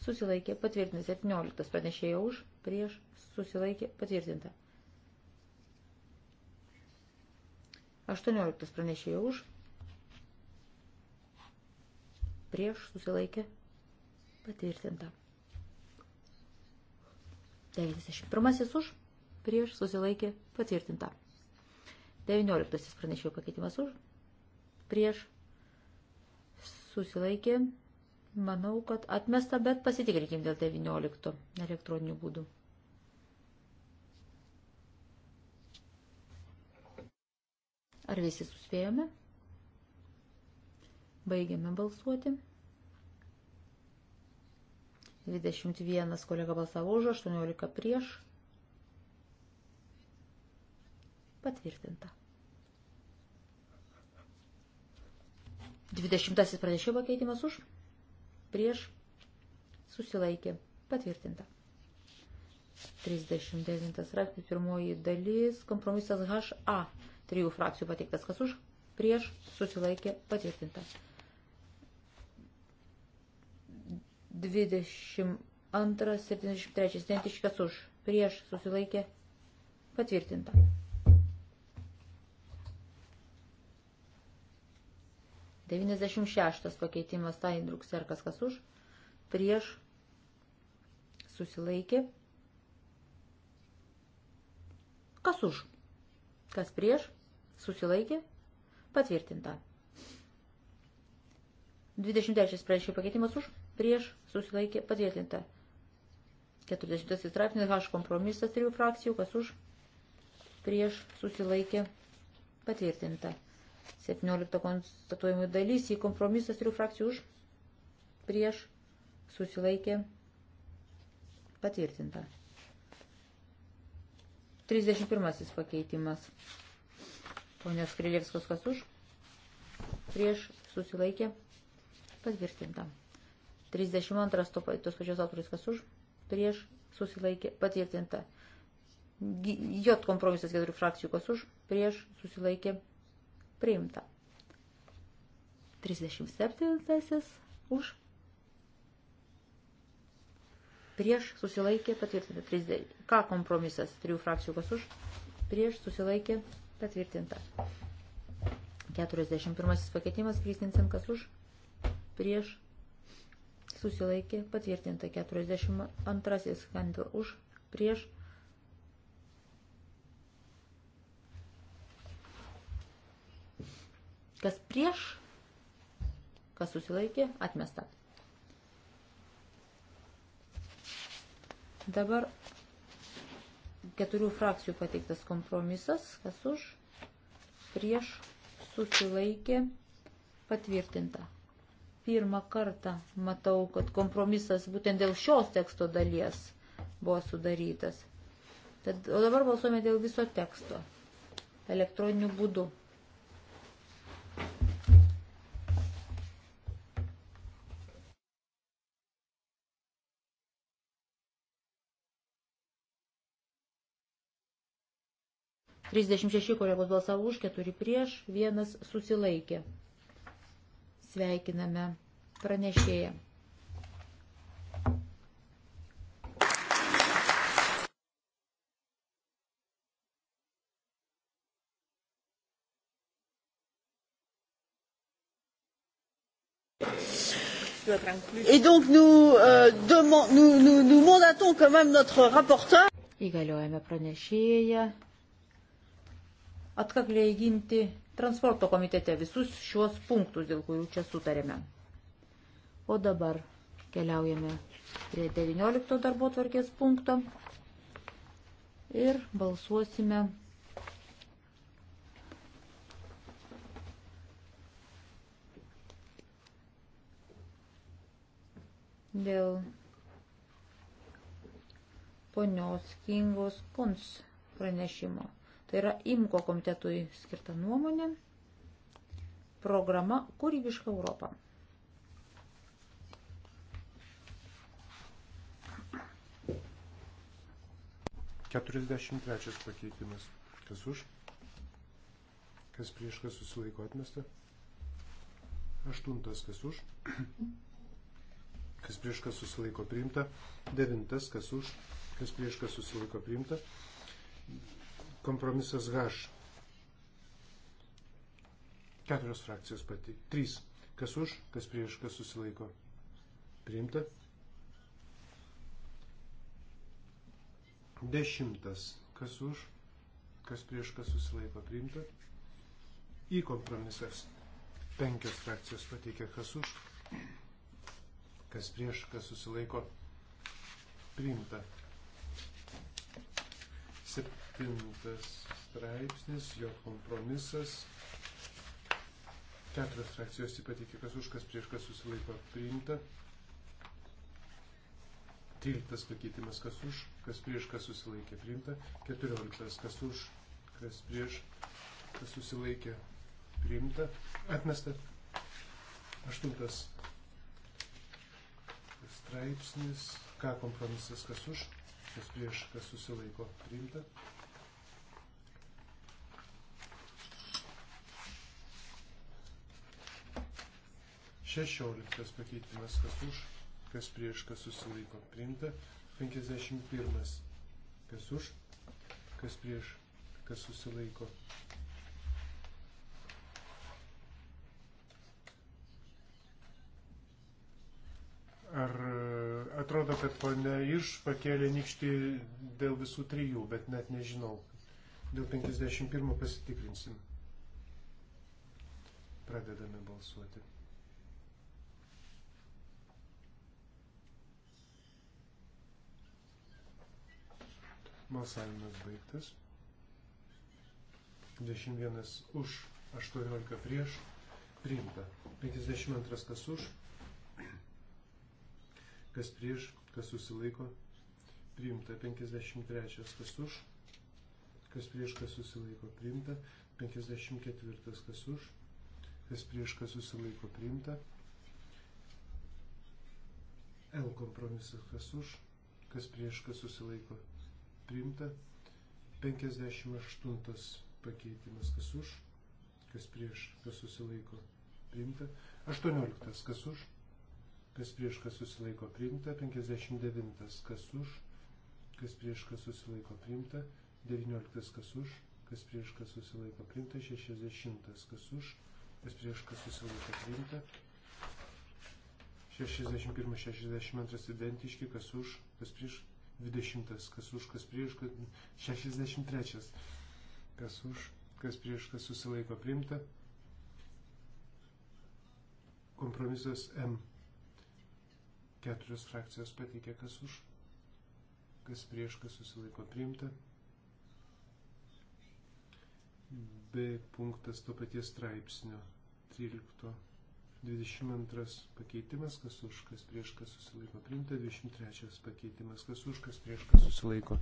susilaikė, patvirtinta. 17 pranešėjo už, prieš, susilaikė, patvirtinta. 18 pranešėjo už, prieš, susilaikė, patvirtinta. 91 už, prieš, susilaikė, patvirtinta. 19 pranešėjų pakeitimas už, prieš, susilaikė, manau, kad atmesta, bet pasitikrinkim dėl 19 elektroninių būdų. Ar visi suspėjome? Baigiame balsuoti. 21 kolega balsavo už, 18 prieš, Patvirtinta. 20 pranešimo pakeitimas už, prieš, susilaikė, patvirtinta. 39 straipsnis, pirmoji dalis, kompromisas HA, trijų frakcijų pateiktas, kas už, prieš, susilaikė, patvirtinta. 22, 73, identiškas už, prieš, susilaikė, patvirtinta. 96 pakeitimas Taindruk serkas kas už, prieš susilaikė. Kas už, kas prieš, susilaikė, patvirtinta. 23 pranešė pakeitimas už, prieš, susilaikė, patvirtinta. 40 straipsnis H kompromisas trijų frakcijų, kas už, prieš, susilaikė, patvirtinta. 17 konstatuojimų dalys į kompromisas trijų frakcijų už, prieš, susilaikė, patvirtinta. 31 pakeitimas. Ponios Krilievskos kas už, prieš, susilaikė, patvirtinta. 32 to, tos pačios autorius kas už, prieš, susilaikė, patvirtinta. J kompromisas keturių frakcijų kas už, prieš, susilaikė, patvirtinta priimta. 37 už prieš susilaikė patvirtinta. Ką kompromisas trijų frakcijų kas už prieš susilaikė patvirtinta. 41 pakeitimas Kristinsen kas už prieš susilaikė patvirtinta. 42 Handel už prieš Kas prieš, kas susilaikė, atmesta. Dabar keturių frakcijų pateiktas kompromisas, kas už, prieš, susilaikė, patvirtinta. Pirmą kartą matau, kad kompromisas būtent dėl šios teksto dalies buvo sudarytas. Tad, o dabar balsuojame dėl viso teksto elektroniniu būdu. 36 kolegos balsavo už, 4 prieš, 1 susilaikė. Sveikiname pranešėją. Et donc nous, euh, demand, nous, nous, nous mandatons quand même notre rapporteur. Įgaliojame pranešėją atkakliai ginti transporto komitete visus šiuos punktus, dėl kurių čia sutarėme. O dabar keliaujame prie 19 darbo tvarkės punkto ir balsuosime dėl ponios Kingos Kuns pranešimo. Tai yra IMKO komitetui skirta nuomonė. Programa Kūrybiška Europa. Keturiasdešimt trečias pakeitimas. Kas už? Kas prieš, kas susilaiko atmesta? Aštuntas, kas už? kas prieš kas susilaiko priimta, devintas kas už, kas prieš kas susilaiko priimta, Kompromisas H. Keturios frakcijos pati. Trys. Kas už, kas prieš, kas susilaiko. Priimta. Dešimtas. Kas už, kas prieš, kas susilaiko. Priimta. Į kompromisas. Penkios frakcijos pateikė kas už, kas prieš, kas susilaiko. Priimta. Septintas straipsnis, jo kompromisas. Keturios frakcijos įpatikė, kas už, kas prieš, kas susilaiko priimta. Tryliktas pakeitimas, kas už, kas prieš, kas susilaikė priimta. Keturioliktas, kas už, kas prieš, kas susilaikė priimta. Atmesta. Aštuntas straipsnis, ką kompromisas, kas už, kas prieš, kas susilaiko priimta. Šešioliktas pakeitimas, kas už, kas prieš, kas susilaiko priimta. 51. Kas už, kas prieš, kas susilaiko ar Atrodo, kad ponia iš pakėlė nikštį dėl visų trijų, bet net nežinau. Dėl 51 pasitikrinsim. Pradedame balsuoti. Balsavimas baigtas. 21 už, 18 prieš, priimta. 52 kas už, kas prieš, kas susilaiko, priimta 53, kas už, kas prieš, kas susilaiko, priimta 54, kas už, kas prieš, kas susilaiko, priimta L kompromisas, kas už, kas prieš, kas susilaiko, priimta 58 pakeitimas, kas už, kas prieš, kas susilaiko, priimta 18, kas už kas prieš kas susilaiko priimta, 59 kas už, kas prieš kas susilaiko priimta, 19 kas už, kas prieš kas susilaiko priimta, 60 kas už, kas prieš kas susilaiko priimta, 61-62 identiški, kas už, kas prieš 20, kas už, kas prieš, kas 63, kas už, kas prieš kas susilaiko priimta, kompromisas M Keturios frakcijos pateikė, kas už, kas prieš, kas susilaiko priimta. B punktas to paties straipsnio 13.22 pakeitimas, kas už, kas prieš, kas susilaiko priimta. 23 pakeitimas, kas už, kas prieš, kas susilaiko.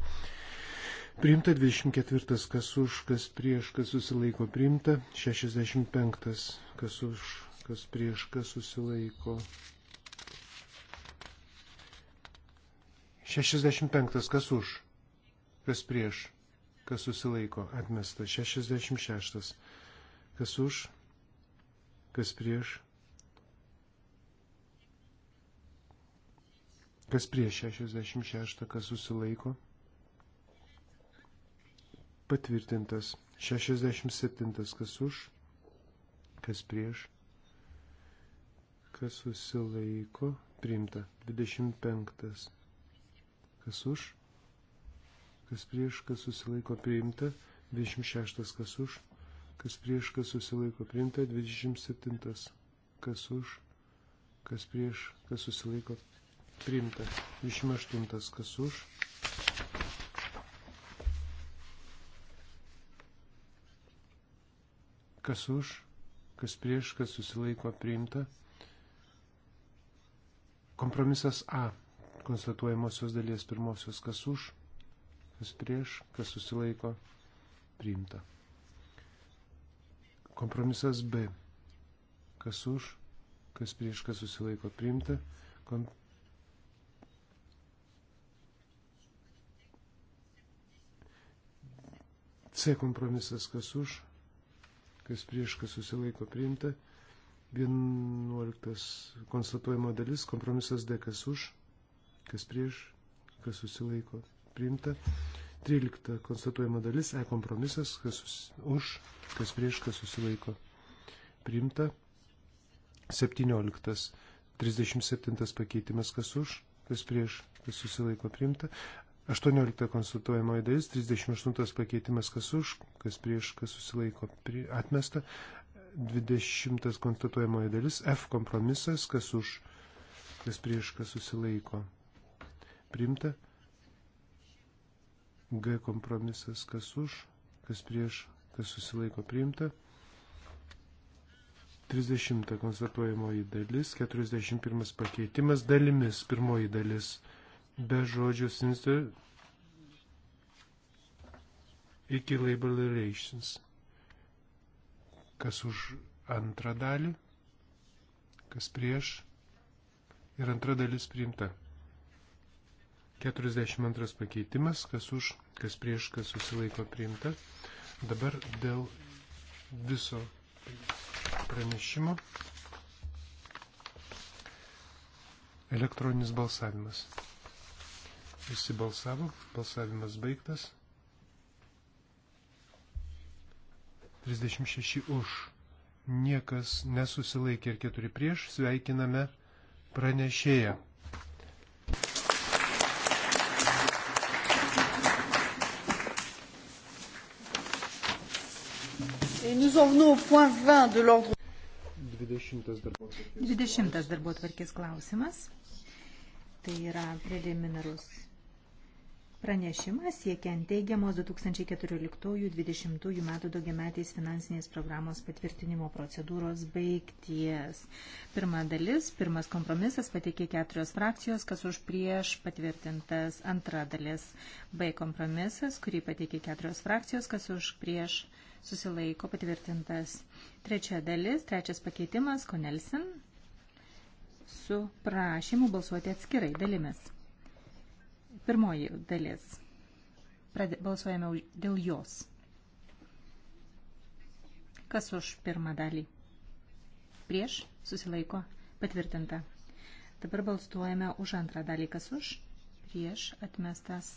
Priimta 24, kas už, kas prieš, kas susilaiko. Priimta 65, kas už, kas prieš, kas susilaiko. 65. Kas už? Kas prieš? Kas susilaiko? Atmesta. 66. Kas už? Kas prieš? Kas prieš 66, kas susilaiko? Patvirtintas. 67, kas už? Kas prieš? Kas susilaiko? Priimta. 25 kas už, kas prieš, kas susilaiko priimta, 26 kas už, kas prieš, kas susilaiko priimta, 27 kas už, kas prieš, kas susilaiko priimta, 28 kas už. Kas už, kas prieš, kas susilaiko priimta. Kompromisas A konstatuojamosios dalies pirmosios, kas už, kas prieš, kas susilaiko, priimta. Kompromisas B. Kas už, kas prieš, kas susilaiko, priimta. Kom... C kompromisas, kas už, kas prieš, kas susilaiko, priimta. 11 konstatuojama dalis, kompromisas D, kas už, kas prieš, kas susilaiko priimta. 13 konstatuojama dalis, E kompromisas, kas sus, už, kas prieš, kas susilaiko priimta. 17. 37 pakeitimas, kas už, kas prieš, kas susilaiko priimta. 18 konstatuojamoji dalis, 38 pakeitimas, kas už, kas prieš, kas susilaiko prie, atmesta. 20 konstatuojamoji dalis, F kompromisas, kas už, kas prieš, kas susilaiko primta. G kompromisas kas už, kas prieš, kas susilaiko primta. 30 konstatuojamoji dalis, 41 pakeitimas dalimis, pirmoji dalis be žodžių sinster iki labor relations. Kas už antrą dalį, kas prieš ir antra dalis priimta. 42 pakeitimas, kas už, kas prieš, kas susilaiko priimta. Dabar dėl viso pranešimo elektroninis balsavimas. Visi balsavo, balsavimas baigtas. 36 už, niekas nesusilaikė ir 4 prieš, sveikiname pranešėją. nous en venons au point 20 de l'ordre. 20 darbo tvarkės klausimas. Tai yra preliminarus pranešimas siekiant teigiamos 2014-2020 metų daugiametės finansinės programos patvirtinimo procedūros baigties. Pirma dalis, pirmas kompromisas pateikė keturios frakcijos, kas už prieš patvirtintas. Antra dalis B kompromisas, kurį pateikė keturios frakcijos, kas už prieš patvirtintas susilaiko patvirtintas. Trečia dalis, trečias pakeitimas, Konelsin, su prašymu balsuoti atskirai dalimis. Pirmoji dalis. Pradė, balsuojame dėl jos. Kas už pirmą dalį? Prieš susilaiko patvirtinta. Dabar balsuojame už antrą dalį. Kas už? Prieš atmestas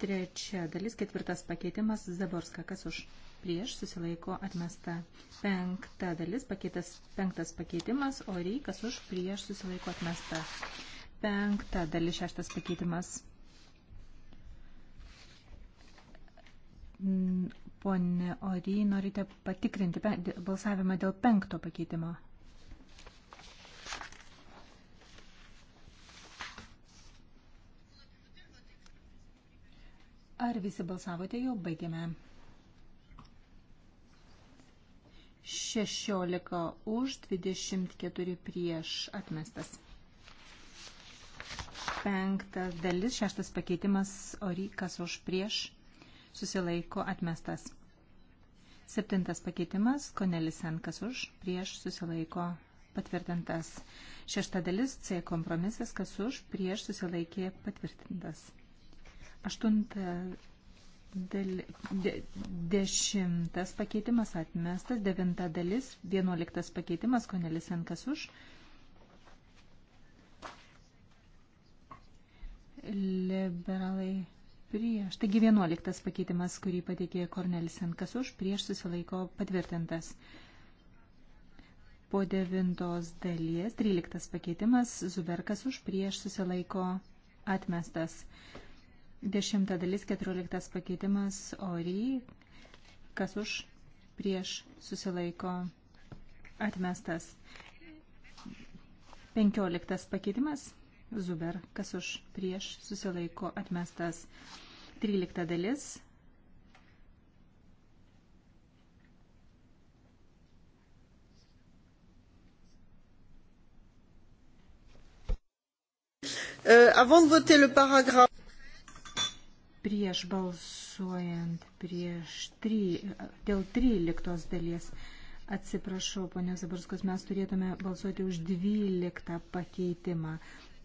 Trečia dalis, ketvirtas pakeitimas, Zaborska, kas už prieš susilaiko atmesta. Penkta dalis, pakeitas, penktas pakeitimas, Ory, kas už prieš susilaiko atmesta. Penkta dalis, šeštas pakeitimas. Pone Ory, norite patikrinti balsavimą dėl penkto pakeitimo? Ar visi balsavote jau? Baigėme. 16 už, 24 prieš atmestas. Penktas dalis, šeštas pakeitimas, orykas už prieš, susilaiko atmestas. Septintas pakeitimas, konelis senkas už, prieš, susilaiko patvirtintas. Šešta dalis, C kompromisas, kas už, prieš, susilaikė patvirtintas. Aštunta Dal, de, dešimtas pakeitimas atmestas, devinta dalis, vienuoliktas pakeitimas, konelis Enkas už. Liberalai prieš. Taigi vienuoliktas pakeitimas, kurį pateikė Kornelis Enkas už, prieš susilaiko patvirtintas. Po devintos dalies, tryliktas pakeitimas, Zuberkas už, prieš susilaiko atmestas. Dešimta dalis, keturioliktas pakeitimas, ory, kas už, prieš, susilaiko, atmestas. Penkioliktas pakeitimas, zuber, kas už, prieš, susilaiko, atmestas. Trylikta dalis, euh, avant de voter le paragraphe prieš balsuojant prieš try, dėl 13 dalies. Atsiprašau, ponios Zabarskos, mes turėtume balsuoti už 12 pakeitimą.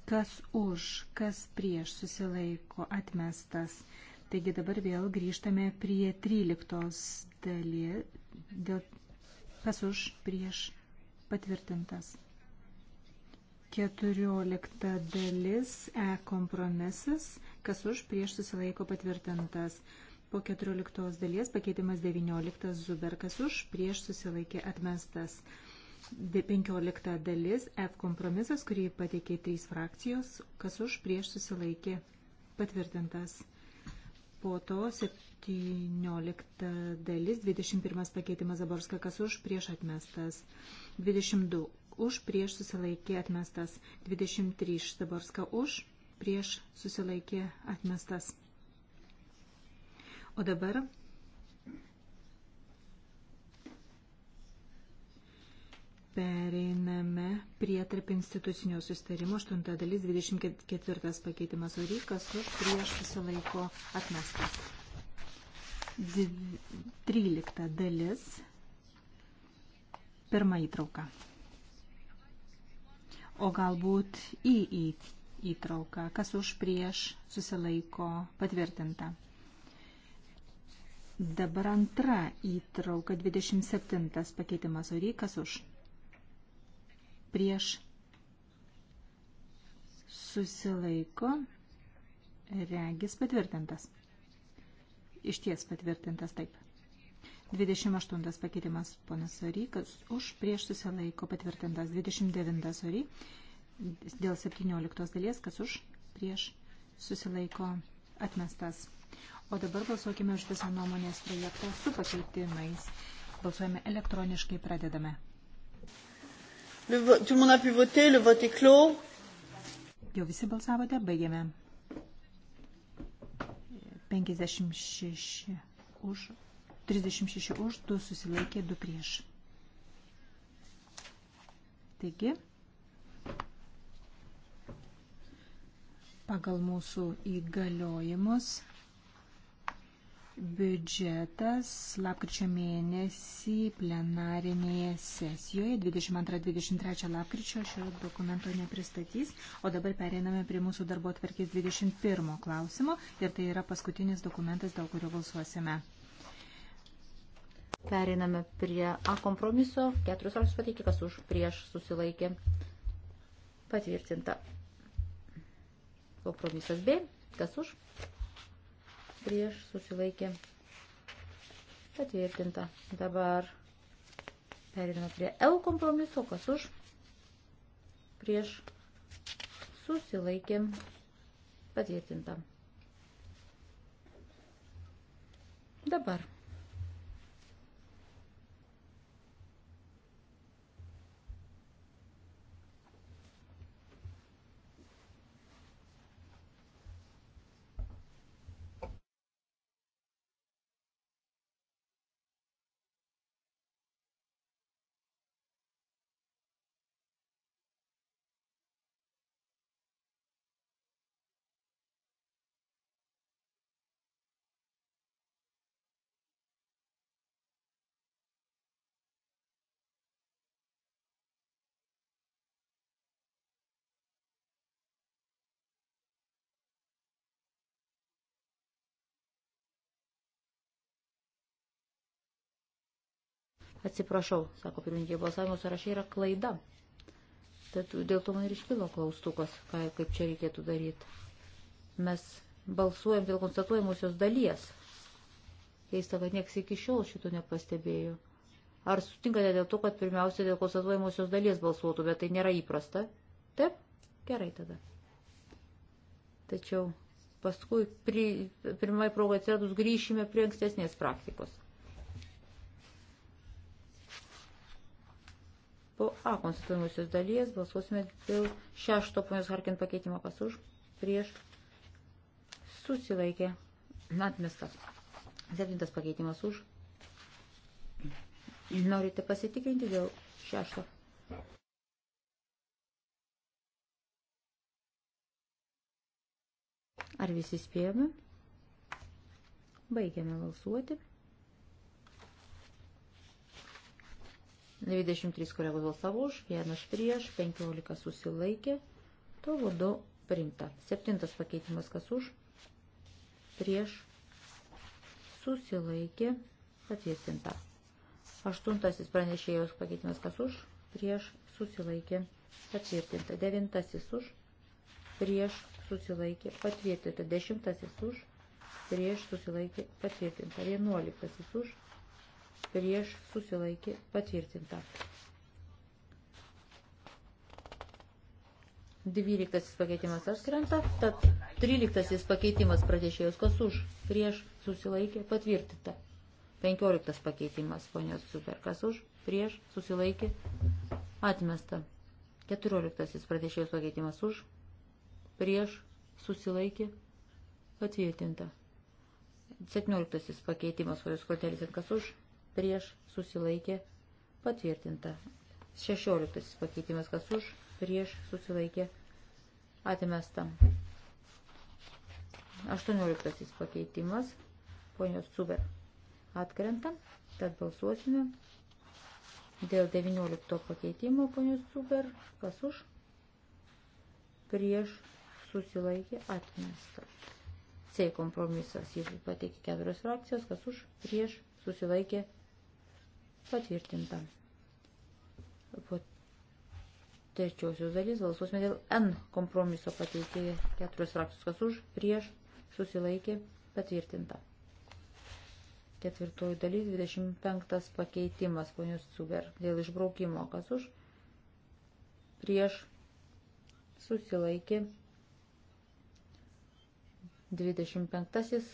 Kas už, kas prieš susilaiko atmestas. Taigi dabar vėl grįžtame prie 13 dalies. Dėl, kas už, prieš patvirtintas. 14 dalis E kompromisas kas už prieš susilaiko patvirtintas. Po 14 dalies pakeitimas 19 Zuber, kas už prieš susilaikė atmestas. 15 dalis F kompromisas, kurį pateikė trys frakcijos, kas už prieš susilaikė patvirtintas. Po to 17 dalis, 21 pakeitimas Zaborska, kas už prieš atmestas. 22 už prieš susilaikė atmestas. 23 Zaborska už prieš susilaikė atmestas. O dabar pereiname prie tarp institucinio sustarimo 8 dalis 24 pakeitimas Orykas už prieš susilaiko atmestas. 13 dalis pirmą įtrauką. O galbūt į įtrauką. Kas už prieš susilaiko patvirtinta. Dabar antra įtrauka 27 pakeitimas orį. Kas už prieš susilaiko regis patvirtintas. Iš ties patvirtintas taip. 28 pakeitimas ponas Sory, kas už prieš susilaiko patvirtintas 29 Sory, dėl 17 dalies, kas už, prieš, susilaiko atmestas. O dabar balsuokime už visą nuomonės projektą su pakeitimais. Balsuojame elektroniškai, pradedame. Tout le monde a pu voter, le vote est clos. Jau visi balsavote, baigėme. 56 už, 36 už, 2 susilaikė, 2 prieš. Taigi, pagal mūsų įgaliojimus biudžetas lapkričio mėnesį plenarinėje sesijoje 22-23 lapkričio šio dokumento nepristatys, o dabar pereiname prie mūsų darbo atverkės 21 klausimo ir tai yra paskutinis dokumentas, dėl kurio balsuosime. Pereiname prie A kompromiso, keturis ar pateikikas už prieš susilaikė patvirtinta. Kompromisas B. Kas už? Prieš susilaikė. Patvirtinta. Dabar periname prie L kompromiso. Kas už? Prieš susilaikė. Patvirtinta. Dabar Atsiprašau, sako pirmininkė, balsavimo sąrašai yra klaida. Tad dėl to man ir iškilo klaustukas, ką, kaip čia reikėtų daryti. Mes balsuojam dėl konstatuojamosios dalies. Keista, kad nieks iki šiol šito nepastebėjo. Ar sutinkate dėl to, kad pirmiausia dėl konstatuojamosios dalies balsuotų, bet tai nėra įprasta? Taip? Gerai tada. Tačiau paskui pri, pirmai progai atsiradus grįšime prie ankstesnės praktikos. Po A konstituojamosios dalies balsuosime dėl šešto ponios Harkin pakeitimo pas už prieš susilaikė atmestas. Septintas pakeitimas už. Norite pasitikrinti dėl šešto? Ar visi spėjome? Baigiame balsuoti. 23 kolegos balsavo už, vienas prieš, 15 susilaikė, tuo vadu priimta. Septintas pakeitimas kas už, prieš, susilaikė, patvirtinta. Aštuntasis pranešėjos pakeitimas kas už, prieš, susilaikė, patvirtinta. Devintasis už, prieš, susilaikė, patvirtinta. Dešimtasis už, prieš, susilaikė, patvirtinta. Vienuoliktasis už, prieš susilaikė patvirtinta. 12 pakeitimas atkrenta, tad 13 pakeitimas pradėšėjos kas už, prieš susilaikė patvirtinta. 15 pakeitimas ponios super kas už, prieš susilaikė atmesta. 14 pradėšėjos pakeitimas už, prieš susilaikė patvirtinta. 17 pakeitimas ponios kortelės kas už, prieš susilaikė patvirtinta. 16 pakeitimas, kas už, prieš susilaikė atmesta. 18 pakeitimas, ponios Suber, atkrenta, tad balsuosime dėl 19 pakeitimo, ponios Suber, kas už, prieš susilaikė atmesta. C kompromisas, jis pateikė keturios frakcijos, kas už, prieš susilaikė atmesta Patvirtinta. Po trečiosios dalys balsuosime dėl N kompromiso pateikė keturios frakcijos, kas už, prieš, susilaikė, patvirtinta. Ketvirtoji dalis 25 pakeitimas, ponios Cuber, dėl išbraukimo, kas už, prieš, susilaikė, 25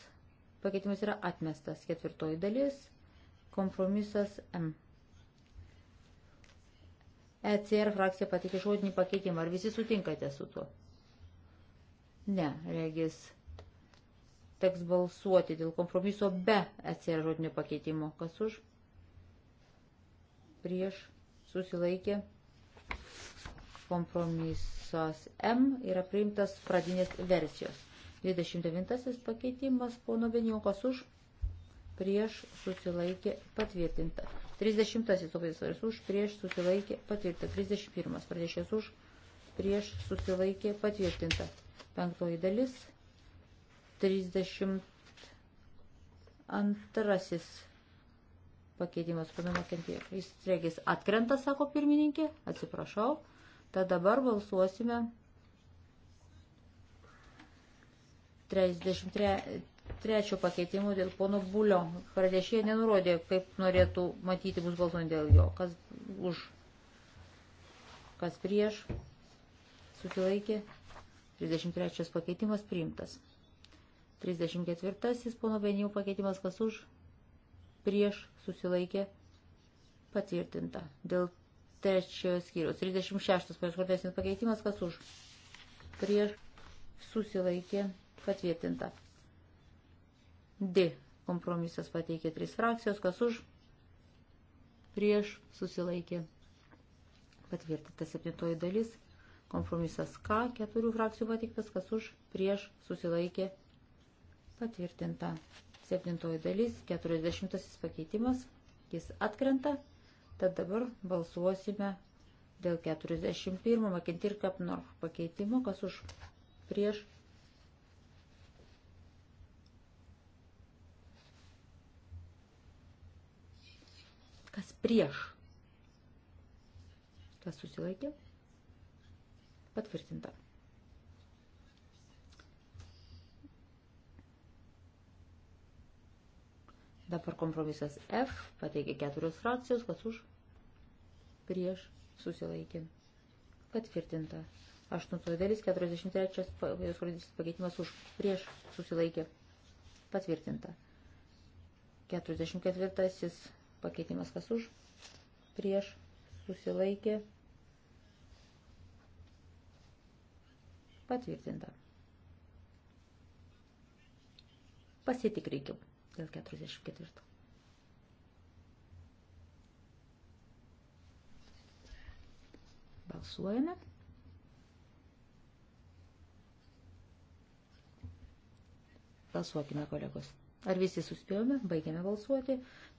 pakeitimas yra atmestas, ketvirtoji dalis 25. Kompromisas M. ECR frakcija patikė žodinį pakeitimą. Ar visi sutinkate su tuo? Ne, regis teks balsuoti dėl kompromiso be ECR žodinio pakeitimo. Kas už? Prieš susilaikė. Kompromisas M yra priimtas pradinės versijos. 29 pakeitimas, pono Beniokas už prieš susilaikė patvirtinta. 30 opozicijonis už, prieš susilaikė patvirtinta. 31 pradėšės už, prieš susilaikė patvirtinta. Penktoji dalis. 32 pakeitimas panama kentėjo. Jis regis atkrenta, sako pirmininkė, atsiprašau. Tad dabar balsuosime 33, trečio pakeitimo dėl pono Bulio. Pradėšė nenurodė, kaip norėtų matyti bus balsuojant dėl jo. Kas už, kas prieš, susilaikė. 33 pakeitimas priimtas. 34 pono Benijų pakeitimas kas už, prieš, susilaikė, patvirtinta. Dėl trečiojo skyriaus. 36 prieškartesnis pakeitimas kas už, prieš, susilaikė, patvirtinta. D. Kompromisas pateikė trys frakcijos, kas už, prieš, susilaikė. Patvirtinta septintoji dalis. Kompromisas K. Keturių frakcijų pateiktas, kas už, prieš, susilaikė. Patvirtinta septintoji dalis. Keturiasdešimtasis pakeitimas. Jis atkrenta. Tad dabar balsuosime dėl 41 Makintir Kapnor pakeitimo, kas už prieš prieš. Kas susilaikė? Patvirtinta. Dabar kompromisas F pateikė keturios frakcijos, kas už prieš susilaikė. Patvirtinta. 8 dalis 43 jos rodyslis pakeitimas už prieš susilaikė. Patvirtinta. 44 pakeitimas kas už, prieš, susilaikė, patvirtinta. Pasitik reikiau dėl 44. Balsuojame. Balsuokime, kolegos. Ar visi suspėjome? Baigėme balsuoti.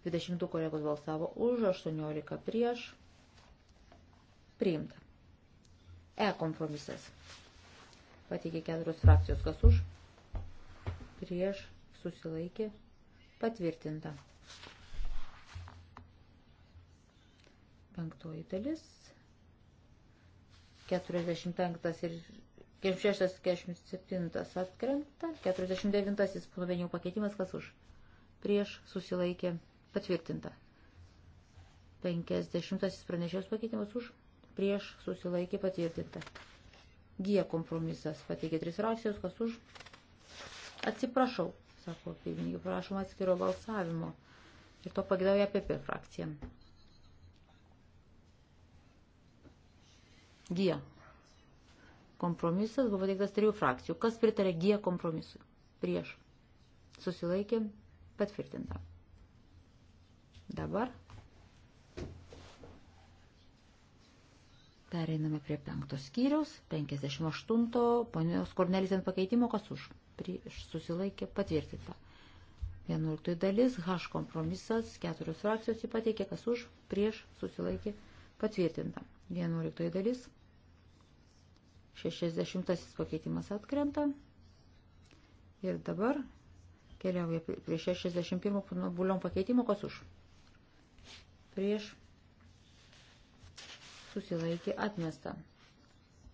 20 kolegos balsavo už, 18 prieš. Priimta. E kompromisas. Pateikė keturios frakcijos. Kas už? Prieš. Susilaikė. Patvirtinta. Penktoji dalis. 45 ir 46-47 atkrenta, 49 plovenių pakeitimas, kas už, prieš susilaikė patvirtinta. 50 pranešėjos pakeitimas už, prieš susilaikė patvirtinta. G kompromisas pateikė 3 frakcijos, kas už. Atsiprašau, sako pirmininkė, prašom atskiro balsavimo. Ir to pagėdavoja PP frakcija. G Kompromisas buvo teiktas trijų frakcijų. Kas pritarė G kompromisui? Prieš. Susilaikė. Patvirtinta. Dabar Pereiname prie penktos skyriaus, 58, ponios Kornelis ant pakeitimo, kas už, prieš susilaikė patvirtinta. 11 dalis, H kompromisas, keturios frakcijos jį pateikė, kas už, prieš susilaikė patvirtinta. 11 dalis, 60 pakeitimas atkrenta. Ir dabar keliauja prie 61 buliom pakeitimo, kas už. Prieš susilaikė atmesta.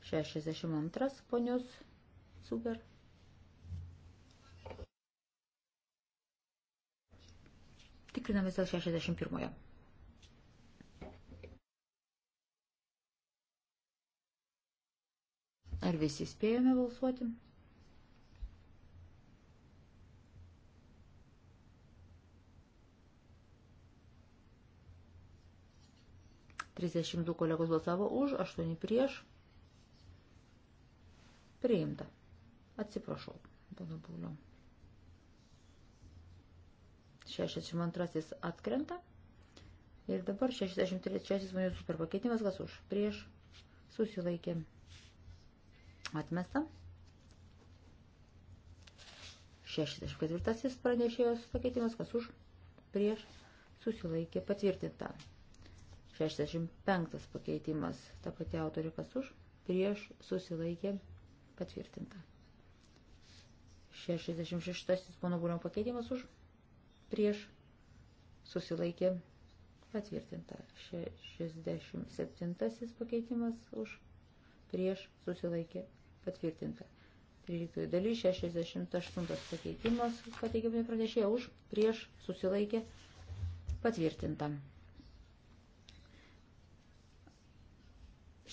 62 ponios super. Tikrinamės dėl 61. Ar visi spėjome balsuoti? Trisdešimt du kolegos balsavo už, aštuoni prieš. Priimta. Atsiprašau, pana Būlio. 62 atkrenta. Ir dabar 63 mano super pakeitimas, kas už, prieš, susilaikė. Atmesta. 64 pranešėjos pakeitimas, kas už, prieš, susilaikė, patvirtinta. 65 pakeitimas, ta pati autorė, kas už, prieš, susilaikė, patvirtinta. 66 pono būrimo pakeitimas už, prieš, susilaikė, patvirtinta. 67 pakeitimas už, prieš, susilaikė, patvirtinta. 13 dalis 68 pakeitimas pateikiami pranešėjo už, prieš, susilaikė, patvirtinta.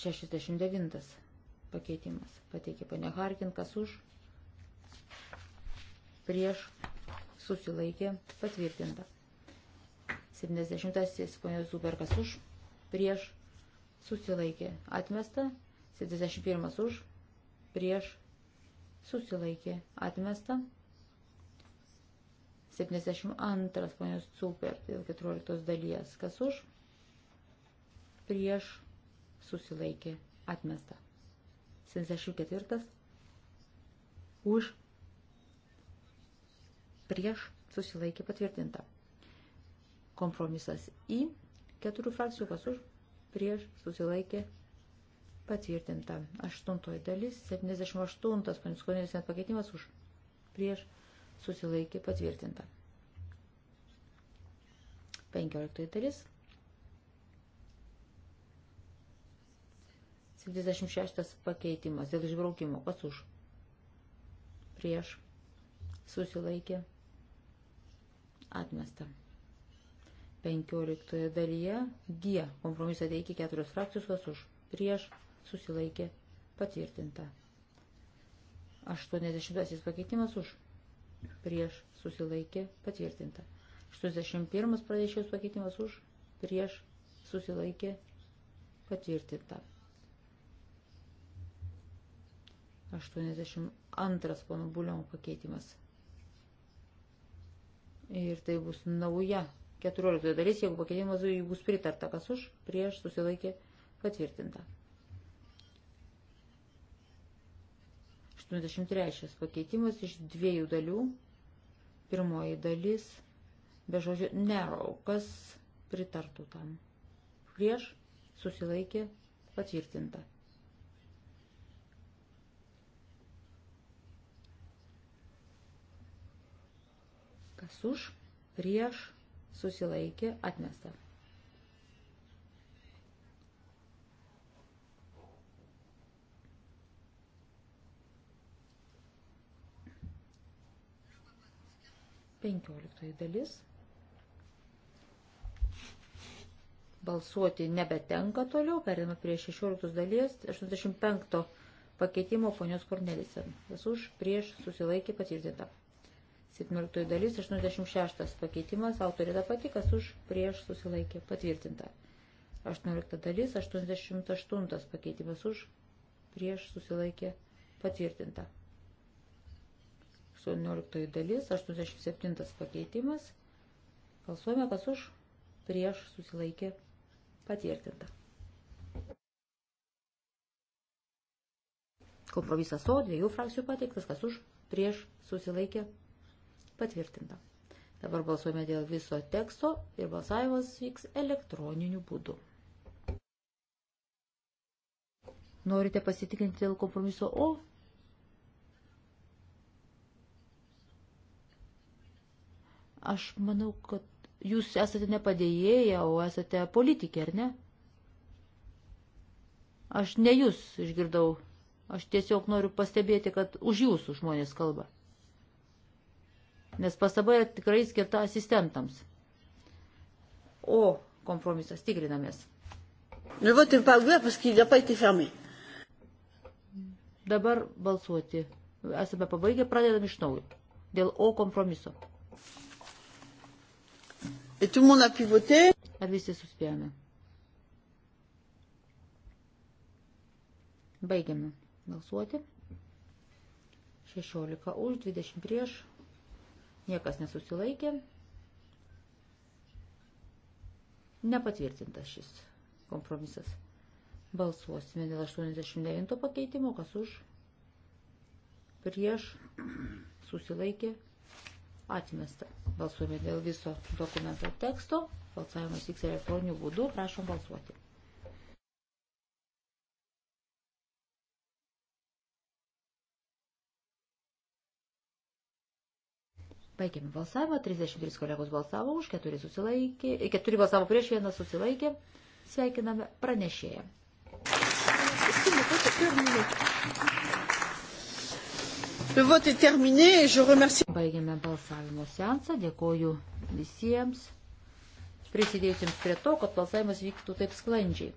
69 pakeitimas pateikė ponia Harkin, kas už, prieš, susilaikė, patvirtinta. 70 ponia Zuberkas už, prieš, susilaikė, atmesta, 71 už, prieš susilaikė atmesta. 72 ponios super dėl 14 dalies. Kas už? Prieš susilaikė atmesta. 74 už prieš susilaikė patvirtinta. Kompromisas į keturių frakcijų kas už prieš susilaikė Patvirtinta. Aštuntoji dalis. 78. Paniskonėlis net pakeitimas už. Prieš. Susilaikė. Patvirtinta. 15 dalis. 76 pakeitimas dėl išbraukimo. Kas už? Prieš. Susilaikė. Atmesta. 15 dalyje G. Kompromisą teikia keturios frakcijos. Kas už? Prieš susilaikė patvirtinta. 80 pakeitimas už prieš susilaikė patvirtinta. 61 pradėšiaus pakeitimas už prieš susilaikė patvirtinta. 82 pono bulion pakeitimas. Ir tai bus nauja 14 dalis, jeigu pakeitimas bus pritarta, kas už prieš susilaikė patvirtinta. 83 pakeitimas iš dviejų dalių. Pirmoji dalis, be žodžio, narrow, kas pritartų tam. Prieš susilaikė patvirtinta. Kas už, prieš susilaikė atmesta. 15 dalis. Balsuoti nebetenka toliau, perinu prie 16 dalies, 85 pakeitimo ponios Kornelisen. Esu už prieš susilaikį patvirtinta. 17 dalis, 86 pakeitimas, autorė ta pati, kas už prieš susilaikė patvirtinta. 18 dalis, 88 pakeitimas už prieš susilaikė patvirtinta. 18 dalis, 87 pakeitimas. Balsuojame, kas už, prieš susilaikė patvirtinta. Kompromisas O, dviejų frakcijų pateiktas, kas už, prieš susilaikė patvirtinta. Dabar balsuojame dėl viso teksto ir balsavimas vyks elektroniniu būdu. Norite pasitikinti dėl kompromiso O? Aš manau, kad jūs esate ne padėjėja, o esate politikė, ar ne? Aš ne jūs išgirdau. Aš tiesiog noriu pastebėti, kad už jūsų žmonės kalba. Nes pastaba yra tikrai skirta asistentams. O kompromisas tikrinamės. Ne vote pas ouvert parce qu'il n'a pas été fermé. Dabar balsuoti. Esame pabaigę, pradedam iš naujo. Dėl O kompromiso. Et tout le monde a pu voter. Ar visi suspėjome? Baigiame balsuoti. 16 už, 20 prieš. Niekas nesusilaikė. Nepatvirtintas šis kompromisas. Balsuosime dėl 89 pakeitimo. Kas už? Prieš. Susilaikė. Atmesta. Balsuojame dėl viso dokumento teksto. Balsavimas vyks elektroniniu būdu. Prašom balsuoti. Baigėme balsavimą, 33 kolegos balsavo už, 4, susilaikė, 4 balsavo prieš, 1 susilaikė. Sveikiname pranešėją. Baigėme balsavimo sensą, dėkoju visiems prisidėjusiems prie to, kad balsavimas vyktų taip sklandžiai.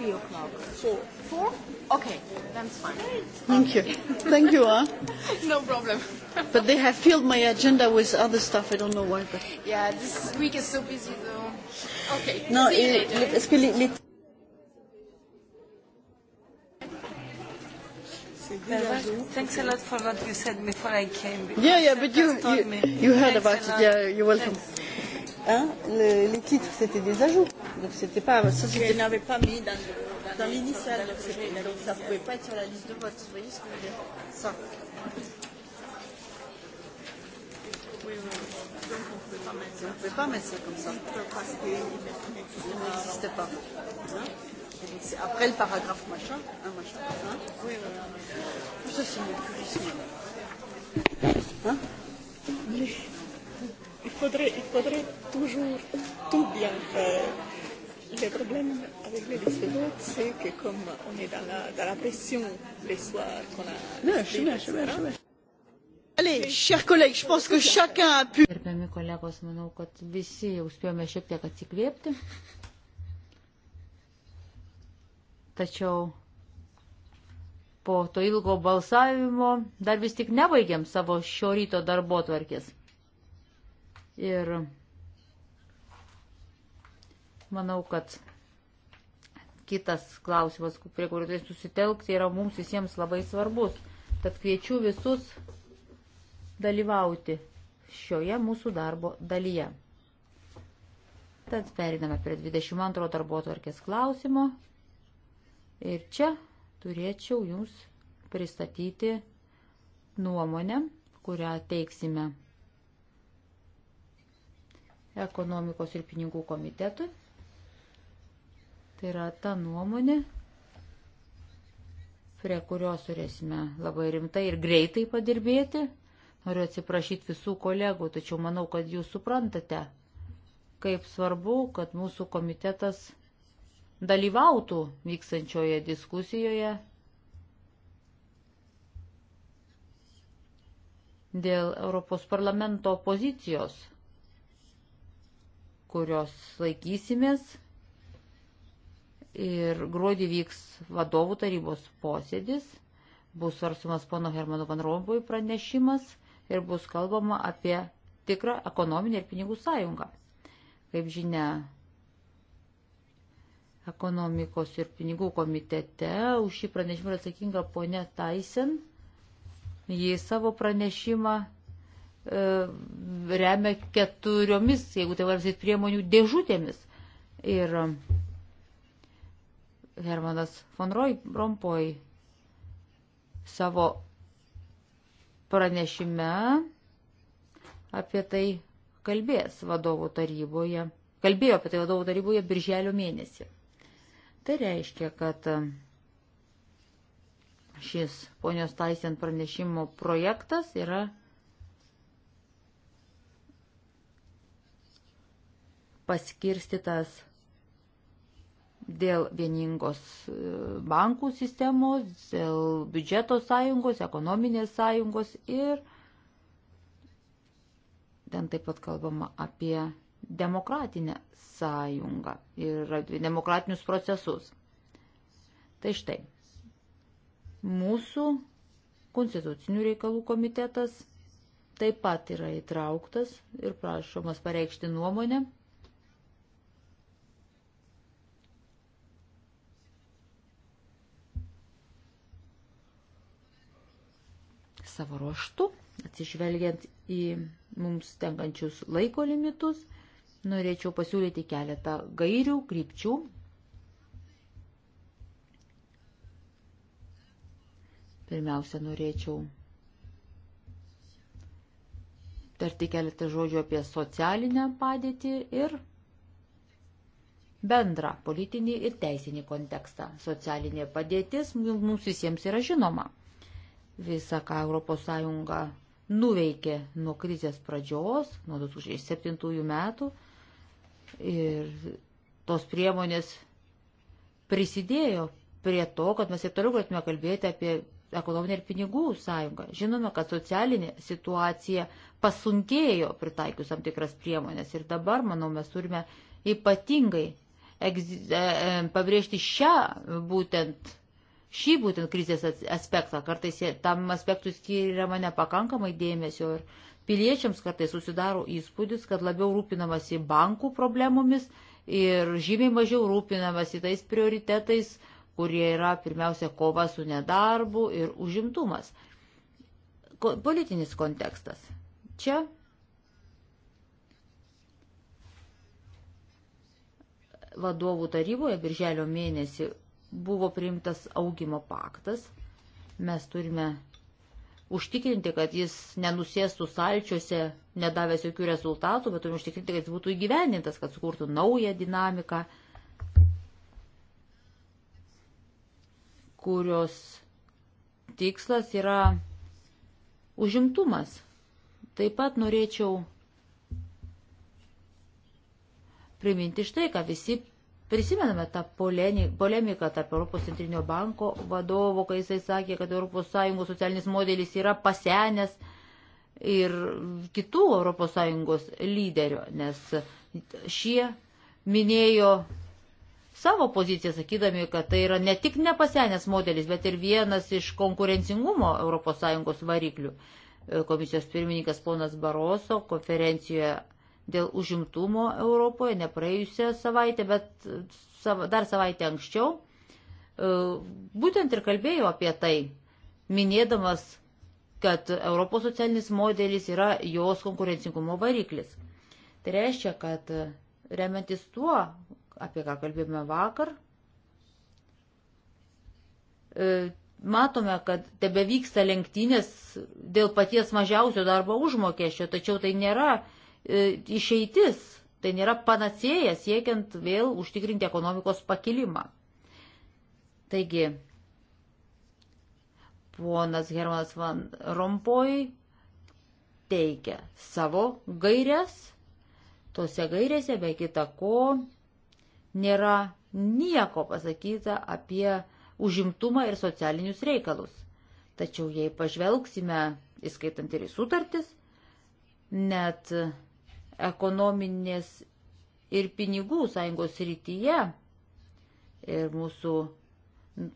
three o'clock. Four. Four? Okay, that's fine. Thank okay. you. Thank you. Huh? no problem. but they have filled my agenda with other stuff. I don't know why. But... Yeah, this week is so busy though. Okay. No, See you later. Est-ce que les, les... Thanks a lot for what you said before I came. Yeah, yeah, but you, you, you heard Thanks about it. Yeah, you're welcome. Thanks. Hein, le, les titres, c'était des ajouts. Donc c'était pas. Ça, c'était... Je n'avais pas mis dans, le, dans, dans l'initial. Donc, donc ça ne pouvait pas être sur la liste de vote. Vous voyez ce que je veux dire Ça. Oui, oui. Donc on ne pouvait pas mettre ça. On ne pouvait pas mettre ça comme ça. Parce qu'il n'existe pas. Hein c'est après le paragraphe machin, hein, machin. Hein oui, oui. Ça, c'est mon purisme. Hein oui. Il faudrait, il faudrait toujours tout bien faire. Le problème avec les listes de vote, c'est que comme on est dans la, dans la pression les soirs qu'on a... Ne, je ne, je ne, je ne. Allez, chers collègues, je pense que chacun a pu... Gerbiami kolegos, manau, kad visi jau spėjome šiek tiek atsikvėpti. Tačiau po to ilgo balsavimo dar vis tik nebaigėm savo šio ryto darbo tvarkės. Ir manau, kad kitas klausimas, prie kurio tai susitelkti, yra mums visiems labai svarbus. Tad kviečiu visus dalyvauti šioje mūsų darbo dalyje. Tad periname prie 22 darbo tvarkės klausimo. Ir čia turėčiau jums pristatyti nuomonę, kurią teiksime ekonomikos ir pinigų komitetui. Tai yra ta nuomonė, prie kurios turėsime labai rimtai ir greitai padirbėti. Noriu atsiprašyti visų kolegų, tačiau manau, kad jūs suprantate, kaip svarbu, kad mūsų komitetas dalyvautų vykstančioje diskusijoje dėl Europos parlamento pozicijos kurios laikysimės. Ir gruodį vyks vadovų tarybos posėdis, bus svarstumas pono Hermano Van Rompui pranešimas ir bus kalbama apie tikrą ekonominę ir pinigų sąjungą. Kaip žinia, ekonomikos ir pinigų komitete už šį pranešimą yra atsakinga ponė Taisen. Jį savo pranešimą E, remia keturiomis, jeigu tai varsit, priemonių dėžutėmis. Ir e, Hermanas von Rompoj savo pranešime apie tai kalbės vadovų taryboje, kalbėjo apie tai vadovų taryboje birželio mėnesį. Tai reiškia, kad e, šis ponios Taisen pranešimo projektas yra paskirstytas dėl vieningos e, bankų sistemos, dėl biudžeto sąjungos, ekonominės sąjungos ir ten taip pat kalbama apie demokratinę sąjungą ir demokratinius procesus. Tai štai, mūsų konstitucinių reikalų komitetas taip pat yra įtrauktas ir prašomas pareikšti nuomonę savo ruoštų, atsižvelgiant į mums tenkančius laiko limitus, norėčiau pasiūlyti keletą gairių, krypčių. Pirmiausia, norėčiau tarti keletą žodžių apie socialinę padėtį ir bendrą politinį ir teisinį kontekstą. Socialinė padėtis mums visiems yra žinoma visą, ką ES nuveikė nuo krizės pradžios, nuo 2007 metų. Ir tos priemonės prisidėjo prie to, kad mes ir toliau galėtume kalbėti apie ekonominę ir pinigų sąjungą. Žinome, kad socialinė situacija pasunkėjo pritaikius tam tikras priemonės ir dabar, manau, mes turime ypatingai e, e, pabrėžti šią būtent šį būtent krizės aspektą. Kartais tam aspektui skiriama nepakankamai dėmesio ir piliečiams kartais susidaro įspūdis, kad labiau rūpinamasi bankų problemomis ir žymiai mažiau rūpinamasi tais prioritetais, kurie yra pirmiausia kova su nedarbu ir užimtumas. Ko, politinis kontekstas. Čia vadovų taryboje birželio mėnesį buvo priimtas augimo paktas. Mes turime užtikrinti, kad jis nenusėstų salčiuose, nedavęs jokių rezultatų, bet turime užtikrinti, kad jis būtų įgyvenintas, kad sukurtų naują dinamiką, kurios tikslas yra užimtumas. Taip pat norėčiau priminti štai, ką visi Prisimename tą polemiką tarp Europos centrinio banko vadovo, kai jisai sakė, kad ES socialinis modelis yra pasenęs ir kitų ES lyderio, nes šie minėjo savo poziciją, sakydami, kad tai yra ne tik nepasenęs modelis, bet ir vienas iš konkurencingumo ES variklių. Komisijos pirmininkas ponas Baroso konferencijoje dėl užimtumo Europoje, ne praėjusią savaitę, bet dar savaitę anksčiau, e, būtent ir kalbėjau apie tai, minėdamas, kad Europos socialinis modelis yra jos konkurencingumo variklis. Tai reiškia, kad remiantis tuo, apie ką kalbėjome vakar, e, matome, kad tebe vyksta lenktynės dėl paties mažiausio darbo užmokesčio, tačiau tai nėra uh, E, išeitis, tai nėra panacėja siekiant vėl užtikrinti ekonomikos pakilimą. Taigi, ponas Hermanas Van Rompoj teikia savo gairias, tose gairėse be kita ko nėra nieko pasakyta apie užimtumą ir socialinius reikalus. Tačiau jei pažvelgsime, įskaitant ir į sutartis, net ekonominės ir pinigų sąjungos rytyje. Ir mūsų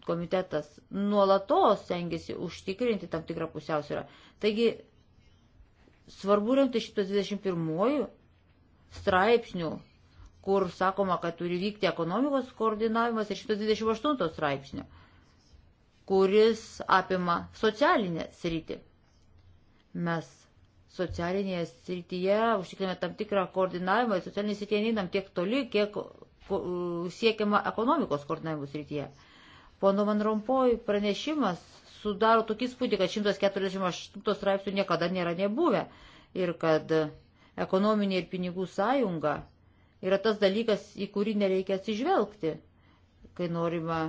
komitetas nuolatos stengiasi užtikrinti tam tikrą pusiausvyrą. Taigi svarbu remti šito 21 straipsnių, kur sakoma, kad turi vykti ekonomikos koordinavimas ir šito 28 straipsnių, kuris apima socialinę sritį. Mes socialinėje srityje užtikriname tam tikrą koordinavimą ir socialinėje srityje neinam tiek toli, kiek siekiama ekonomikos koordinavimo srityje. Pono Van Rompoj pranešimas sudaro tokį spūdį, kad 148 straipsnių niekada nėra nebuvę ir kad ekonominė ir pinigų sąjunga yra tas dalykas, į kurį nereikia atsižvelgti, kai norima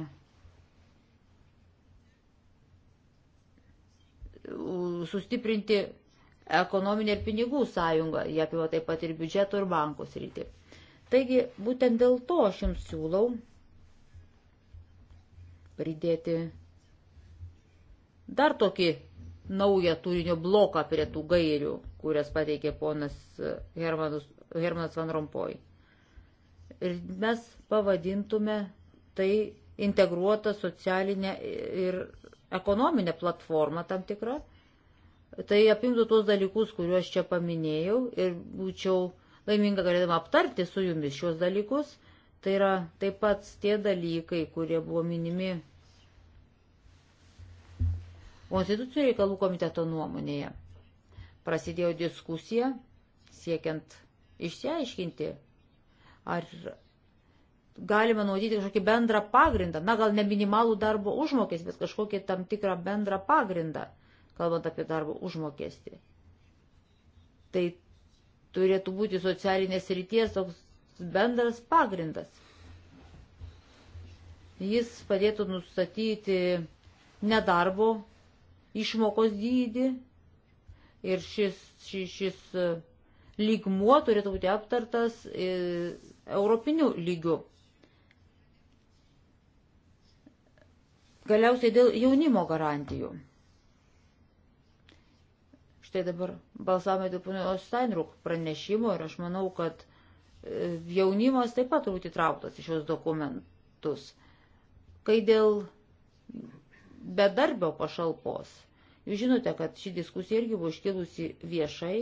sustiprinti ekonominė ir pinigų sąjunga, jie apima taip pat ir biudžeto ir bankų sritį. Taigi, būtent dėl to aš jums siūlau pridėti dar tokį naują turinio bloką prie tų gairių, kurias pateikė ponas Hermanus, Hermanas Van Rompoj. Ir mes pavadintume tai integruotą socialinę ir ekonominę platformą tam tikrą Tai apimtų tuos dalykus, kuriuos čia paminėjau ir būčiau laiminga galėdama aptarti su jumis šios dalykus. Tai yra taip pat tie dalykai, kurie buvo minimi Konstitucijų reikalų komiteto nuomonėje. Prasidėjo diskusija siekiant išsiaiškinti, ar galime nuodyti kažkokį bendrą pagrindą, na gal ne minimalų darbo užmokės, bet kažkokį tam tikrą bendrą pagrindą kalbant apie darbo užmokestį. Tai turėtų būti socialinės ryties toks bendras pagrindas. Jis padėtų nustatyti nedarbo išmokos dydį ir šis, šis, šis e, lygmuo turėtų būti aptartas e, europiniu lygiu. Galiausiai dėl jaunimo garantijų. Štai dabar balsavome dėl ponios Steinruk pranešimo ir aš manau, kad e, jaunimas taip pat turbūt įtrauktas į šios dokumentus. Kai dėl bedarbio pašalpos, jūs žinote, kad ši diskusija irgi buvo iškilusi viešai,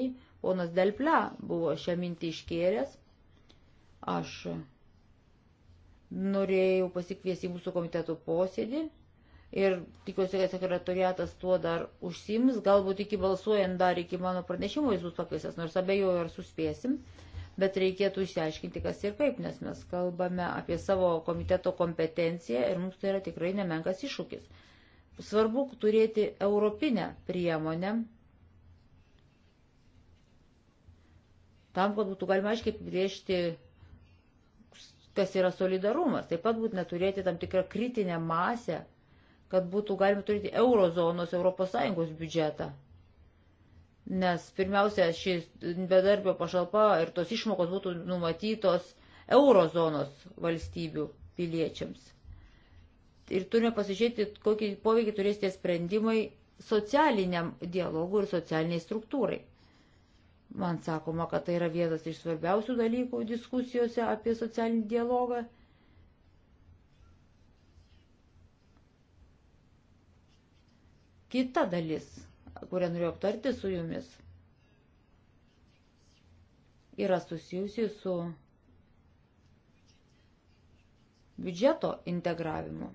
ponas Delple buvo šią mintį iškėręs, aš norėjau pasikviesti į mūsų komitetų posėdį ir tikiuosi, kad sekretariatas tuo dar užsims, galbūt iki balsuojant dar iki mano pranešimo jis bus pakaisęs, nors abejoju, ar suspėsim, bet reikėtų išsiaiškinti, kas ir kaip, nes mes kalbame apie savo komiteto kompetenciją ir mums tai yra tikrai nemenkas iššūkis. Svarbu turėti europinę priemonę tam, kad būtų galima aiškiai apibriežti kas yra solidarumas. Taip pat būtina turėti tam tikrą kritinę masę kad būtų galima turėti eurozonos ES biudžetą. Nes pirmiausia, šis bedarbio pašalpa ir tos išmokos būtų numatytos eurozonos valstybių piliečiams. Ir turime pasižiūrėti, kokį poveikį turės tie sprendimai socialiniam dialogui ir socialiniai struktūrai. Man sakoma, kad tai yra vienas iš svarbiausių dalykų diskusijose apie socialinį dialogą Kita dalis, kurią noriu aptarti su jumis, yra susijusi su biudžeto integravimu.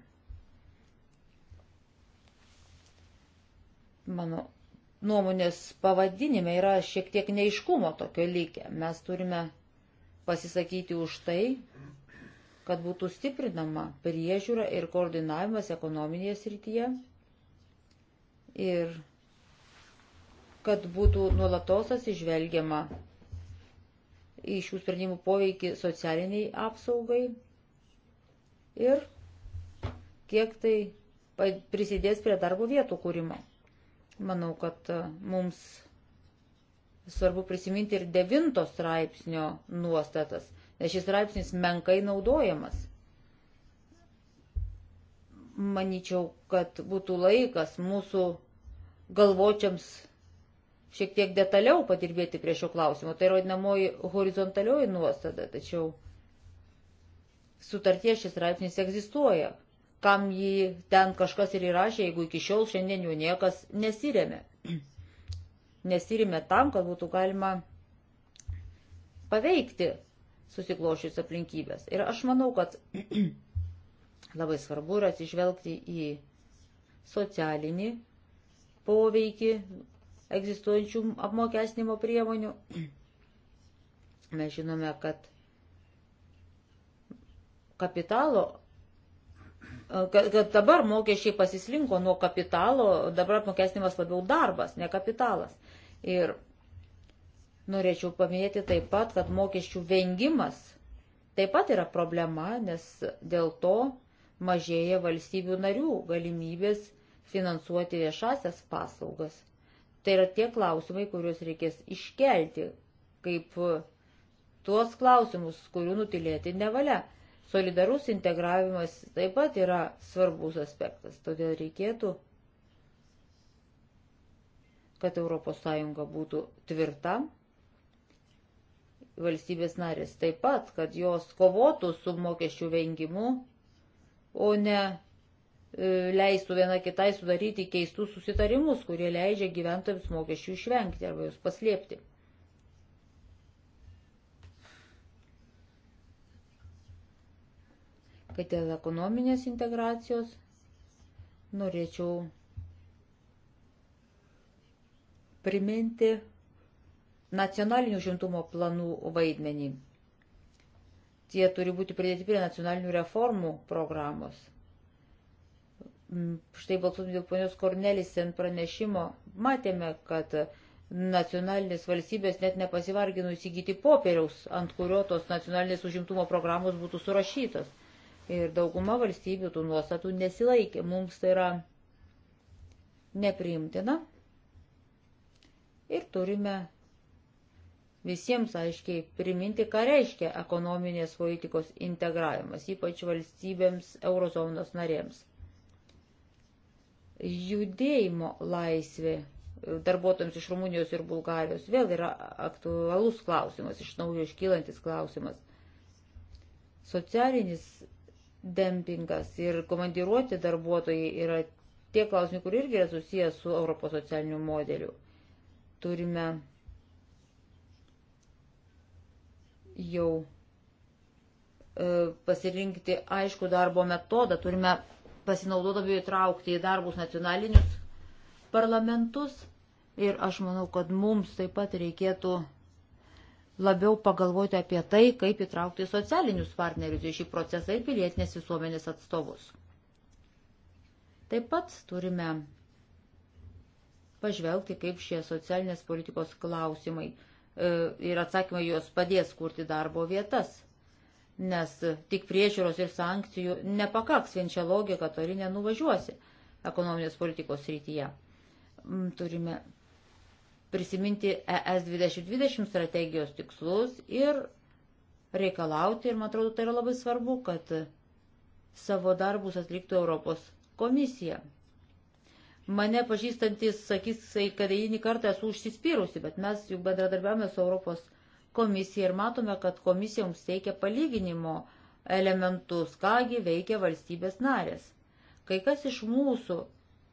Mano nuomonės pavadinime yra šiek tiek neiškumo tokio lygia. Mes turime pasisakyti už tai, kad būtų stiprinama priežiūra ir koordinavimas ekonominėje srityje ir kad būtų nuolatos atsižvelgiama į šių sprendimų poveikį socialiniai apsaugai ir kiek tai prisidės prie darbo vietų kūrimo. Manau, kad e, mums svarbu prisiminti ir devinto straipsnio nuostatas, nes šis straipsnis menkai naudojamas. Maničiau, kad būtų laikas mūsų galvočiams šiek tiek detaliau padirbėti prie šio klausimo. Tai rodinamoji horizontalioji nuostada, tačiau sutartie šis straipsnis egzistuoja. Kam jį ten kažkas ir įrašė, jeigu iki šiol šiandien jų niekas nesirėmė. Nesirėmė tam, kad būtų galima paveikti susiklošius aplinkybės. Ir aš manau, kad labai svarbu yra atsižvelgti į socialinį poveikį egzistuojančių apmokestinimo priemonių. Mes žinome, kad kapitalo, kad, kad dabar mokesčiai pasislinko nuo kapitalo, dabar apmokestinimas labiau darbas, ne kapitalas. Ir norėčiau paminėti taip pat, kad mokesčių vengimas taip pat yra problema, nes dėl to mažėja valstybių narių galimybės finansuoti viešasias paslaugas. Tai yra tie klausimai, kuriuos reikės iškelti, kaip tuos klausimus, kurių nutilėti nevalia. Solidarus integravimas taip pat yra svarbus aspektas, todėl reikėtų, kad ES būtų tvirta, valstybės narės taip pat, kad jos kovotų su mokesčių vengimu, o ne E, leistų viena kitai sudaryti keistus susitarimus, kurie leidžia gyventojams mokesčių išvengti arba jos paslėpti. Kad dėl ekonominės integracijos norėčiau priminti nacionalinių žimtumo planų vaidmenį. Tie turi būti pridėti prie nacionalinių reformų programos – štai balsuodami dėl ponios Kornelisen pranešimo, matėme, kad nacionalinės valstybės net nepasivargino įsigyti popieriaus, ant kurio tos nacionalinės užimtumo programos būtų surašytos. Ir dauguma valstybių tų nuostatų nesilaikė. Mums tai yra nepriimtina. Ir turime visiems aiškiai priminti, ką reiškia ekonominės politikos integravimas, ypač valstybėms eurozonos narėms. Judėjimo laisvė darbuotojams iš Rumunijos ir Bulgarijos vėl yra aktualus klausimas, iš naujo iškylantis klausimas. Socialinis dempingas ir komandiruoti darbuotojai yra tie klausimai, kur irgi yra susijęs su Europos socialiniu modeliu. Turime jau e, pasirinkti aišku darbo metodą, turime pasinaudodami įtraukti į darbus nacionalinius parlamentus. Ir aš manau, kad mums taip pat reikėtų labiau pagalvoti apie tai, kaip įtraukti socialinius partnerius į šį procesą ir pilietinės visuomenės atstovus. Taip pat turime pažvelgti, kaip šie socialinės politikos klausimai e, ir atsakymai juos padės kurti darbo vietas nes tik priežiūros ir sankcijų nepakaks, vien čia logika toli nenuvažiuosi ekonominės politikos srityje. Mm, turime prisiminti ES 2020 strategijos tikslus ir reikalauti, ir man atrodo, tai yra labai svarbu, kad savo darbus atliktų Europos komisija. Mane pažįstantis sakys, kad eilinį kartą esu užsispyrusi, bet mes juk bendradarbiavame su Europos komisija komisiją ir matome, kad komisija jums teikia palyginimo elementus, kągi veikia valstybės narės. Kai kas iš mūsų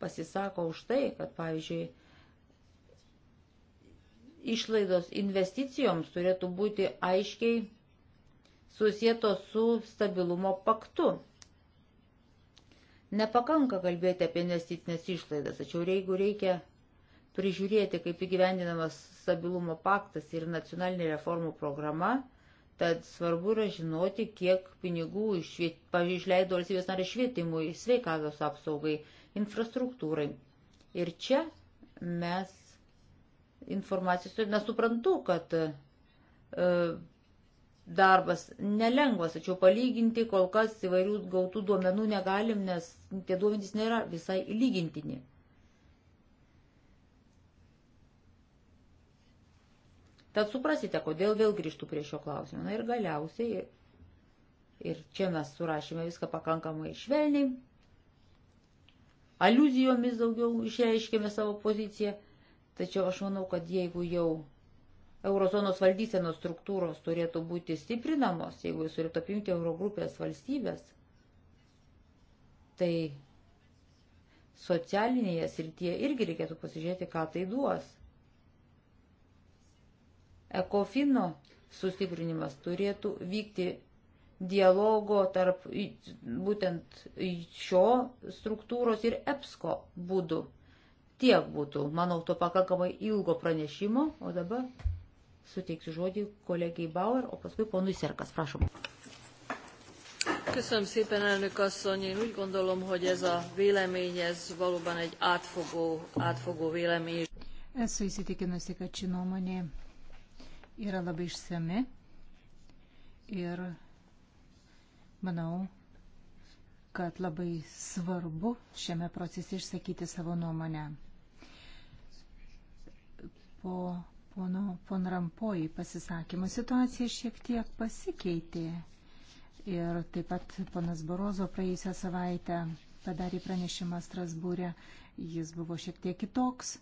pasisako už tai, kad, pavyzdžiui, išlaidos investicijoms turėtų būti aiškiai susijėtos su stabilumo paktu. Nepakanka kalbėti apie investicinės išlaidas, tačiau jeigu reikia, reikia prižiūrėti, kaip įgyvendinamas stabilumo paktas ir nacionalinė reformų programa, tad svarbu yra žinoti, kiek pinigų, šviet... pavyzdžiui, išleido valstybės narė švietimui, sveikatos apsaugai, infrastruktūrai. Ir čia mes informacijos turime, suprantu, kad e, darbas nelengvas, tačiau palyginti kol kas įvairių gautų duomenų negalim, nes tie duomenys nėra visai lygintini. Tad suprasite, kodėl vėl grįžtų prie šio klausimo. Na ir galiausiai, ir čia mes surašėme viską pakankamai švelniai, aliuzijomis daugiau išreiškėme savo poziciją, tačiau aš manau, kad jeigu jau eurozonos valdysenos struktūros turėtų būti stiprinamos, jeigu jis turėtų apjungti eurogrupės valstybės, tai socialinėje srityje irgi reikėtų pasižiūrėti, ką tai duos. Ekofino sustiprinimas turėtų vykti dialogo tarp būtent šio struktūros ir EPSCO būdų. Tiek būtų, manau, to pakankamai ilgo pranešimo, o dabar suteiksiu žodį kolegijai Bauer, o paskui ponui Serkas, prašom. Köszönöm szépen, elnök asszony. Én úgy gondolom, hogy ez a vélemény, ez valóban egy átfogó, átfogó vélemény. Esu įsitikinusi, kad ši nuomonė yra labai išsami ir manau, kad labai svarbu šiame procese išsakyti savo nuomonę. Po pono von Rampoj pasisakymo situacija šiek tiek pasikeitė ir taip pat ponas Borozo praėjusią savaitę padarė pranešimą Strasbūrė, jis buvo šiek tiek kitoks,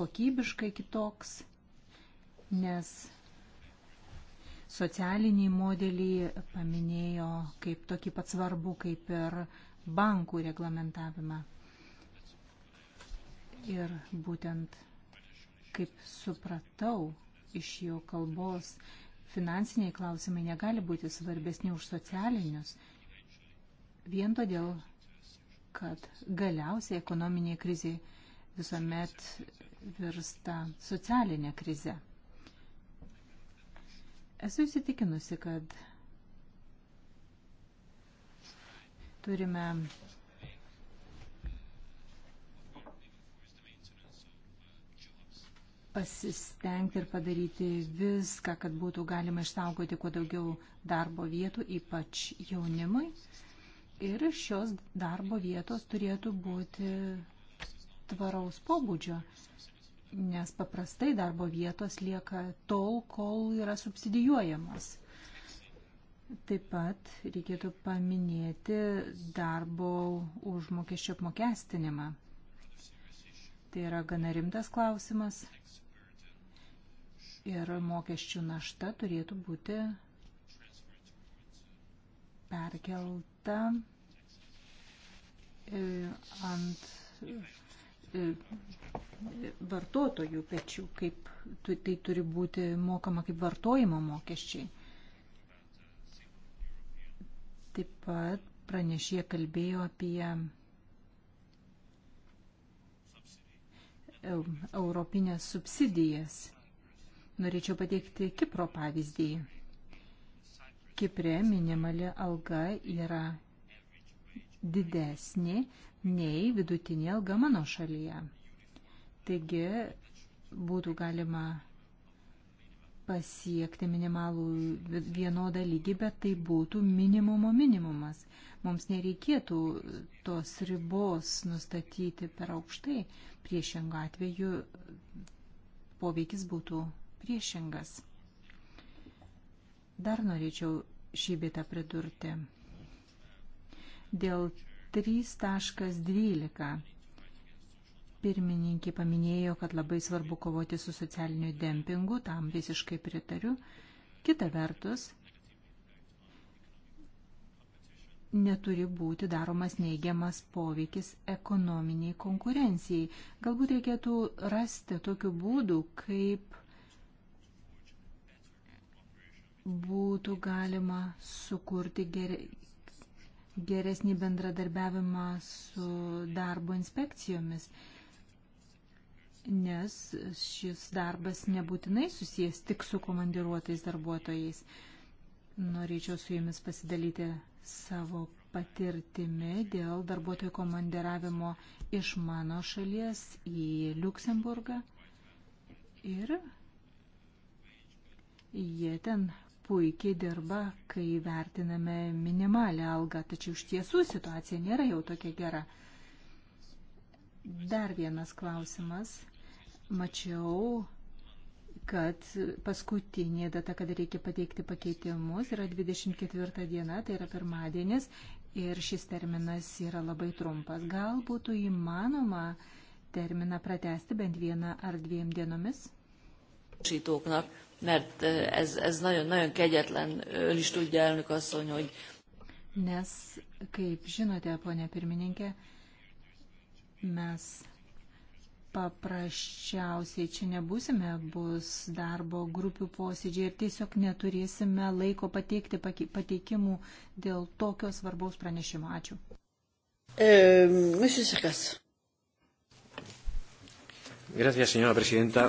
kokybiškai kitoks nes socialinį modelį paminėjo kaip tokį pat svarbu kaip ir bankų reglamentavimą. Ir būtent, kaip supratau iš jo kalbos, finansiniai klausimai negali būti svarbesni už socialinius, vien todėl, kad galiausiai ekonominė krizė visuomet virsta socialinė krize. Esu įsitikinusi, kad turime pasistengti ir padaryti viską, kad būtų galima išsaugoti kuo daugiau darbo vietų, ypač jaunimui. Ir šios darbo vietos turėtų būti tvaraus pobūdžio nes paprastai darbo vietos lieka tol, kol yra subsidijuojamos. Taip pat reikėtų paminėti darbo užmokesčio apmokestinimą. Tai yra gana rimtas klausimas ir mokesčių našta turėtų būti perkelta e, ant e, vartotojų pečių, kaip tai turi būti mokama kaip vartojimo mokesčiai. Taip pat pranešė kalbėjo apie e, europinės subsidijas. Norėčiau pateikti Kipro pavyzdį. Kipre minimali alga yra didesnė nei vidutinė alga mano šalyje. Taigi būtų galima pasiekti minimalų vienodą lygį, bet tai būtų minimumo minimumas. Mums nereikėtų tos ribos nustatyti per aukštai. Priešingą atveju poveikis būtų priešingas. Dar norėčiau šį bitą pridurti. Dėl 3.12 pirmininkė paminėjo, kad labai svarbu kovoti su socialiniu dempingu, tam visiškai pritariu. Kita vertus, neturi būti daromas neigiamas poveikis ekonominiai konkurencijai. Galbūt reikėtų rasti tokių būdų, kaip būtų galima sukurti geresnį bendradarbiavimą su darbo inspekcijomis nes šis darbas nebūtinai susijęs tik su komandiruotais darbuotojais. Norėčiau su jumis pasidalyti savo patirtimi dėl darbuotojų komandiravimo iš mano šalies į Luksemburgą. Ir jie ten puikiai dirba, kai vertiname minimalę algą, tačiau iš tiesų situacija nėra jau tokia gera. Dar vienas klausimas mačiau, kad paskutinė data, kada reikia pateikti pakeitimus, yra 24 diena, tai yra pirmadienis, ir šis terminas yra labai trumpas. Gal būtų įmanoma terminą pratesti bent vieną ar dviem dienomis? Sítóknak, mert ez, ez nagyon, nagyon kegyetlen, ön is tudja, elnök asszony, hogy... Nes, kaip žinote, ponia pirmininkė, mes paprasčiausiai čia nebūsime, bus darbo grupių posėdžiai ir tiesiog neturėsime laiko pateikti pateikimų dėl tokio svarbaus pranešimo. Ačiū. E, Gracias, señora presidenta.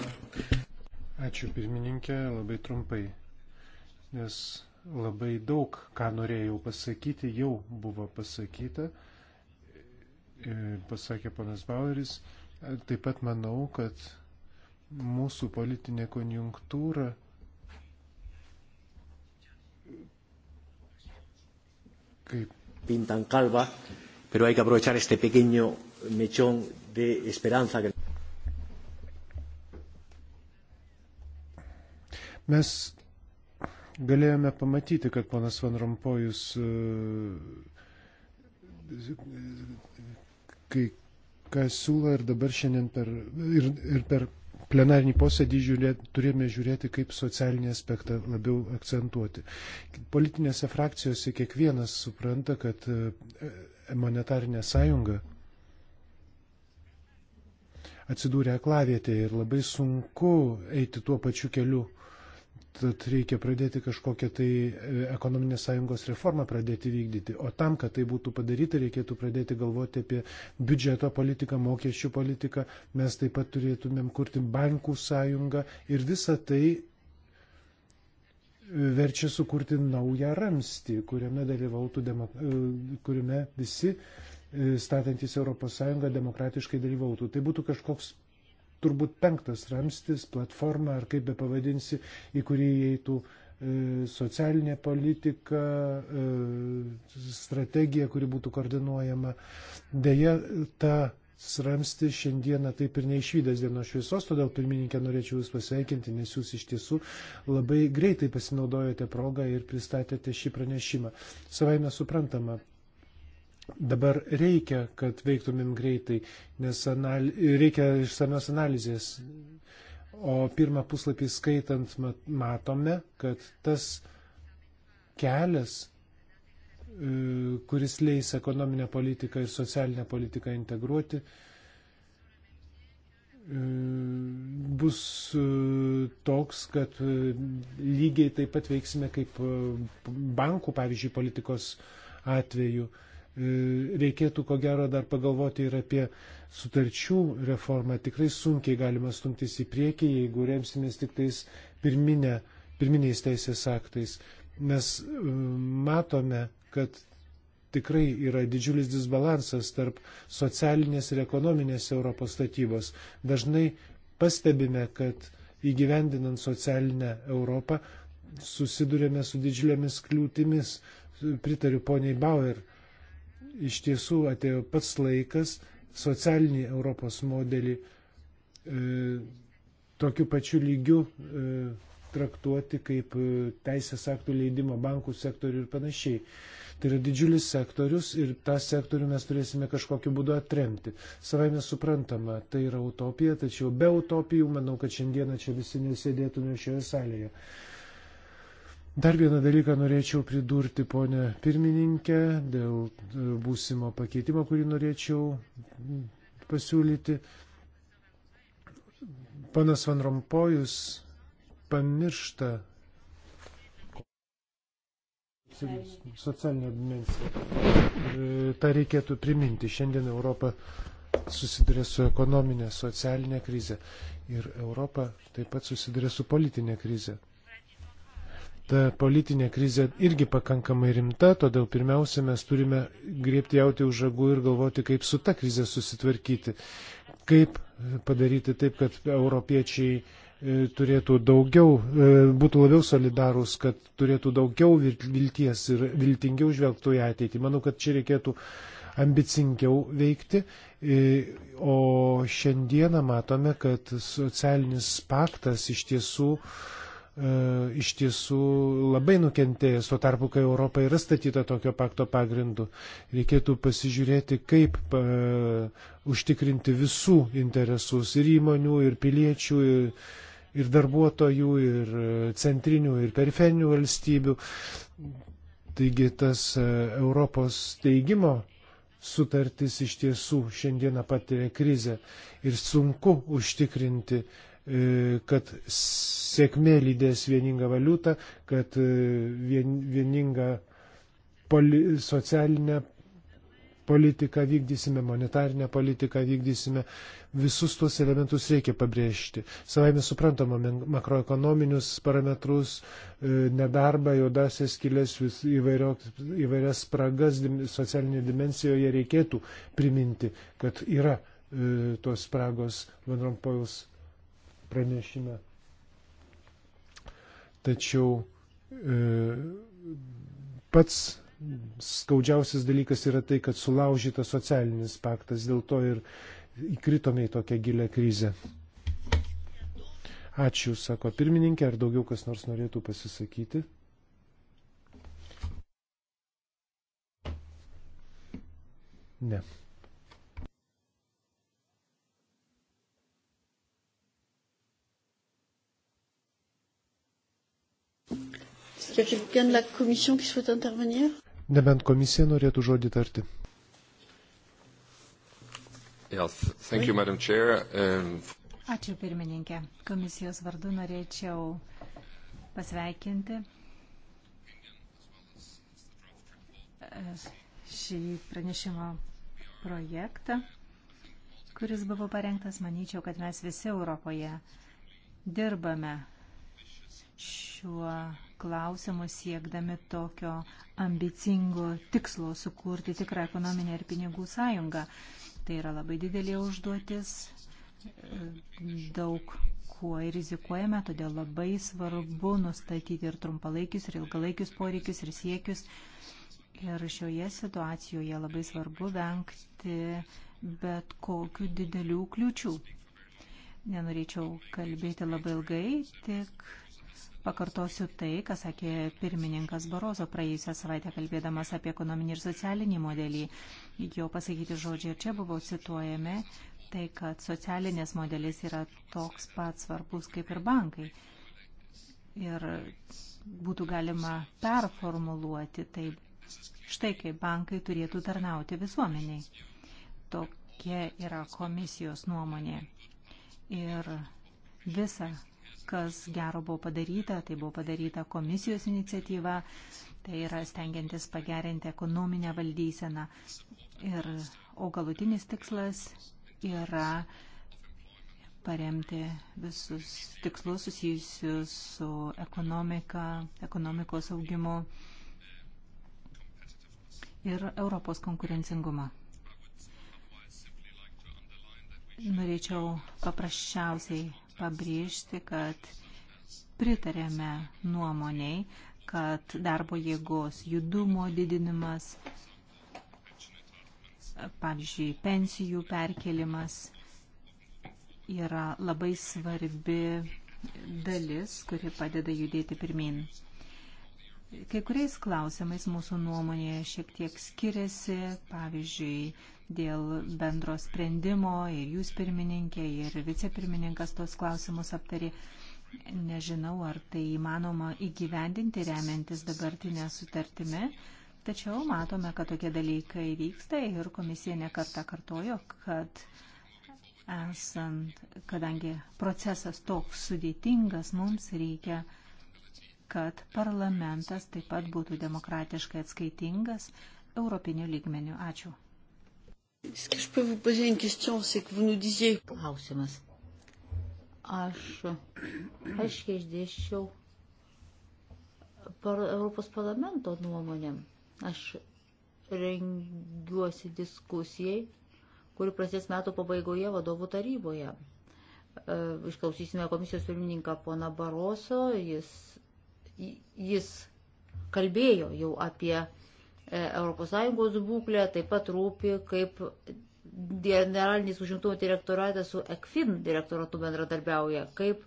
Ačiū pirmininkė, labai trumpai, nes labai daug, ką norėjau pasakyti, jau buvo pasakyta, e, pasakė ponas Baueris. E, Taip pat manau, kad mūsų politinė konjunktūra kaip. Pintan kalba, pero hay que aprovechar este pequeño mechón de esperanza. Que... Mes galėjome pamatyti, kad ponas Van Rompojus, e, kai ką siūlo ir dabar šiandien per, ir, ir per plenarinį posėdį žiūrėt, turime žiūrėti, kaip socialinį aspektą labiau akcentuoti. Politinėse frakcijose kiekvienas supranta, kad e, monetarinė sąjunga atsidūrė aklavietėje ir labai sunku eiti tuo pačiu keliu Tad reikia pradėti kažkokią tai e, ekonominės sąjungos reformą pradėti vykdyti. O tam, kad tai būtų padaryta, reikėtų pradėti galvoti apie biudžeto politiką, mokesčių politiką. Mes taip pat turėtumėm kurti bankų sąjungą ir visa tai e, verčia sukurti naują ramstį, kuriame dalyvautų, demok... E, kuriame visi statantis ES demokratiškai dalyvautų. Tai būtų kažkoks turbūt penktas ramstis, platforma ar kaip be pavadinsi, į kurį įeitų e, socialinė politika, e, strategija, kuri būtų koordinuojama. Deja, ta ramstis šiandieną taip ir neišvydęs dienos šviesos, todėl pirmininkė norėčiau Jūs pasveikinti, nes Jūs iš tiesų labai greitai pasinaudojote progą ir pristatėte šį pranešimą. Savai mes suprantama, Dabar reikia, kad veiktumėm greitai, nes anal... reikia išsamios analizės. O pirmą puslapį skaitant matome, kad tas kelias, e, kuris leis ekonominę politiką ir socialinę politiką integruoti, e, bus e, toks, kad lygiai taip pat veiksime kaip bankų, pavyzdžiui, politikos atveju. E, reikėtų ko gero dar pagalvoti ir apie sutarčių reformą. Tikrai sunkiai galima stumtis į priekį, jeigu remsimės tik tais pirminė, pirminiais teisės aktais. Mes e, matome, kad tikrai yra didžiulis disbalansas tarp socialinės ir ekonominės Europos statybos. Dažnai pastebime, kad įgyvendinant socialinę Europą susidurėme su didžiulėmis kliūtimis. Pritariu poniai Bauer, iš tiesų atėjo pats laikas socialinį Europos modelį e, tokiu pačiu lygiu e, traktuoti kaip e, teisės aktų leidimo bankų sektorių ir panašiai. Tai yra didžiulis sektorius ir tą sektorių mes turėsime kažkokiu būdu atremti. Savai mes suprantama, tai yra utopija, tačiau be utopijų manau, kad šiandieną čia visi nesėdėtume šioje salėje. E, Dar vieną dalyką norėčiau pridurti, ponė pirmininkė, dėl e, būsimo pakeitimo, kurį norėčiau pasiūlyti. Panas Van Rompojus pamiršta socialinę dimensiją. Ta reikėtų priminti. Šiandien Europa susiduria su ekonominė, socialinė krize ir Europa taip pat susiduria su politinė krize ta politinė krizė irgi pakankamai rimta, todėl pirmiausia mes turime griebti jauti už žagų ir galvoti, kaip su ta krize susitvarkyti, kaip padaryti taip, kad europiečiai e, turėtų daugiau, e, būtų labiau solidarūs, kad turėtų daugiau vilties ir viltingiau žvelgtų į ateitį. Manau, kad čia reikėtų ambicingiau veikti, e, o šiandieną matome, kad socialinis paktas iš tiesų uh, E, iš tiesų labai nukentėjęs, tuo tarpu, kai Europa yra statyta tokio pakto pagrindu. Reikėtų pasižiūrėti, kaip pa, e, užtikrinti visų interesus ir įmonių, ir piliečių, ir, ir darbuotojų, ir e, centrinių, ir periferinių valstybių. Taigi tas Europos teigimo sutartis iš tiesų šiandieną patiria krizę ir sunku užtikrinti E, kad sėkmė lydės vieningą valiutą, kad e, vieningą poli socialinę politiką vykdysime, monetarinę politiką vykdysime. Visus tuos elementus reikia pabrėžti. Savai mes suprantama makroekonominius parametrus, e, nedarbą, juodasias kilės, įvairias spragas socialinėje dimensijoje reikėtų priminti, kad yra tos spragos Van Rompuys pranešime. Tačiau e, pats skaudžiausias dalykas yra tai, kad sulaužytas socialinis paktas, dėl to ir įkritome į tokią gilę krizę. Ačiū, sako pirmininkė, ar daugiau kas nors norėtų pasisakyti? Ne. Nebent komisija norėtų žodį tarti. Yes, thank you, Madam Chair. Um... Ačiū pirmininkė. Komisijos vardu norėčiau pasveikinti e, šį pranešimo projektą, kuris buvo parengtas, manyčiau, kad mes visi Europoje dirbame šiuo klausimus siekdami tokio ambicingo tikslo sukurti tikrą ekonominę ir pinigų sąjungą. Tai yra labai didelė užduotis, daug kuo rizikuojame, todėl labai svarbu nustatyti ir trumpalaikius, ir ilgalaikius poreikius, ir siekius. Ir šioje situacijoje labai svarbu vengti bet kokių didelių kliučių. Nenorėčiau kalbėti labai ilgai, tik Pakartosiu tai, ką sakė pirmininkas Barozo praėjusią savaitę kalbėdamas apie ekonominį ir socialinį modelį. Jo pasakyti žodžiai ir čia buvo cituojami, tai kad socialinės modelis yra toks pat svarbus kaip ir bankai. Ir būtų galima performuluoti taip. Štai kaip bankai turėtų tarnauti visuomeniai. Tokia yra komisijos nuomonė. Ir visą kas gero buvo padaryta, tai buvo padaryta komisijos iniciatyva, tai yra stengiantis pagerinti ekonominę valdyseną. Ir, o galutinis tikslas yra paremti visus tikslus susijusius su ekonomika, ekonomikos augimu ir Europos konkurencingumą. Norėčiau paprasčiausiai pabrėžti, kad pritarėme nuomoniai, kad darbo jėgos judumo didinimas, pavyzdžiui, pensijų perkelimas yra labai svarbi dalis, kuri padeda judėti pirmin. Kai kuriais klausimais mūsų nuomonė šiek tiek skiriasi, pavyzdžiui, dėl bendro sprendimo ir jūs pirmininkė ir vicepirmininkas tos klausimus aptarė. Nežinau, ar tai įmanoma įgyvendinti remiantis dabartinę sutartimi, tačiau matome, kad tokie dalykai vyksta ir komisija nekarta kartojo, kad esant, kadangi procesas toks sudėtingas, mums reikia kad parlamentas taip pat būtų demokratiškai atskaitingas europinių lygmenių. Ačiū. Klausimas. Aš aiškiai išdėščiau par, Europos parlamento nuomonę. Aš rengiuosi diskusijai, kuri prasidės metų pabaigoje vadovų taryboje. E, išklausysime komisijos pirmininką poną Baroso, jis Jis kalbėjo jau apie ES būklę, taip pat rūpi, kaip generalinis užimtumo direktoratas su ECFIN direktoratu bendradarbiauja, kaip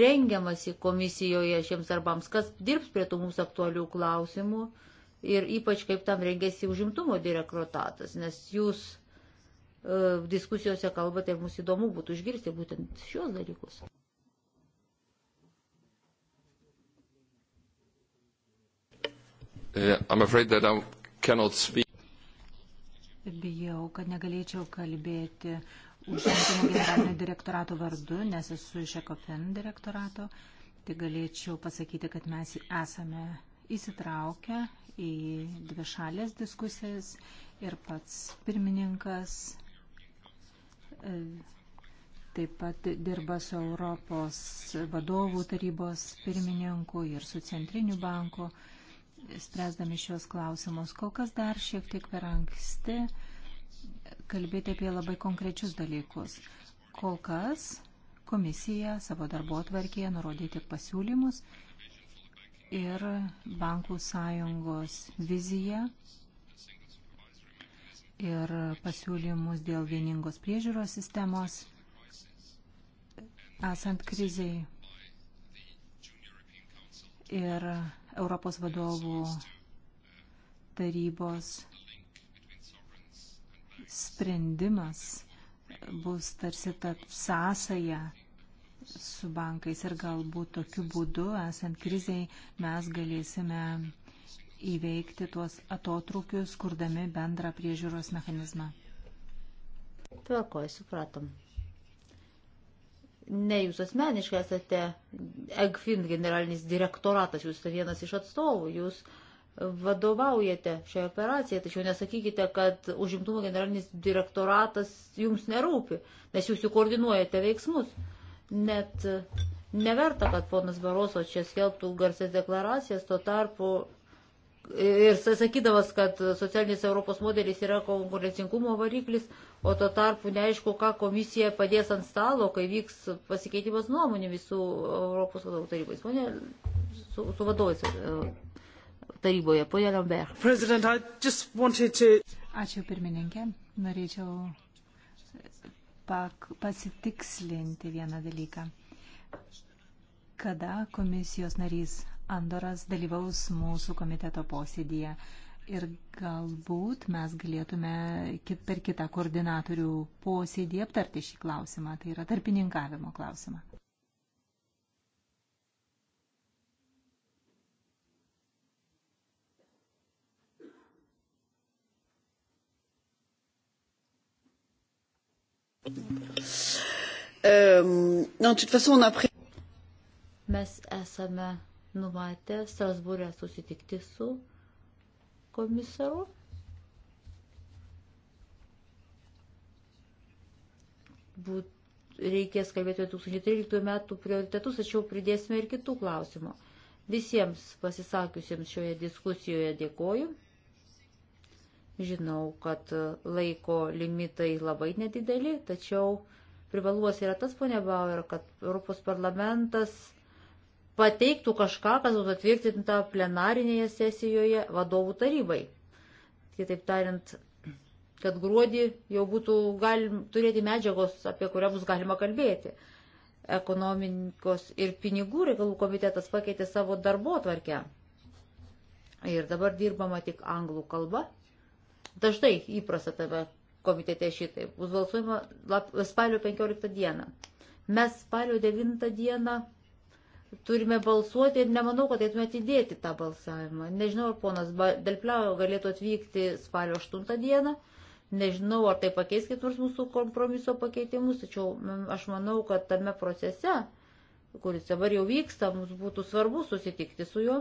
rengiamasi komisijoje šiems darbams, kas dirbs prie tų mums aktualių klausimų ir ypač kaip tam rengiasi užimtumo direktoratas, nes jūs e, diskusijose kalbate ir mums įdomu būtų išgirsti būtent šios dalykus. Uh, I'm afraid that I cannot speak. Bijau, kad negalėčiau kalbėti užsienio generalinio direktorato vardu, nes esu iš ECOFIN direktorato. Tai galėčiau pasakyti, kad mes esame įsitraukę į dvišalės diskusijas ir pats pirmininkas e, taip pat dirba su Europos vadovų tarybos pirmininku ir su Centriniu banku spręsdami šios klausimus. Kol kas dar šiek tiek per anksti kalbėti apie labai konkrečius dalykus. Kol kas komisija savo darbo atvarkėje nurodė tik pasiūlymus ir bankų sąjungos viziją ir pasiūlymus dėl vieningos priežiūros sistemos esant kriziai. Ir Europos vadovų tarybos sprendimas bus tarsi ta sąsaja su bankais ir galbūt tokiu būdu, esant kriziai, mes galėsime įveikti tuos atotrukius, kurdami bendrą priežiūros mechanizmą. Tvarkoj, supratom ne jūs asmeniškai esate EGFIN generalinis direktoratas, jūs esate vienas iš atstovų, jūs vadovaujate šią operaciją, tačiau nesakykite, kad užimtumo generalinis direktoratas jums nerūpi, nes jūs jų koordinuojate veiksmus. Net neverta, kad ponas Baroso čia skelbtų garsės deklaracijas, tuo tarpu ir sakydamas, kad socialinis Europos modelis yra konkurencingumo variklis, o to tarpu neaišku, ką komisija padės ant stalo, kai vyks pasikeitimas nuomonėmis su Europos vadovų tarybais. Pone, su, su vadovais e, taryboje, ponė Lambert. To... Ačiū pirmininkė. Norėčiau pak, pasitikslinti vieną dalyką. Kada komisijos narys Andoras dalyvaus mūsų komiteto posėdėje ir galbūt mes galėtume kit, per kitą koordinatorių posėdį aptarti šį klausimą, tai yra tarpininkavimo klausimą. Ehm, mes esame numatę Strasbūrę susitikti su komisaru. Būt, reikės kalbėti 2013 metų prioritetus, tačiau pridėsime ir kitų klausimų. Visiems pasisakiusiems šioje diskusijoje dėkoju. Žinau, kad laiko limitai labai nedideli, tačiau privalumas yra tas, ponia Bauer, kad Europos parlamentas pateiktų kažką, kas būtų atvirtinta plenarinėje sesijoje vadovų tarybai. Kitaip tariant, kad gruodį jau būtų galim turėti medžiagos, apie kurią bus galima kalbėti. Ekonomikos ir pinigų reikalų komitetas pakeitė savo darbo tvarkę. Ir dabar dirbama tik anglų kalba. Dažnai įprasta tave komitete šitai. Bus balsuojama spalio 15 dieną. Mes spalio 9 dieną turime balsuoti ir nemanau, kad turėtume atidėti tą balsavimą. Nežinau, ar ponas Delpliau galėtų atvykti spalio 8 dieną, nežinau, ar tai pakeis kitus mūsų kompromiso pakeitimus, tačiau mm, aš manau, kad tame procese, kuris dabar jau vyksta, mums būtų svarbu susitikti su juo.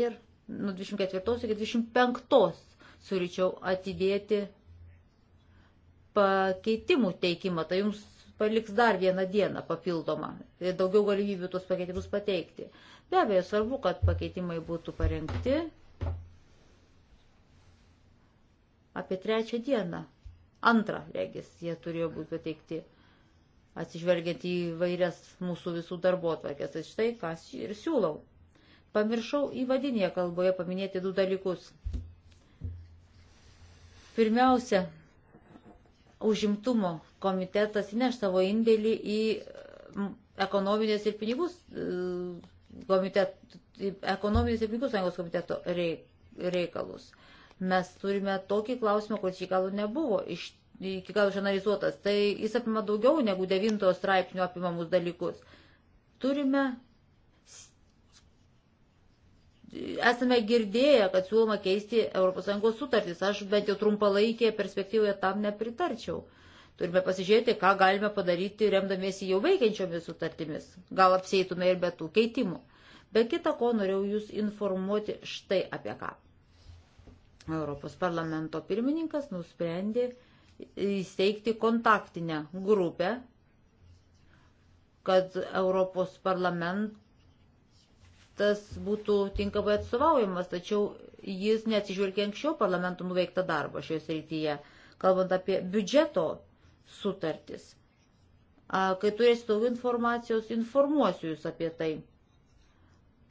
Ir nuo 24 iki 25 siūlyčiau atidėti pakeitimų teikimą. Tai jums paliks dar vieną dieną papildomą ir daugiau galimybių tuos pakeitimus pateikti. Be abejo, svarbu, kad pakeitimai būtų parengti apie trečią dieną. Antrą, regis, jie turėjo būti pateikti atsižvelgiant į vairias mūsų visų darbo atvarkės. Tai štai, kas ir siūlau. Pamiršau įvadinėje kalboje paminėti du dalykus. Pirmiausia, užimtumo komitetas įneš savo indėlį į ekonominės ir pinigus e, komitet, ekonominės ir pinigų sąjungos komiteto reikalus. Mes turime tokį klausimą, kuris iki galo nebuvo iš, iki galo išanalizuotas. Tai jis apima daugiau negu devintojo straipsnio apimamus dalykus. Turime esame girdėję, kad siūloma keisti ES sutartys. Aš bent jau trumpalaikėje perspektyvoje tam nepritarčiau. Turime pasižiūrėti, ką galime padaryti remdamiesi jau veikiančiomis sutartimis. Gal apsėtume ir be tų keitimų. Be kita ko, norėjau Jūs informuoti štai apie ką. Europos parlamento pirmininkas nusprendė įsteigti kontaktinę grupę, kad Europos parlament parlamentas būtų tinkamai atstovaujamas, tačiau jis neatsižvelgia anksčiau parlamentų nuveiktą darbą šioje srityje, kalbant apie biudžeto sutartis. Kai turėsite daugiau informacijos, informuosiu Jūs apie tai,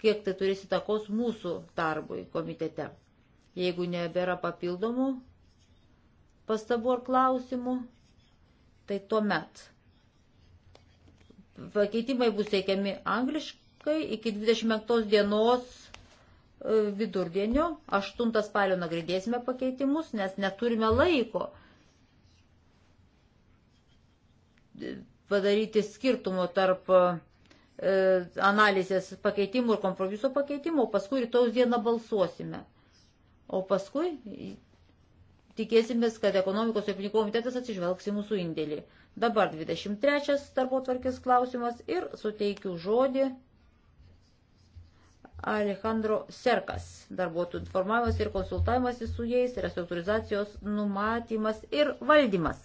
kiek tai turės įtakos mūsų darbui komitete. Jeigu nebėra papildomų pastabų ar klausimų, tai tuomet pakeitimai bus teikiami angliškai kai iki 25 dienos e, vidurdienio, 8 spalio nagrinėsime pakeitimus, nes neturime laiko e, padaryti skirtumo tarp e, analizės pakeitimų ir kompromiso pakeitimų, o paskui rytojus dieną balsuosime. O paskui tikėsimės, kad ekonomikos ir pinigų komitetas atsižvelgs į mūsų indėlį. Dabar 23 darbo tvarkės klausimas ir suteikiu žodį Alejandro Serkas, darbuotojų informavimas ir konsultavimas su jais, restruktūrizacijos numatymas ir valdymas.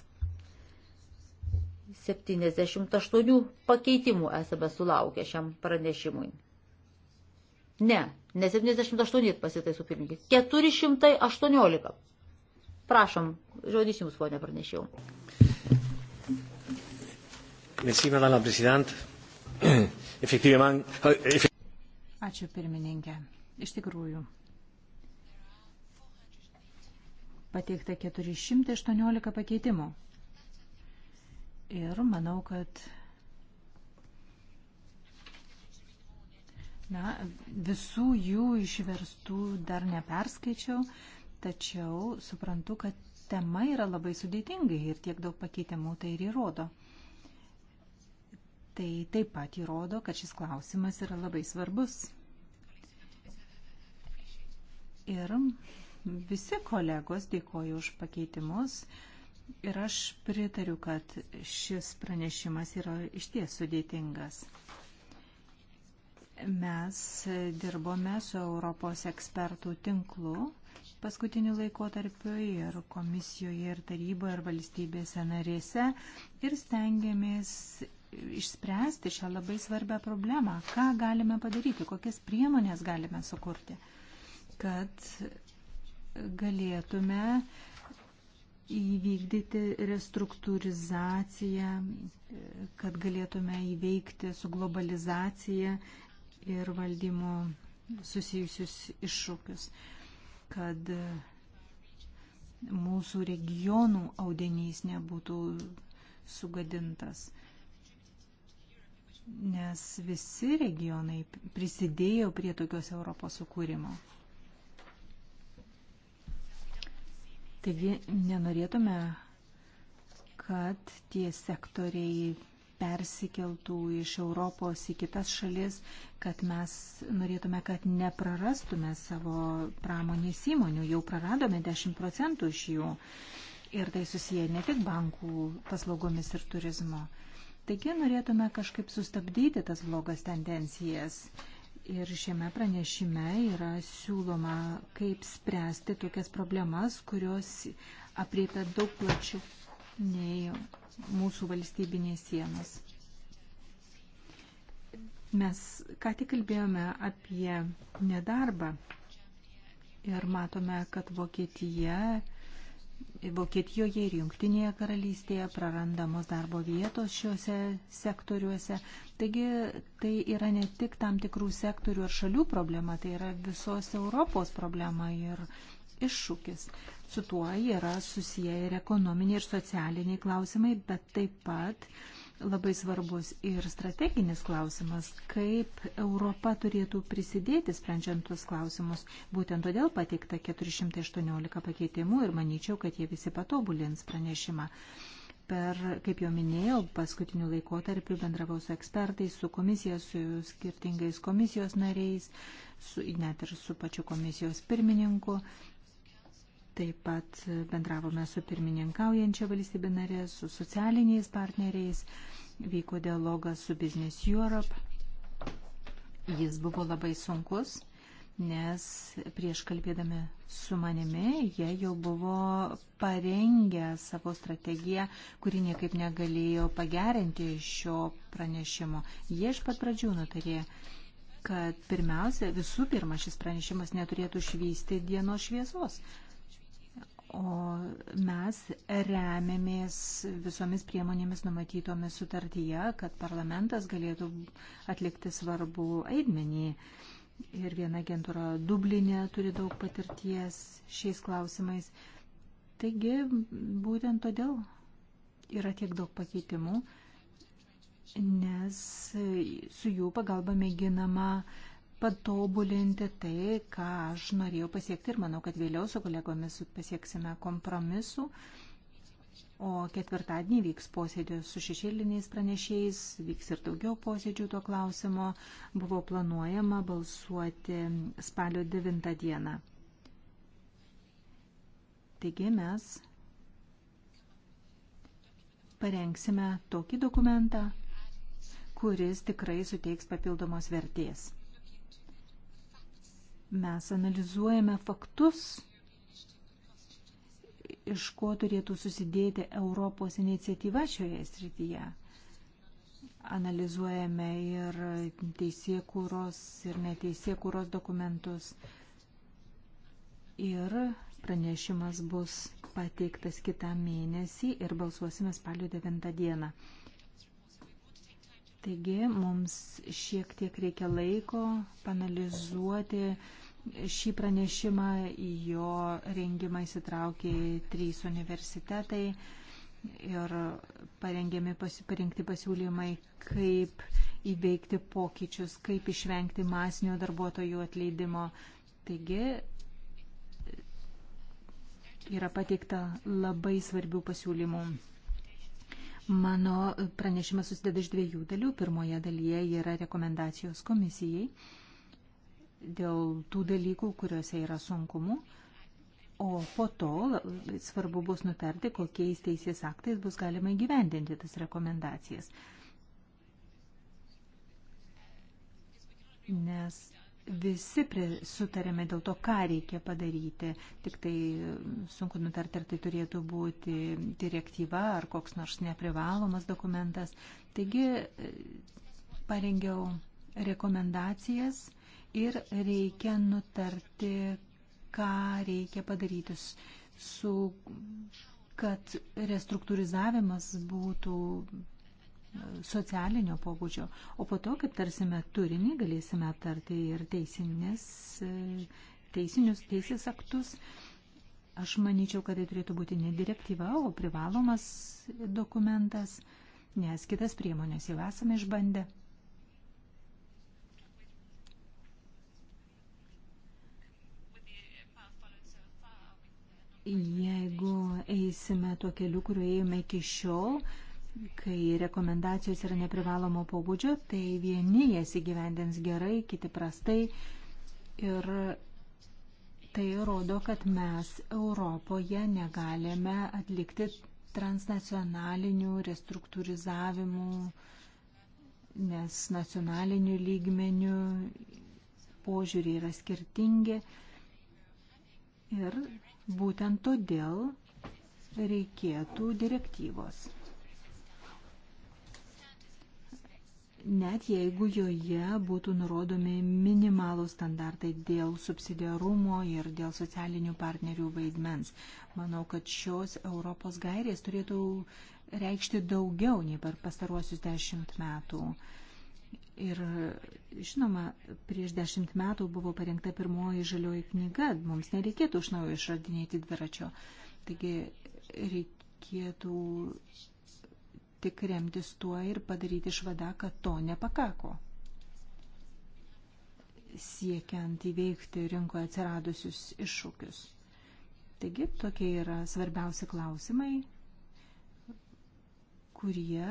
78 pakeitimų esame sulaukę šiam pranešimui. Ne, ne 78 pasitaisų pirmininkė. 418. Prašom, žodis jums, ponė, pranešiau. Merci, madame la présidente. Effectivement, euh, Ačiū pirmininkė. Iš tikrųjų, pateikta 418 pakeitimų. Ir manau, kad na, visų jų išverstų dar neperskaičiau, tačiau suprantu, kad tema yra labai sudėtinga ir tiek daug pakeitimų tai ir įrodo. Tai taip pat įrodo, kad šis klausimas yra labai svarbus. Ir visi kolegos dėkoju už pakeitimus. Ir aš pritariu, kad šis pranešimas yra išties sudėtingas. Mes dirbome su Europos ekspertų tinklu paskutiniu laikotarpiu ir komisijoje, ir taryboje, ir valstybėse narėse ir stengiamės išspręsti šią labai svarbę problemą. Ką galime padaryti, kokias priemonės galime sukurti, kad galėtume įvykdyti restruktūrizaciją, kad galėtume įveikti su globalizacija ir valdymu susijusius iššūkius, kad mūsų regionų audinys nebūtų sugadintas nes visi regionai prisidėjo prie tokios Europos sukūrimo. Taigi nenorėtume, kad tie sektoriai persikeltų iš Europos į kitas šalis, kad mes norėtume, kad neprarastume savo pramonės įmonių. Jau praradome 10 procentų iš jų. Ir tai susiję ne tik bankų paslaugomis ir turizmo. Taigi norėtume kažkaip sustabdyti tas blogas tendencijas. Ir šiame pranešime yra siūloma, kaip spręsti tokias problemas, kurios apriepia daug plačių nei mūsų valstybinės sienos. Mes ką tik kalbėjome apie nedarbą ir matome, kad Vokietija Vokietijoje ir Junktinėje karalystėje prarandamos darbo vietos šiuose sektoriuose. Taigi tai yra ne tik tam tikrų sektorių ar šalių problema, tai yra visos Europos problema ir iššūkis. Su tuo yra susiję ir ekonominiai ir socialiniai klausimai, bet taip pat uh, labai svarbus ir strateginis klausimas, kaip Europa turėtų prisidėti sprendžiant tuos klausimus. Būtent todėl pateikta 418 pakeitimų ir manyčiau, kad jie visi patobulins pranešimą. Per, kaip jau minėjau, paskutiniu laikotarpiu bendravau su ekspertais, su komisija, su skirtingais komisijos nariais, su, net ir su pačiu komisijos pirmininku. Taip pat bendravome su pirmininkaujančia valstybė narė, su socialiniais partneriais, vyko dialogas su Business Europe. Jis buvo labai sunkus, nes prieš kalbėdami su manimi jie jau buvo parengę savo strategiją, kuri niekaip negalėjo pagerinti šio pranešimo. Jie iš pat pradžių nutarė kad pirmiausia, visų pirma, šis pranešimas neturėtų švysti dienos šviesos o mes remiamės visomis priemonėmis numatytomis sutartyje, kad parlamentas galėtų atlikti svarbų aidmenį. Ir viena agentūra Dublinė turi daug patirties šiais klausimais. Taigi, būtent todėl yra tiek daug pakeitimų, nes su jų pagalba mėginama uh, patobulinti tai, ką aš norėjau pasiekti ir manau, kad vėliau su kolegomis pasieksime kompromisų. O ketvirtadienį vyks posėdė su šešėliniais pranešėjais, vyks ir daugiau posėdžių tuo klausimo. Buvo planuojama balsuoti spalio 9 dieną. Taigi mes parengsime tokį dokumentą, kuris tikrai suteiks papildomos vertės. Mes analizuojame faktus, iš ko turėtų susidėti Europos iniciatyva šioje srityje. Analizuojame ir teisėkūros ir neteisėkūros dokumentus. Ir pranešimas bus pateiktas kitą mėnesį ir balsuosime spalio 9 dieną. Taigi mums šiek tiek reikia laiko panalizuoti šį pranešimą, jo rengimą įsitraukė trys universitetai ir parengiami pasirinkti pasiūlymai, kaip įveikti pokyčius, kaip išvengti masinio darbuotojų atleidimo. Taigi yra pateikta labai svarbių pasiūlymų. Mano pranešimas susideda iš dviejų dalių. Pirmoje dalyje yra rekomendacijos komisijai dėl tų dalykų, kuriuose yra sunkumų. O po to svarbu bus nutarti, kokiais teisės aktais bus galima įgyvendinti tas rekomendacijas. Nes visi sutarėme dėl to, ką reikia padaryti. Tik tai mm, sunku nutarti, ar tai turėtų būti direktyva ar koks nors neprivalomas dokumentas. Taigi e, parengiau rekomendacijas ir reikia nutarti, ką reikia padaryti su kad restruktūrizavimas būtų socialinio pobūdžio, o po to, kaip tarsime turinį, galėsime aptarti ir teisinės, teisinius teisės aktus. Aš manyčiau, kad tai turėtų būti ne direktyva, o privalomas dokumentas, nes kitas priemonės jau esame išbandę. Jeigu eisime tuo keliu, kuriuo ėjome iki šiol, kai rekomendacijos yra neprivalomo pobūdžio, tai vieni jas įgyvendins gerai, kiti prastai. Ir tai rodo, kad mes Europoje negalime atlikti transnacionalinių restruktūrizavimų, nes nacionalinių lygmenių požiūriai yra skirtingi. Ir būtent todėl reikėtų direktyvos. net jeigu joje būtų nurodomi minimalų standartai dėl subsidiarumo ir dėl socialinių partnerių vaidmens. Manau, kad šios Europos gairės turėtų reikšti daugiau nei per pastaruosius dešimt metų. Ir žinoma, prieš dešimt metų buvo parengta pirmoji žalioji knyga, mums nereikėtų iš naujo išradinėti dviračio. Taigi reikėtų tik remtis tuo ir padaryti išvadą, kad to nepakako. Siekiant įveikti rinkoje atsiradusius iššūkius. Taigi, tokie yra svarbiausi klausimai, kurie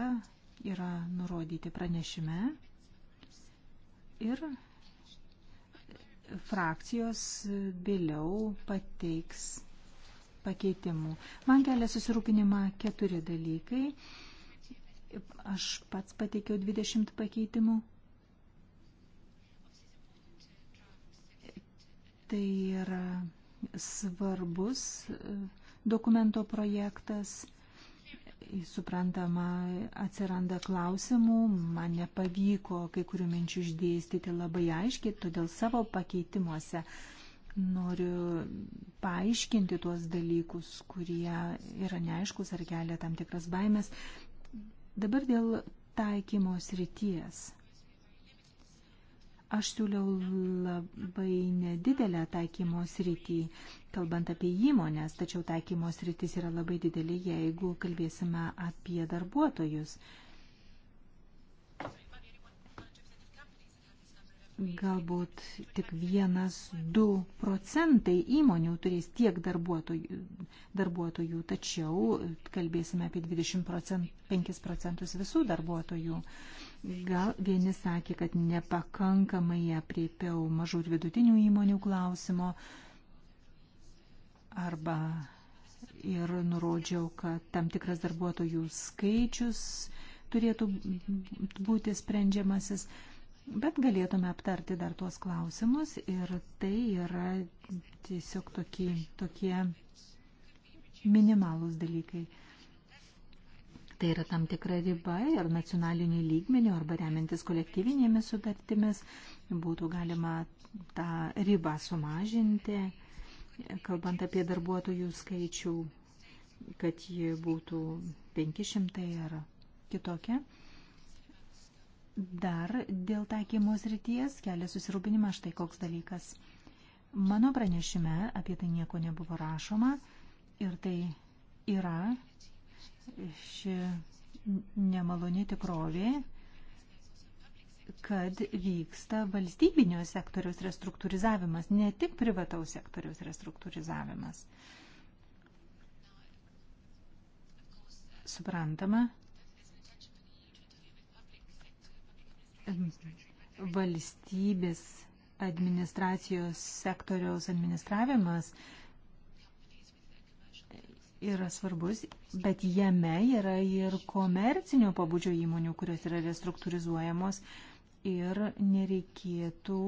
yra nurodyti pranešime. Ir frakcijos vėliau pateiks pakeitimų. Man kelia susirūpinimą keturi dalykai. Aš pats pateikiau 20 pakeitimų. Tai yra svarbus e, dokumento projektas. Suprantama, atsiranda klausimų, man nepavyko kai kurių minčių išdėstyti labai aiškiai, todėl savo pakeitimuose noriu paaiškinti tuos dalykus, kurie yra neaiškus ar kelia tam tikras baimės. Dabar dėl taikymo srities. Aš siūliau labai nedidelę taikymo sritį, kalbant apie įmonės, tačiau taikymo sritis yra labai didelė, jeigu kalbėsime apie darbuotojus. Uh, galbūt tik vienas, du procentai įmonių turės tiek darbuotojų, darbuotojų tačiau kalbėsime apie 25 procent, procentus visų darbuotojų. Gal vieni sakė, kad nepakankamai apriepiau mažų ir vidutinių įmonių klausimo arba ir nurodžiau, kad tam tikras darbuotojų skaičius turėtų būti sprendžiamasis. Bet galėtume aptarti dar tuos klausimus ir tai yra tiesiog tokie, tokie minimalūs dalykai. Tai yra tam tikra riba ir nacionalinių lygmenių arba remiantis kolektyvinėmis sutartimis būtų galima tą ribą sumažinti, kalbant apie darbuotojų skaičių, kad ji būtų 500 ar kitokia. Dar dėl taikymos ryties kelia susirūpinimą štai koks dalykas. Mano pranešime apie tai nieko nebuvo rašoma ir tai yra ši nemaloni tikrovė, kad vyksta valstybinio sektoriaus restruktūrizavimas, ne tik privataus sektoriaus restruktūrizavimas. Suprantama, valstybės administracijos sektoriaus administravimas yra svarbus, bet jame yra ir komercinio pabudžio įmonių, kurios yra restruktūrizuojamos ir nereikėtų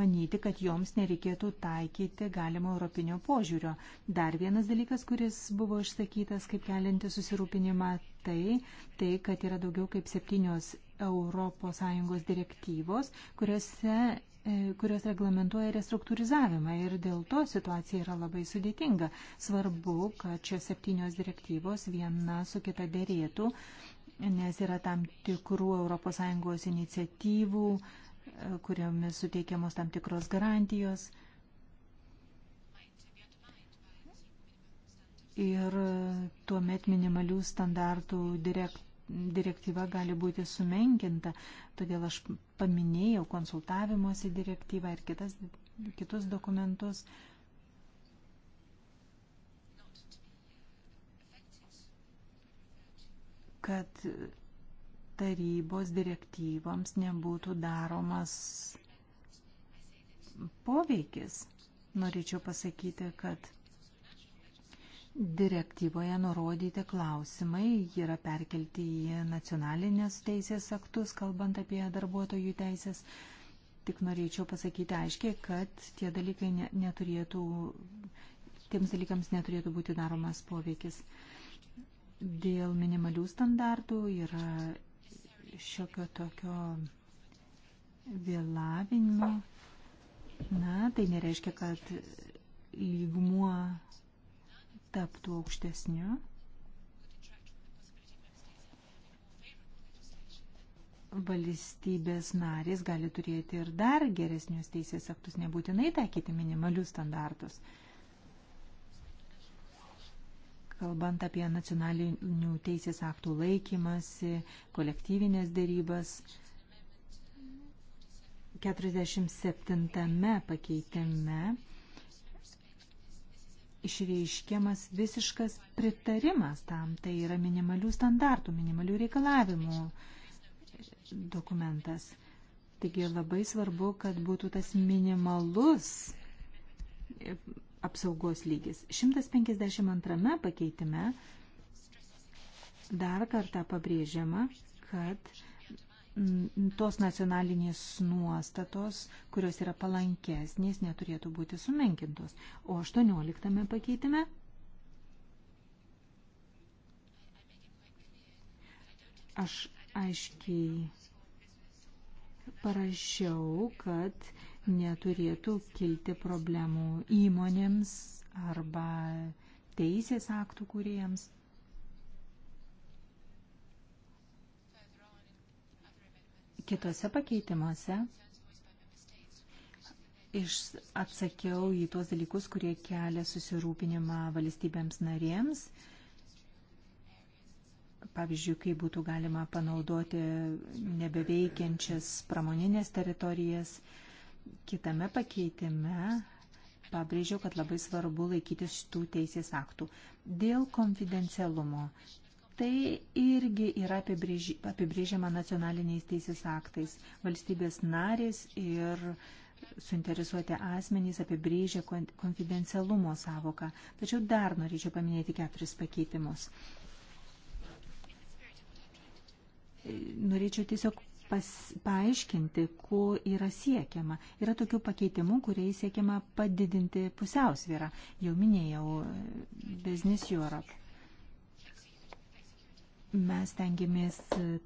manyti, kad joms nereikėtų taikyti galimo europinio požiūrio. Dar vienas dalykas, kuris buvo išsakytas kaip kelinti susirūpinimą, tai, tai, kad yra daugiau kaip septynios ES direktyvos, kuriuose e, kurios reglamentuoja restruktūrizavimą ir dėl to situacija yra labai sudėtinga. Svarbu, kad šios septynios direktyvos viena su kita dėrėtų, nes yra tam tikrų ES iniciatyvų, e, kuriomis suteikiamos tam tikros garantijos. ir tuomet minimalių standartų direkt, direktyva gali būti sumenkinta. Todėl aš paminėjau konsultavimuose direktyvą ir kitas, kitus dokumentus. kad tarybos direktyvoms nebūtų daromas poveikis. Norėčiau pasakyti, kad Direktyvoje nurodyti klausimai yra perkelti į nacionalinės teisės aktus, kalbant apie darbuotojų teisės. Tik norėčiau pasakyti aiškiai, kad tie dalykai ne, neturėtų, tiems dalykams neturėtų būti daromas poveikis. Dėl minimalių standartų yra šiokio tokio vėlavinimo. Na, tai nereiškia, kad lygmuo taptų aukštesniu. Valstybės narės gali turėti ir dar geresnius teisės aktus, nebūtinai taikyti minimalius standartus. Kalbant apie nacionalinių teisės aktų laikymasi, kolektyvinės dėrybas, 47 pakeitime išreiškiamas visiškas pritarimas tam, tai yra minimalių standartų, minimalių reikalavimų dokumentas. Taigi labai svarbu, kad būtų tas minimalus apsaugos lygis. 152 pakeitime dar kartą pabrėžiama, kad Mm, tos nacionalinės nuostatos, kurios yra palankesnės, neturėtų būti sumenkintos. O 18 pakeitime aš aiškiai parašiau, kad neturėtų kilti problemų įmonėms arba teisės aktų kuriems. kitose pakeitimuose iš atsakiau į tuos dalykus, kurie kelia susirūpinimą valstybėms narėms. Pavyzdžiui, kaip būtų galima panaudoti nebeveikiančias pramoninės teritorijas. Kitame pakeitime pabrėžiau, kad labai svarbu laikytis tų teisės aktų. Dėl konfidencialumo Tai irgi yra apibrėžiama nacionaliniais teisės aktais. Valstybės narės ir suinteresuoti asmenys apibrėžia konfidencialumo savoką. Tačiau dar norėčiau paminėti keturis pakeitimus. Norėčiau tiesiog pas, paaiškinti, ko yra siekiama. Yra tokių pakeitimų, kuriais siekiama padidinti pusiausvyrą. Jau minėjau Business Europe Mes tengiamės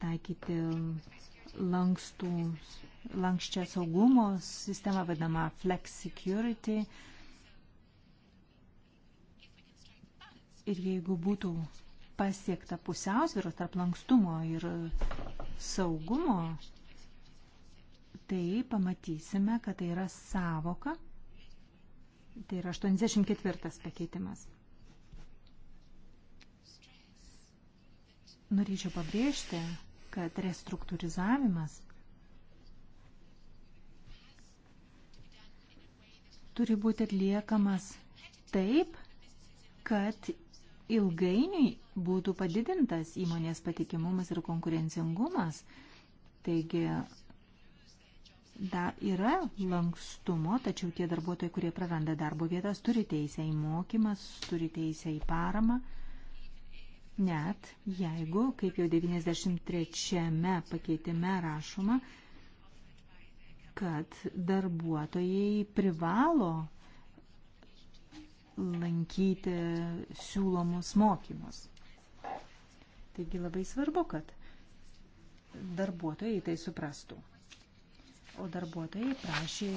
taikyti lankstų, lankščią saugumo sistemą, vadinamą Flex Security. Ir jeigu būtų pasiekta pusiausvyros tarp lankstumo ir saugumo, tai pamatysime, kad tai yra savoka. Tai yra 84 pakeitimas. Norėčiau pabrėžti, kad restruktūrizavimas turi būti atliekamas taip, kad ilgainiui būtų padidintas įmonės patikimumas ir konkurencingumas. Taigi da, yra lankstumo, tačiau tie darbuotojai, kurie praranda darbo vietas, turi teisę į mokymas, turi teisę į paramą net jeigu, kaip jau 93-ame pakeitime rašoma, kad darbuotojai privalo lankyti siūlomus mokymus. Taigi labai svarbu, kad darbuotojai tai suprastų. O darbuotojai prašė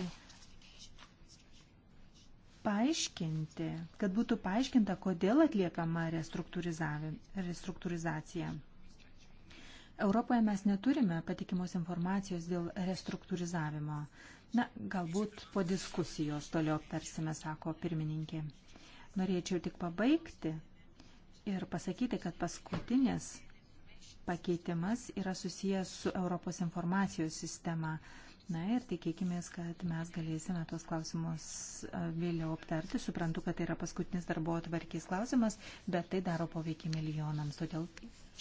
paaiškinti, kad būtų paaiškinta, kodėl atliekama restruktūrizacija. Europoje mes neturime patikimos informacijos dėl restruktūrizavimo. Na, galbūt po diskusijos toliau aptarsime, sako pirmininkė. Norėčiau tik pabaigti ir pasakyti, kad paskutinis pakeitimas yra susijęs su Europos informacijos sistema. Na ir tikėkime, kad mes galėsime tuos klausimus vėliau aptarti. Suprantu, kad tai yra paskutinis darbo atvarkys klausimas, bet tai daro poveikį milijonams. Todėl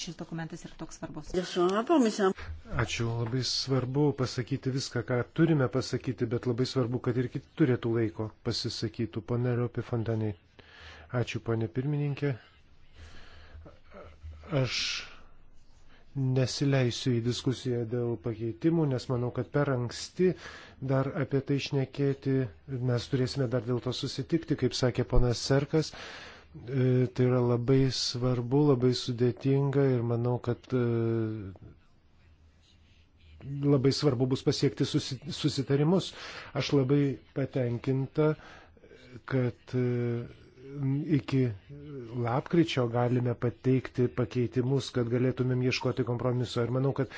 šis dokumentas yra toks svarbus. Ačiū. Labai svarbu pasakyti viską, ką turime pasakyti, bet labai svarbu, kad ir kiti turėtų laiko pasisakytų. Pone Riopi Fontaniai. Ačiū, ponė pirmininkė. Aš nesileisiu į diskusiją dėl pakeitimų, nes manau, kad per anksti dar apie tai išnekėti. Mes turėsime dar dėl to susitikti, kaip sakė ponas Serkas. E, tai yra labai svarbu, labai sudėtinga ir manau, kad e, labai svarbu bus pasiekti susitarimus. Aš labai patenkinta, kad e, iki lapkričio galime pateikti pakeitimus, kad galėtumėm ieškoti kompromiso. Ir manau, kad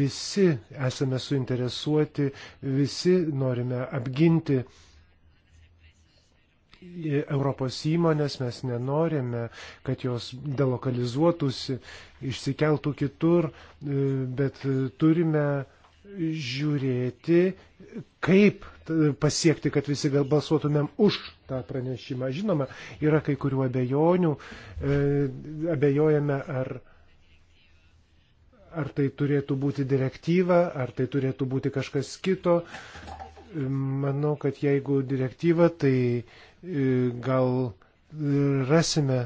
visi esame suinteresuoti, visi norime apginti Europos įmonės, mes nenorime, kad jos delokalizuotųsi, išsikeltų kitur, bet turime žiūrėti, kaip E, pasiekti, kad visi gal balsuotumėm už tą pranešimą. Žinoma, yra kai kurių abejonių, e, abejojame ar, ar tai turėtų būti direktyva, ar tai turėtų būti kažkas kito. Manau, kad jeigu direktyva, tai e, gal rasime,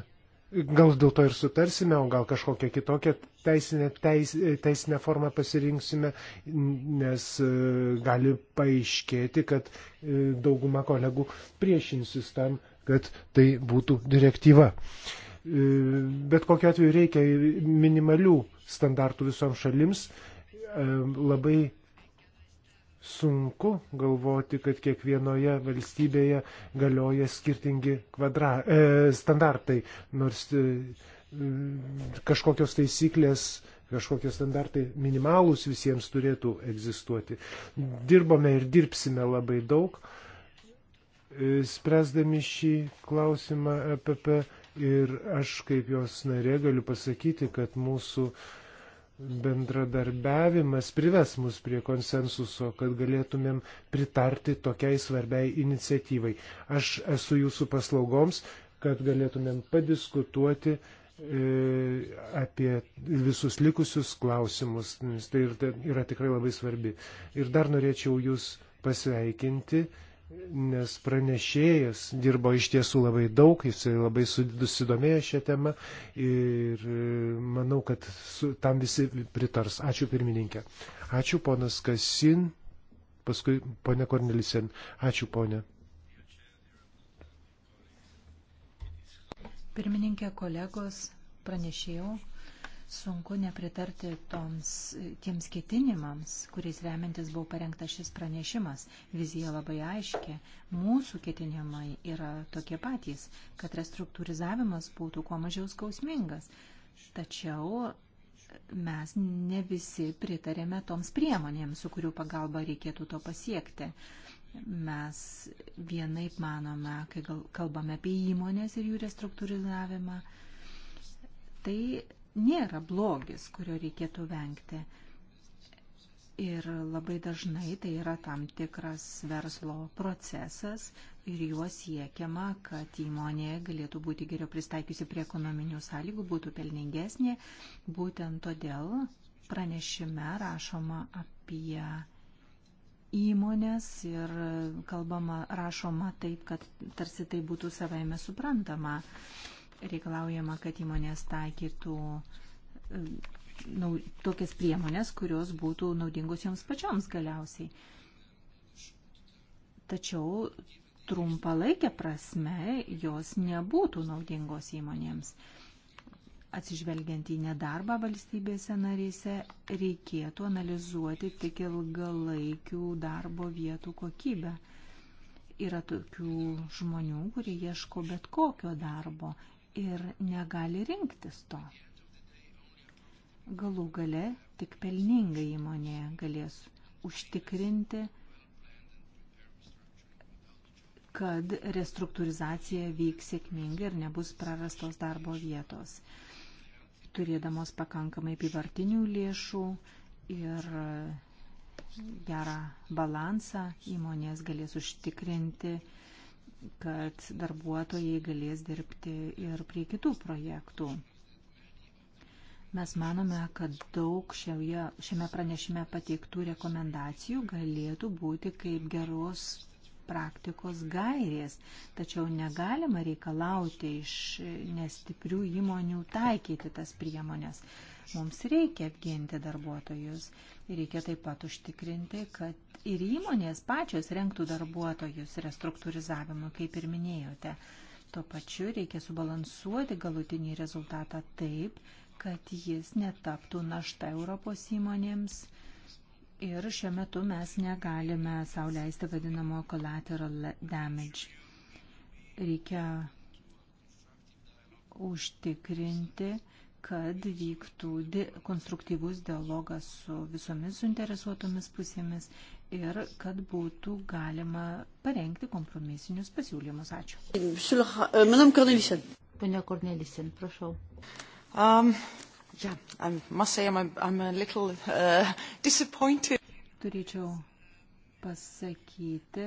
gal dėl to ir sutarsime, o gal kažkokią kitokią teisinę, teis, teisinę formą pasirinksime, nes e, gali paaiškėti, kad e, dauguma kolegų priešinsis tam, kad tai būtų direktyva. E, bet kokiu atveju reikia minimalių standartų visoms šalims. Labai sunku galvoti, kad kiekvienoje valstybėje galioja skirtingi kvadra, e, standartai, nors e, kažkokios taisyklės, kažkokie standartai minimalūs visiems turėtų egzistuoti. Dirbame ir dirbsime labai daug, e, spręsdami šį klausimą EPP ir aš kaip jos narė galiu pasakyti, kad mūsų bendradarbiavimas prives mus prie konsensuso, kad galėtumėm pritarti tokiai svarbiai iniciatyvai. Aš esu jūsų paslaugoms, kad galėtumėm padiskutuoti E, apie visus likusius klausimus, nes tai yra tikrai labai svarbi. Ir dar norėčiau Jūs pasveikinti, nes pranešėjas dirbo iš tiesų labai daug, jis labai susidomėjo šią temą ir e, manau, kad su, tam visi pritars. Ačiū pirmininkė. Ačiū ponas Kasin, paskui ponė Kornelisen. Ačiū ponė. Pirmininkė, kolegos, pranešėjau, sunku nepritarti toms, tiems ketinimams, kuriais remiantis buvo parengtas šis pranešimas. Vizija labai aiški. Mūsų ketinimai yra tokie patys, kad restruktūrizavimas būtų kuo mažiau skausmingas. Tačiau mes ne visi pritarėme toms priemonėms, su kurių pagalba reikėtų to pasiekti. Mes vienaip manome, kai kalbame apie įmonės ir jų restruktūrizavimą, tai nėra blogis, kurio reikėtų vengti. Ir labai dažnai tai yra tam tikras verslo procesas ir juo siekiama, kad įmonė galėtų būti geriau pristaikiusi prie ekonominių sąlygų, būtų pelningesnė. Būtent todėl pranešime rašoma apie įmonės ir kalbama, rašoma taip, kad tarsi tai būtų savaime suprantama. Reikalaujama, kad įmonės taikytų e, nau, tokias priemonės, kurios būtų naudingos joms pačioms galiausiai. Tačiau trumpalaikę prasme jos nebūtų naudingos įmonėms. Uh, Atsižvelgiant į nedarbą valstybėse narėse, reikėtų analizuoti tik ilgalaikių darbo vietų kokybę. Yra tokių žmonių, kurie ieško bet kokio darbo ir negali rinktis to. Galų gale tik pelninga įmonė galės užtikrinti, kad restruktūrizacija vyks sėkmingai ir nebus prarastos darbo vietos turėdamos pakankamai pivartinių lėšų ir gerą balansą įmonės galės užtikrinti, kad darbuotojai galės dirbti ir prie kitų projektų. Mes manome, kad daug šioje, šiame pranešime pateiktų rekomendacijų galėtų būti kaip geros praktikos gairės, tačiau negalima reikalauti iš nestiprių įmonių taikyti tas priemonės. Mums reikia apginti darbuotojus. Reikia taip pat užtikrinti, kad ir įmonės pačios renktų darbuotojus restruktūrizavimą, kaip ir minėjote. Tuo pačiu reikia subalansuoti galutinį rezultatą taip, kad jis netaptų našta Europos įmonėms Ir šiuo metu mes negalime sauliaisti vadinamo collateral damage. Reikia užtikrinti, kad vyktų di konstruktyvus dialogas su visomis suinteresuotomis pusėmis ir kad būtų galima parengti kompromisinius pasiūlymus. Ačiū. Pane euh, Kornelisen, prašau. Um, Yeah, I must say I'm a, I'm a little uh, disappointed. Turėčiau pasakyti,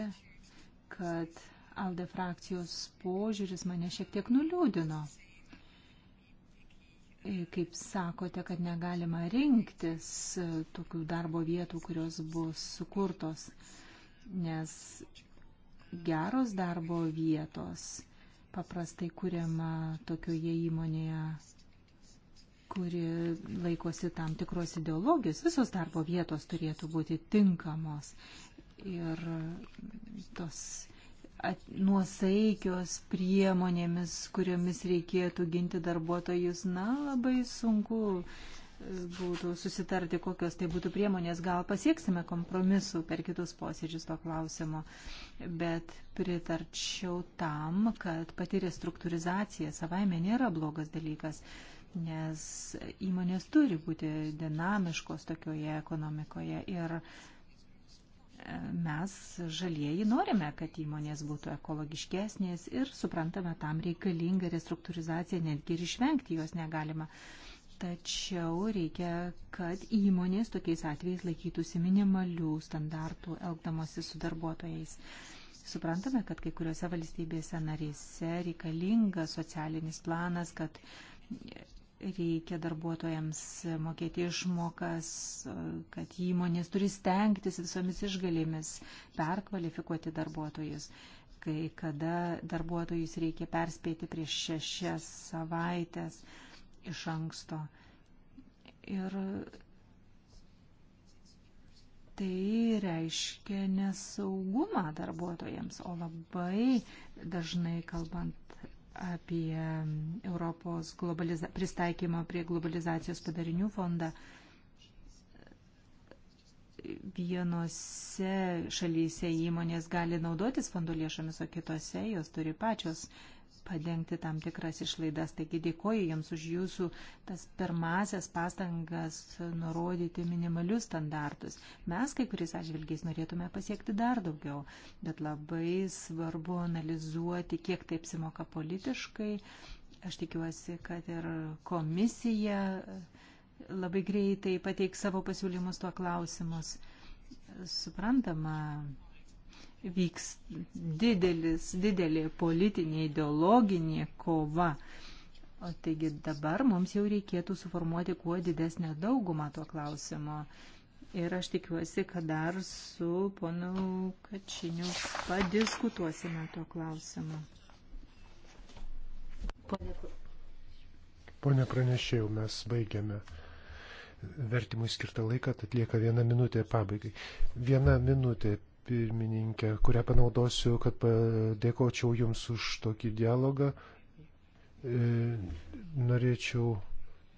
kad Alde frakcijos požiūris mane šiek tiek nuliūdino. E, kaip sakote, kad negalima rinktis e, tokių darbo vietų, kurios bus sukurtos, nes geros darbo vietos paprastai kuriama tokioje įmonėje kuri laikosi tam tikros ideologijos, visos darbo vietos turėtų būti tinkamos ir tos at, nuosaikios priemonėmis, kuriomis reikėtų ginti darbuotojus, na, labai sunku e, būtų susitarti, kokios tai būtų priemonės. Gal pasieksime kompromisų per kitus posėdžius to klausimo, bet pritarčiau tam, kad pati restruktūrizacija savaime nėra blogas dalykas nes įmonės turi būti dinamiškos tokioje ekonomikoje ir e, mes žalieji norime, kad įmonės būtų ekologiškesnės ir suprantame, tam reikalinga restruktūrizacija, netgi ir išvengti jos negalima. Tačiau reikia, kad įmonės tokiais atvejais laikytųsi minimalių standartų elgdamosi su darbuotojais. Suprantame, kad kai kuriuose valstybėse narėse reikalinga socialinis planas, kad reikia darbuotojams mokėti išmokas, kad įmonės turi stengtis visomis išgalėmis perkvalifikuoti darbuotojus. Kai kada darbuotojus reikia perspėti prieš šešias savaitės iš anksto. Ir tai reiškia nesaugumą darbuotojams, o labai dažnai kalbant apie Europos pristaikymą prie globalizacijos padarinių fondą. Vienose šalyse įmonės gali naudotis fondo lėšomis, o kitose jos turi pačios padengti tam tikras išlaidas. Taigi dėkoju Jums už Jūsų tas pirmasias pastangas nurodyti minimalius standartus. Mes kai kuris atžvilgiais norėtume pasiekti dar daugiau, bet labai svarbu analizuoti, kiek tai apsimoka politiškai. Aš tikiuosi, kad ir komisija labai greitai pateiks savo pasiūlymus tuo klausimus. Suprantama, vyks didelis, didelė politinė ideologinė kova. O taigi dabar mums jau reikėtų suformuoti kuo didesnę daugumą tuo klausimo. Ir aš tikiuosi, kad dar su ponu Kačiniu padiskutuosime tuo klausimu. Pone, Pone pranešėjau, mes baigiame vertimui skirtą laiką, tad lieka viena minutė pabaigai. Viena minutė pirmininkė, kurią panaudosiu, kad padėkočiau Jums už tokį dialogą. E, norėčiau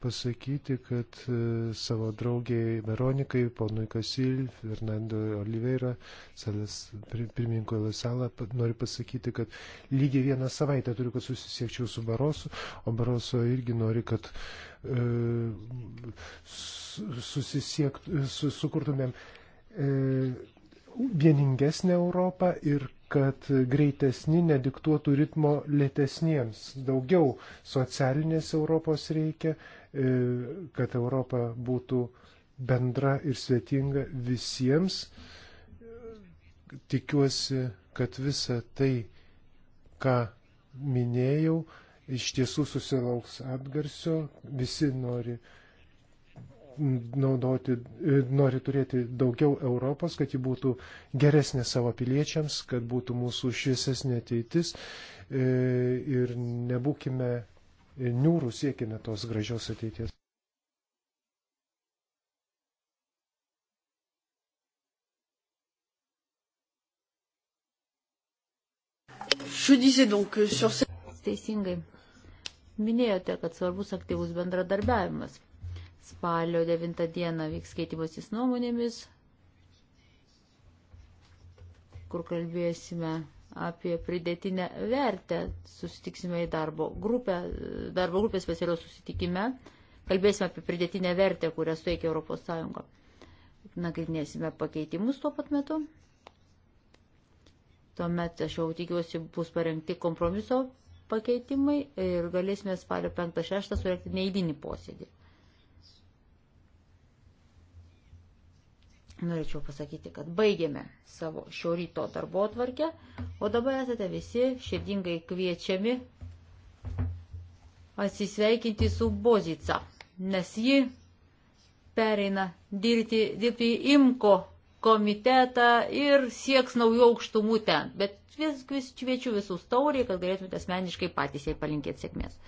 pasakyti, kad e, savo draugiai Veronikai, ponui Kasil, Fernando Oliveira, salas, pirmininkui Lasalą, noriu pasakyti, kad lygiai vieną savaitę turiu, kad susisiekčiau su Barosu, o Baroso irgi nori, kad e, susisiekt, su, sukurtumėm e, vieningesnę Europą ir kad greitesni nediktuotų ritmo lėtesniems. Daugiau socialinės Europos reikia, e, kad Europa būtų bendra ir svetinga visiems. Tikiuosi, kad visa tai, ką minėjau, iš tiesų susilauks atgarsio. Visi nori uh, naudoti, e, nori turėti daugiau Europos, kad ji būtų geresnė savo piliečiams, kad būtų mūsų šviesesnė ateitis e, ir nebūkime niūrų siekime tos gražios ateities. Teisingai. Minėjote, kad svarbus aktyvus bendradarbiavimas. Spalio 9 dieną vyks keitimasis nuomonėmis, kur kalbėsime apie pridėtinę vertę. Susitiksime į darbo grupę, darbo grupės specialios susitikime. Kalbėsime apie pridėtinę vertę, kurią suteikia Europos Sąjunga. Nagrinėsime pakeitimus tuo pat metu. Tuomet aš jau tikiuosi bus parengti kompromiso pakeitimai ir galėsime spalio 5-6 surekti neįdinį posėdį. Norėčiau pasakyti, kad baigėme savo šio ryto darbo atvarkę, o dabar esate visi širdingai kviečiami atsisveikinti su Bozica, nes ji pereina dirbti, dirbti į IMKO komitetą ir sieks naujų aukštumų ten. Bet vis, vis kviečiu visus tauriai, kad galėtumėte asmeniškai patys jai palinkėti sėkmės.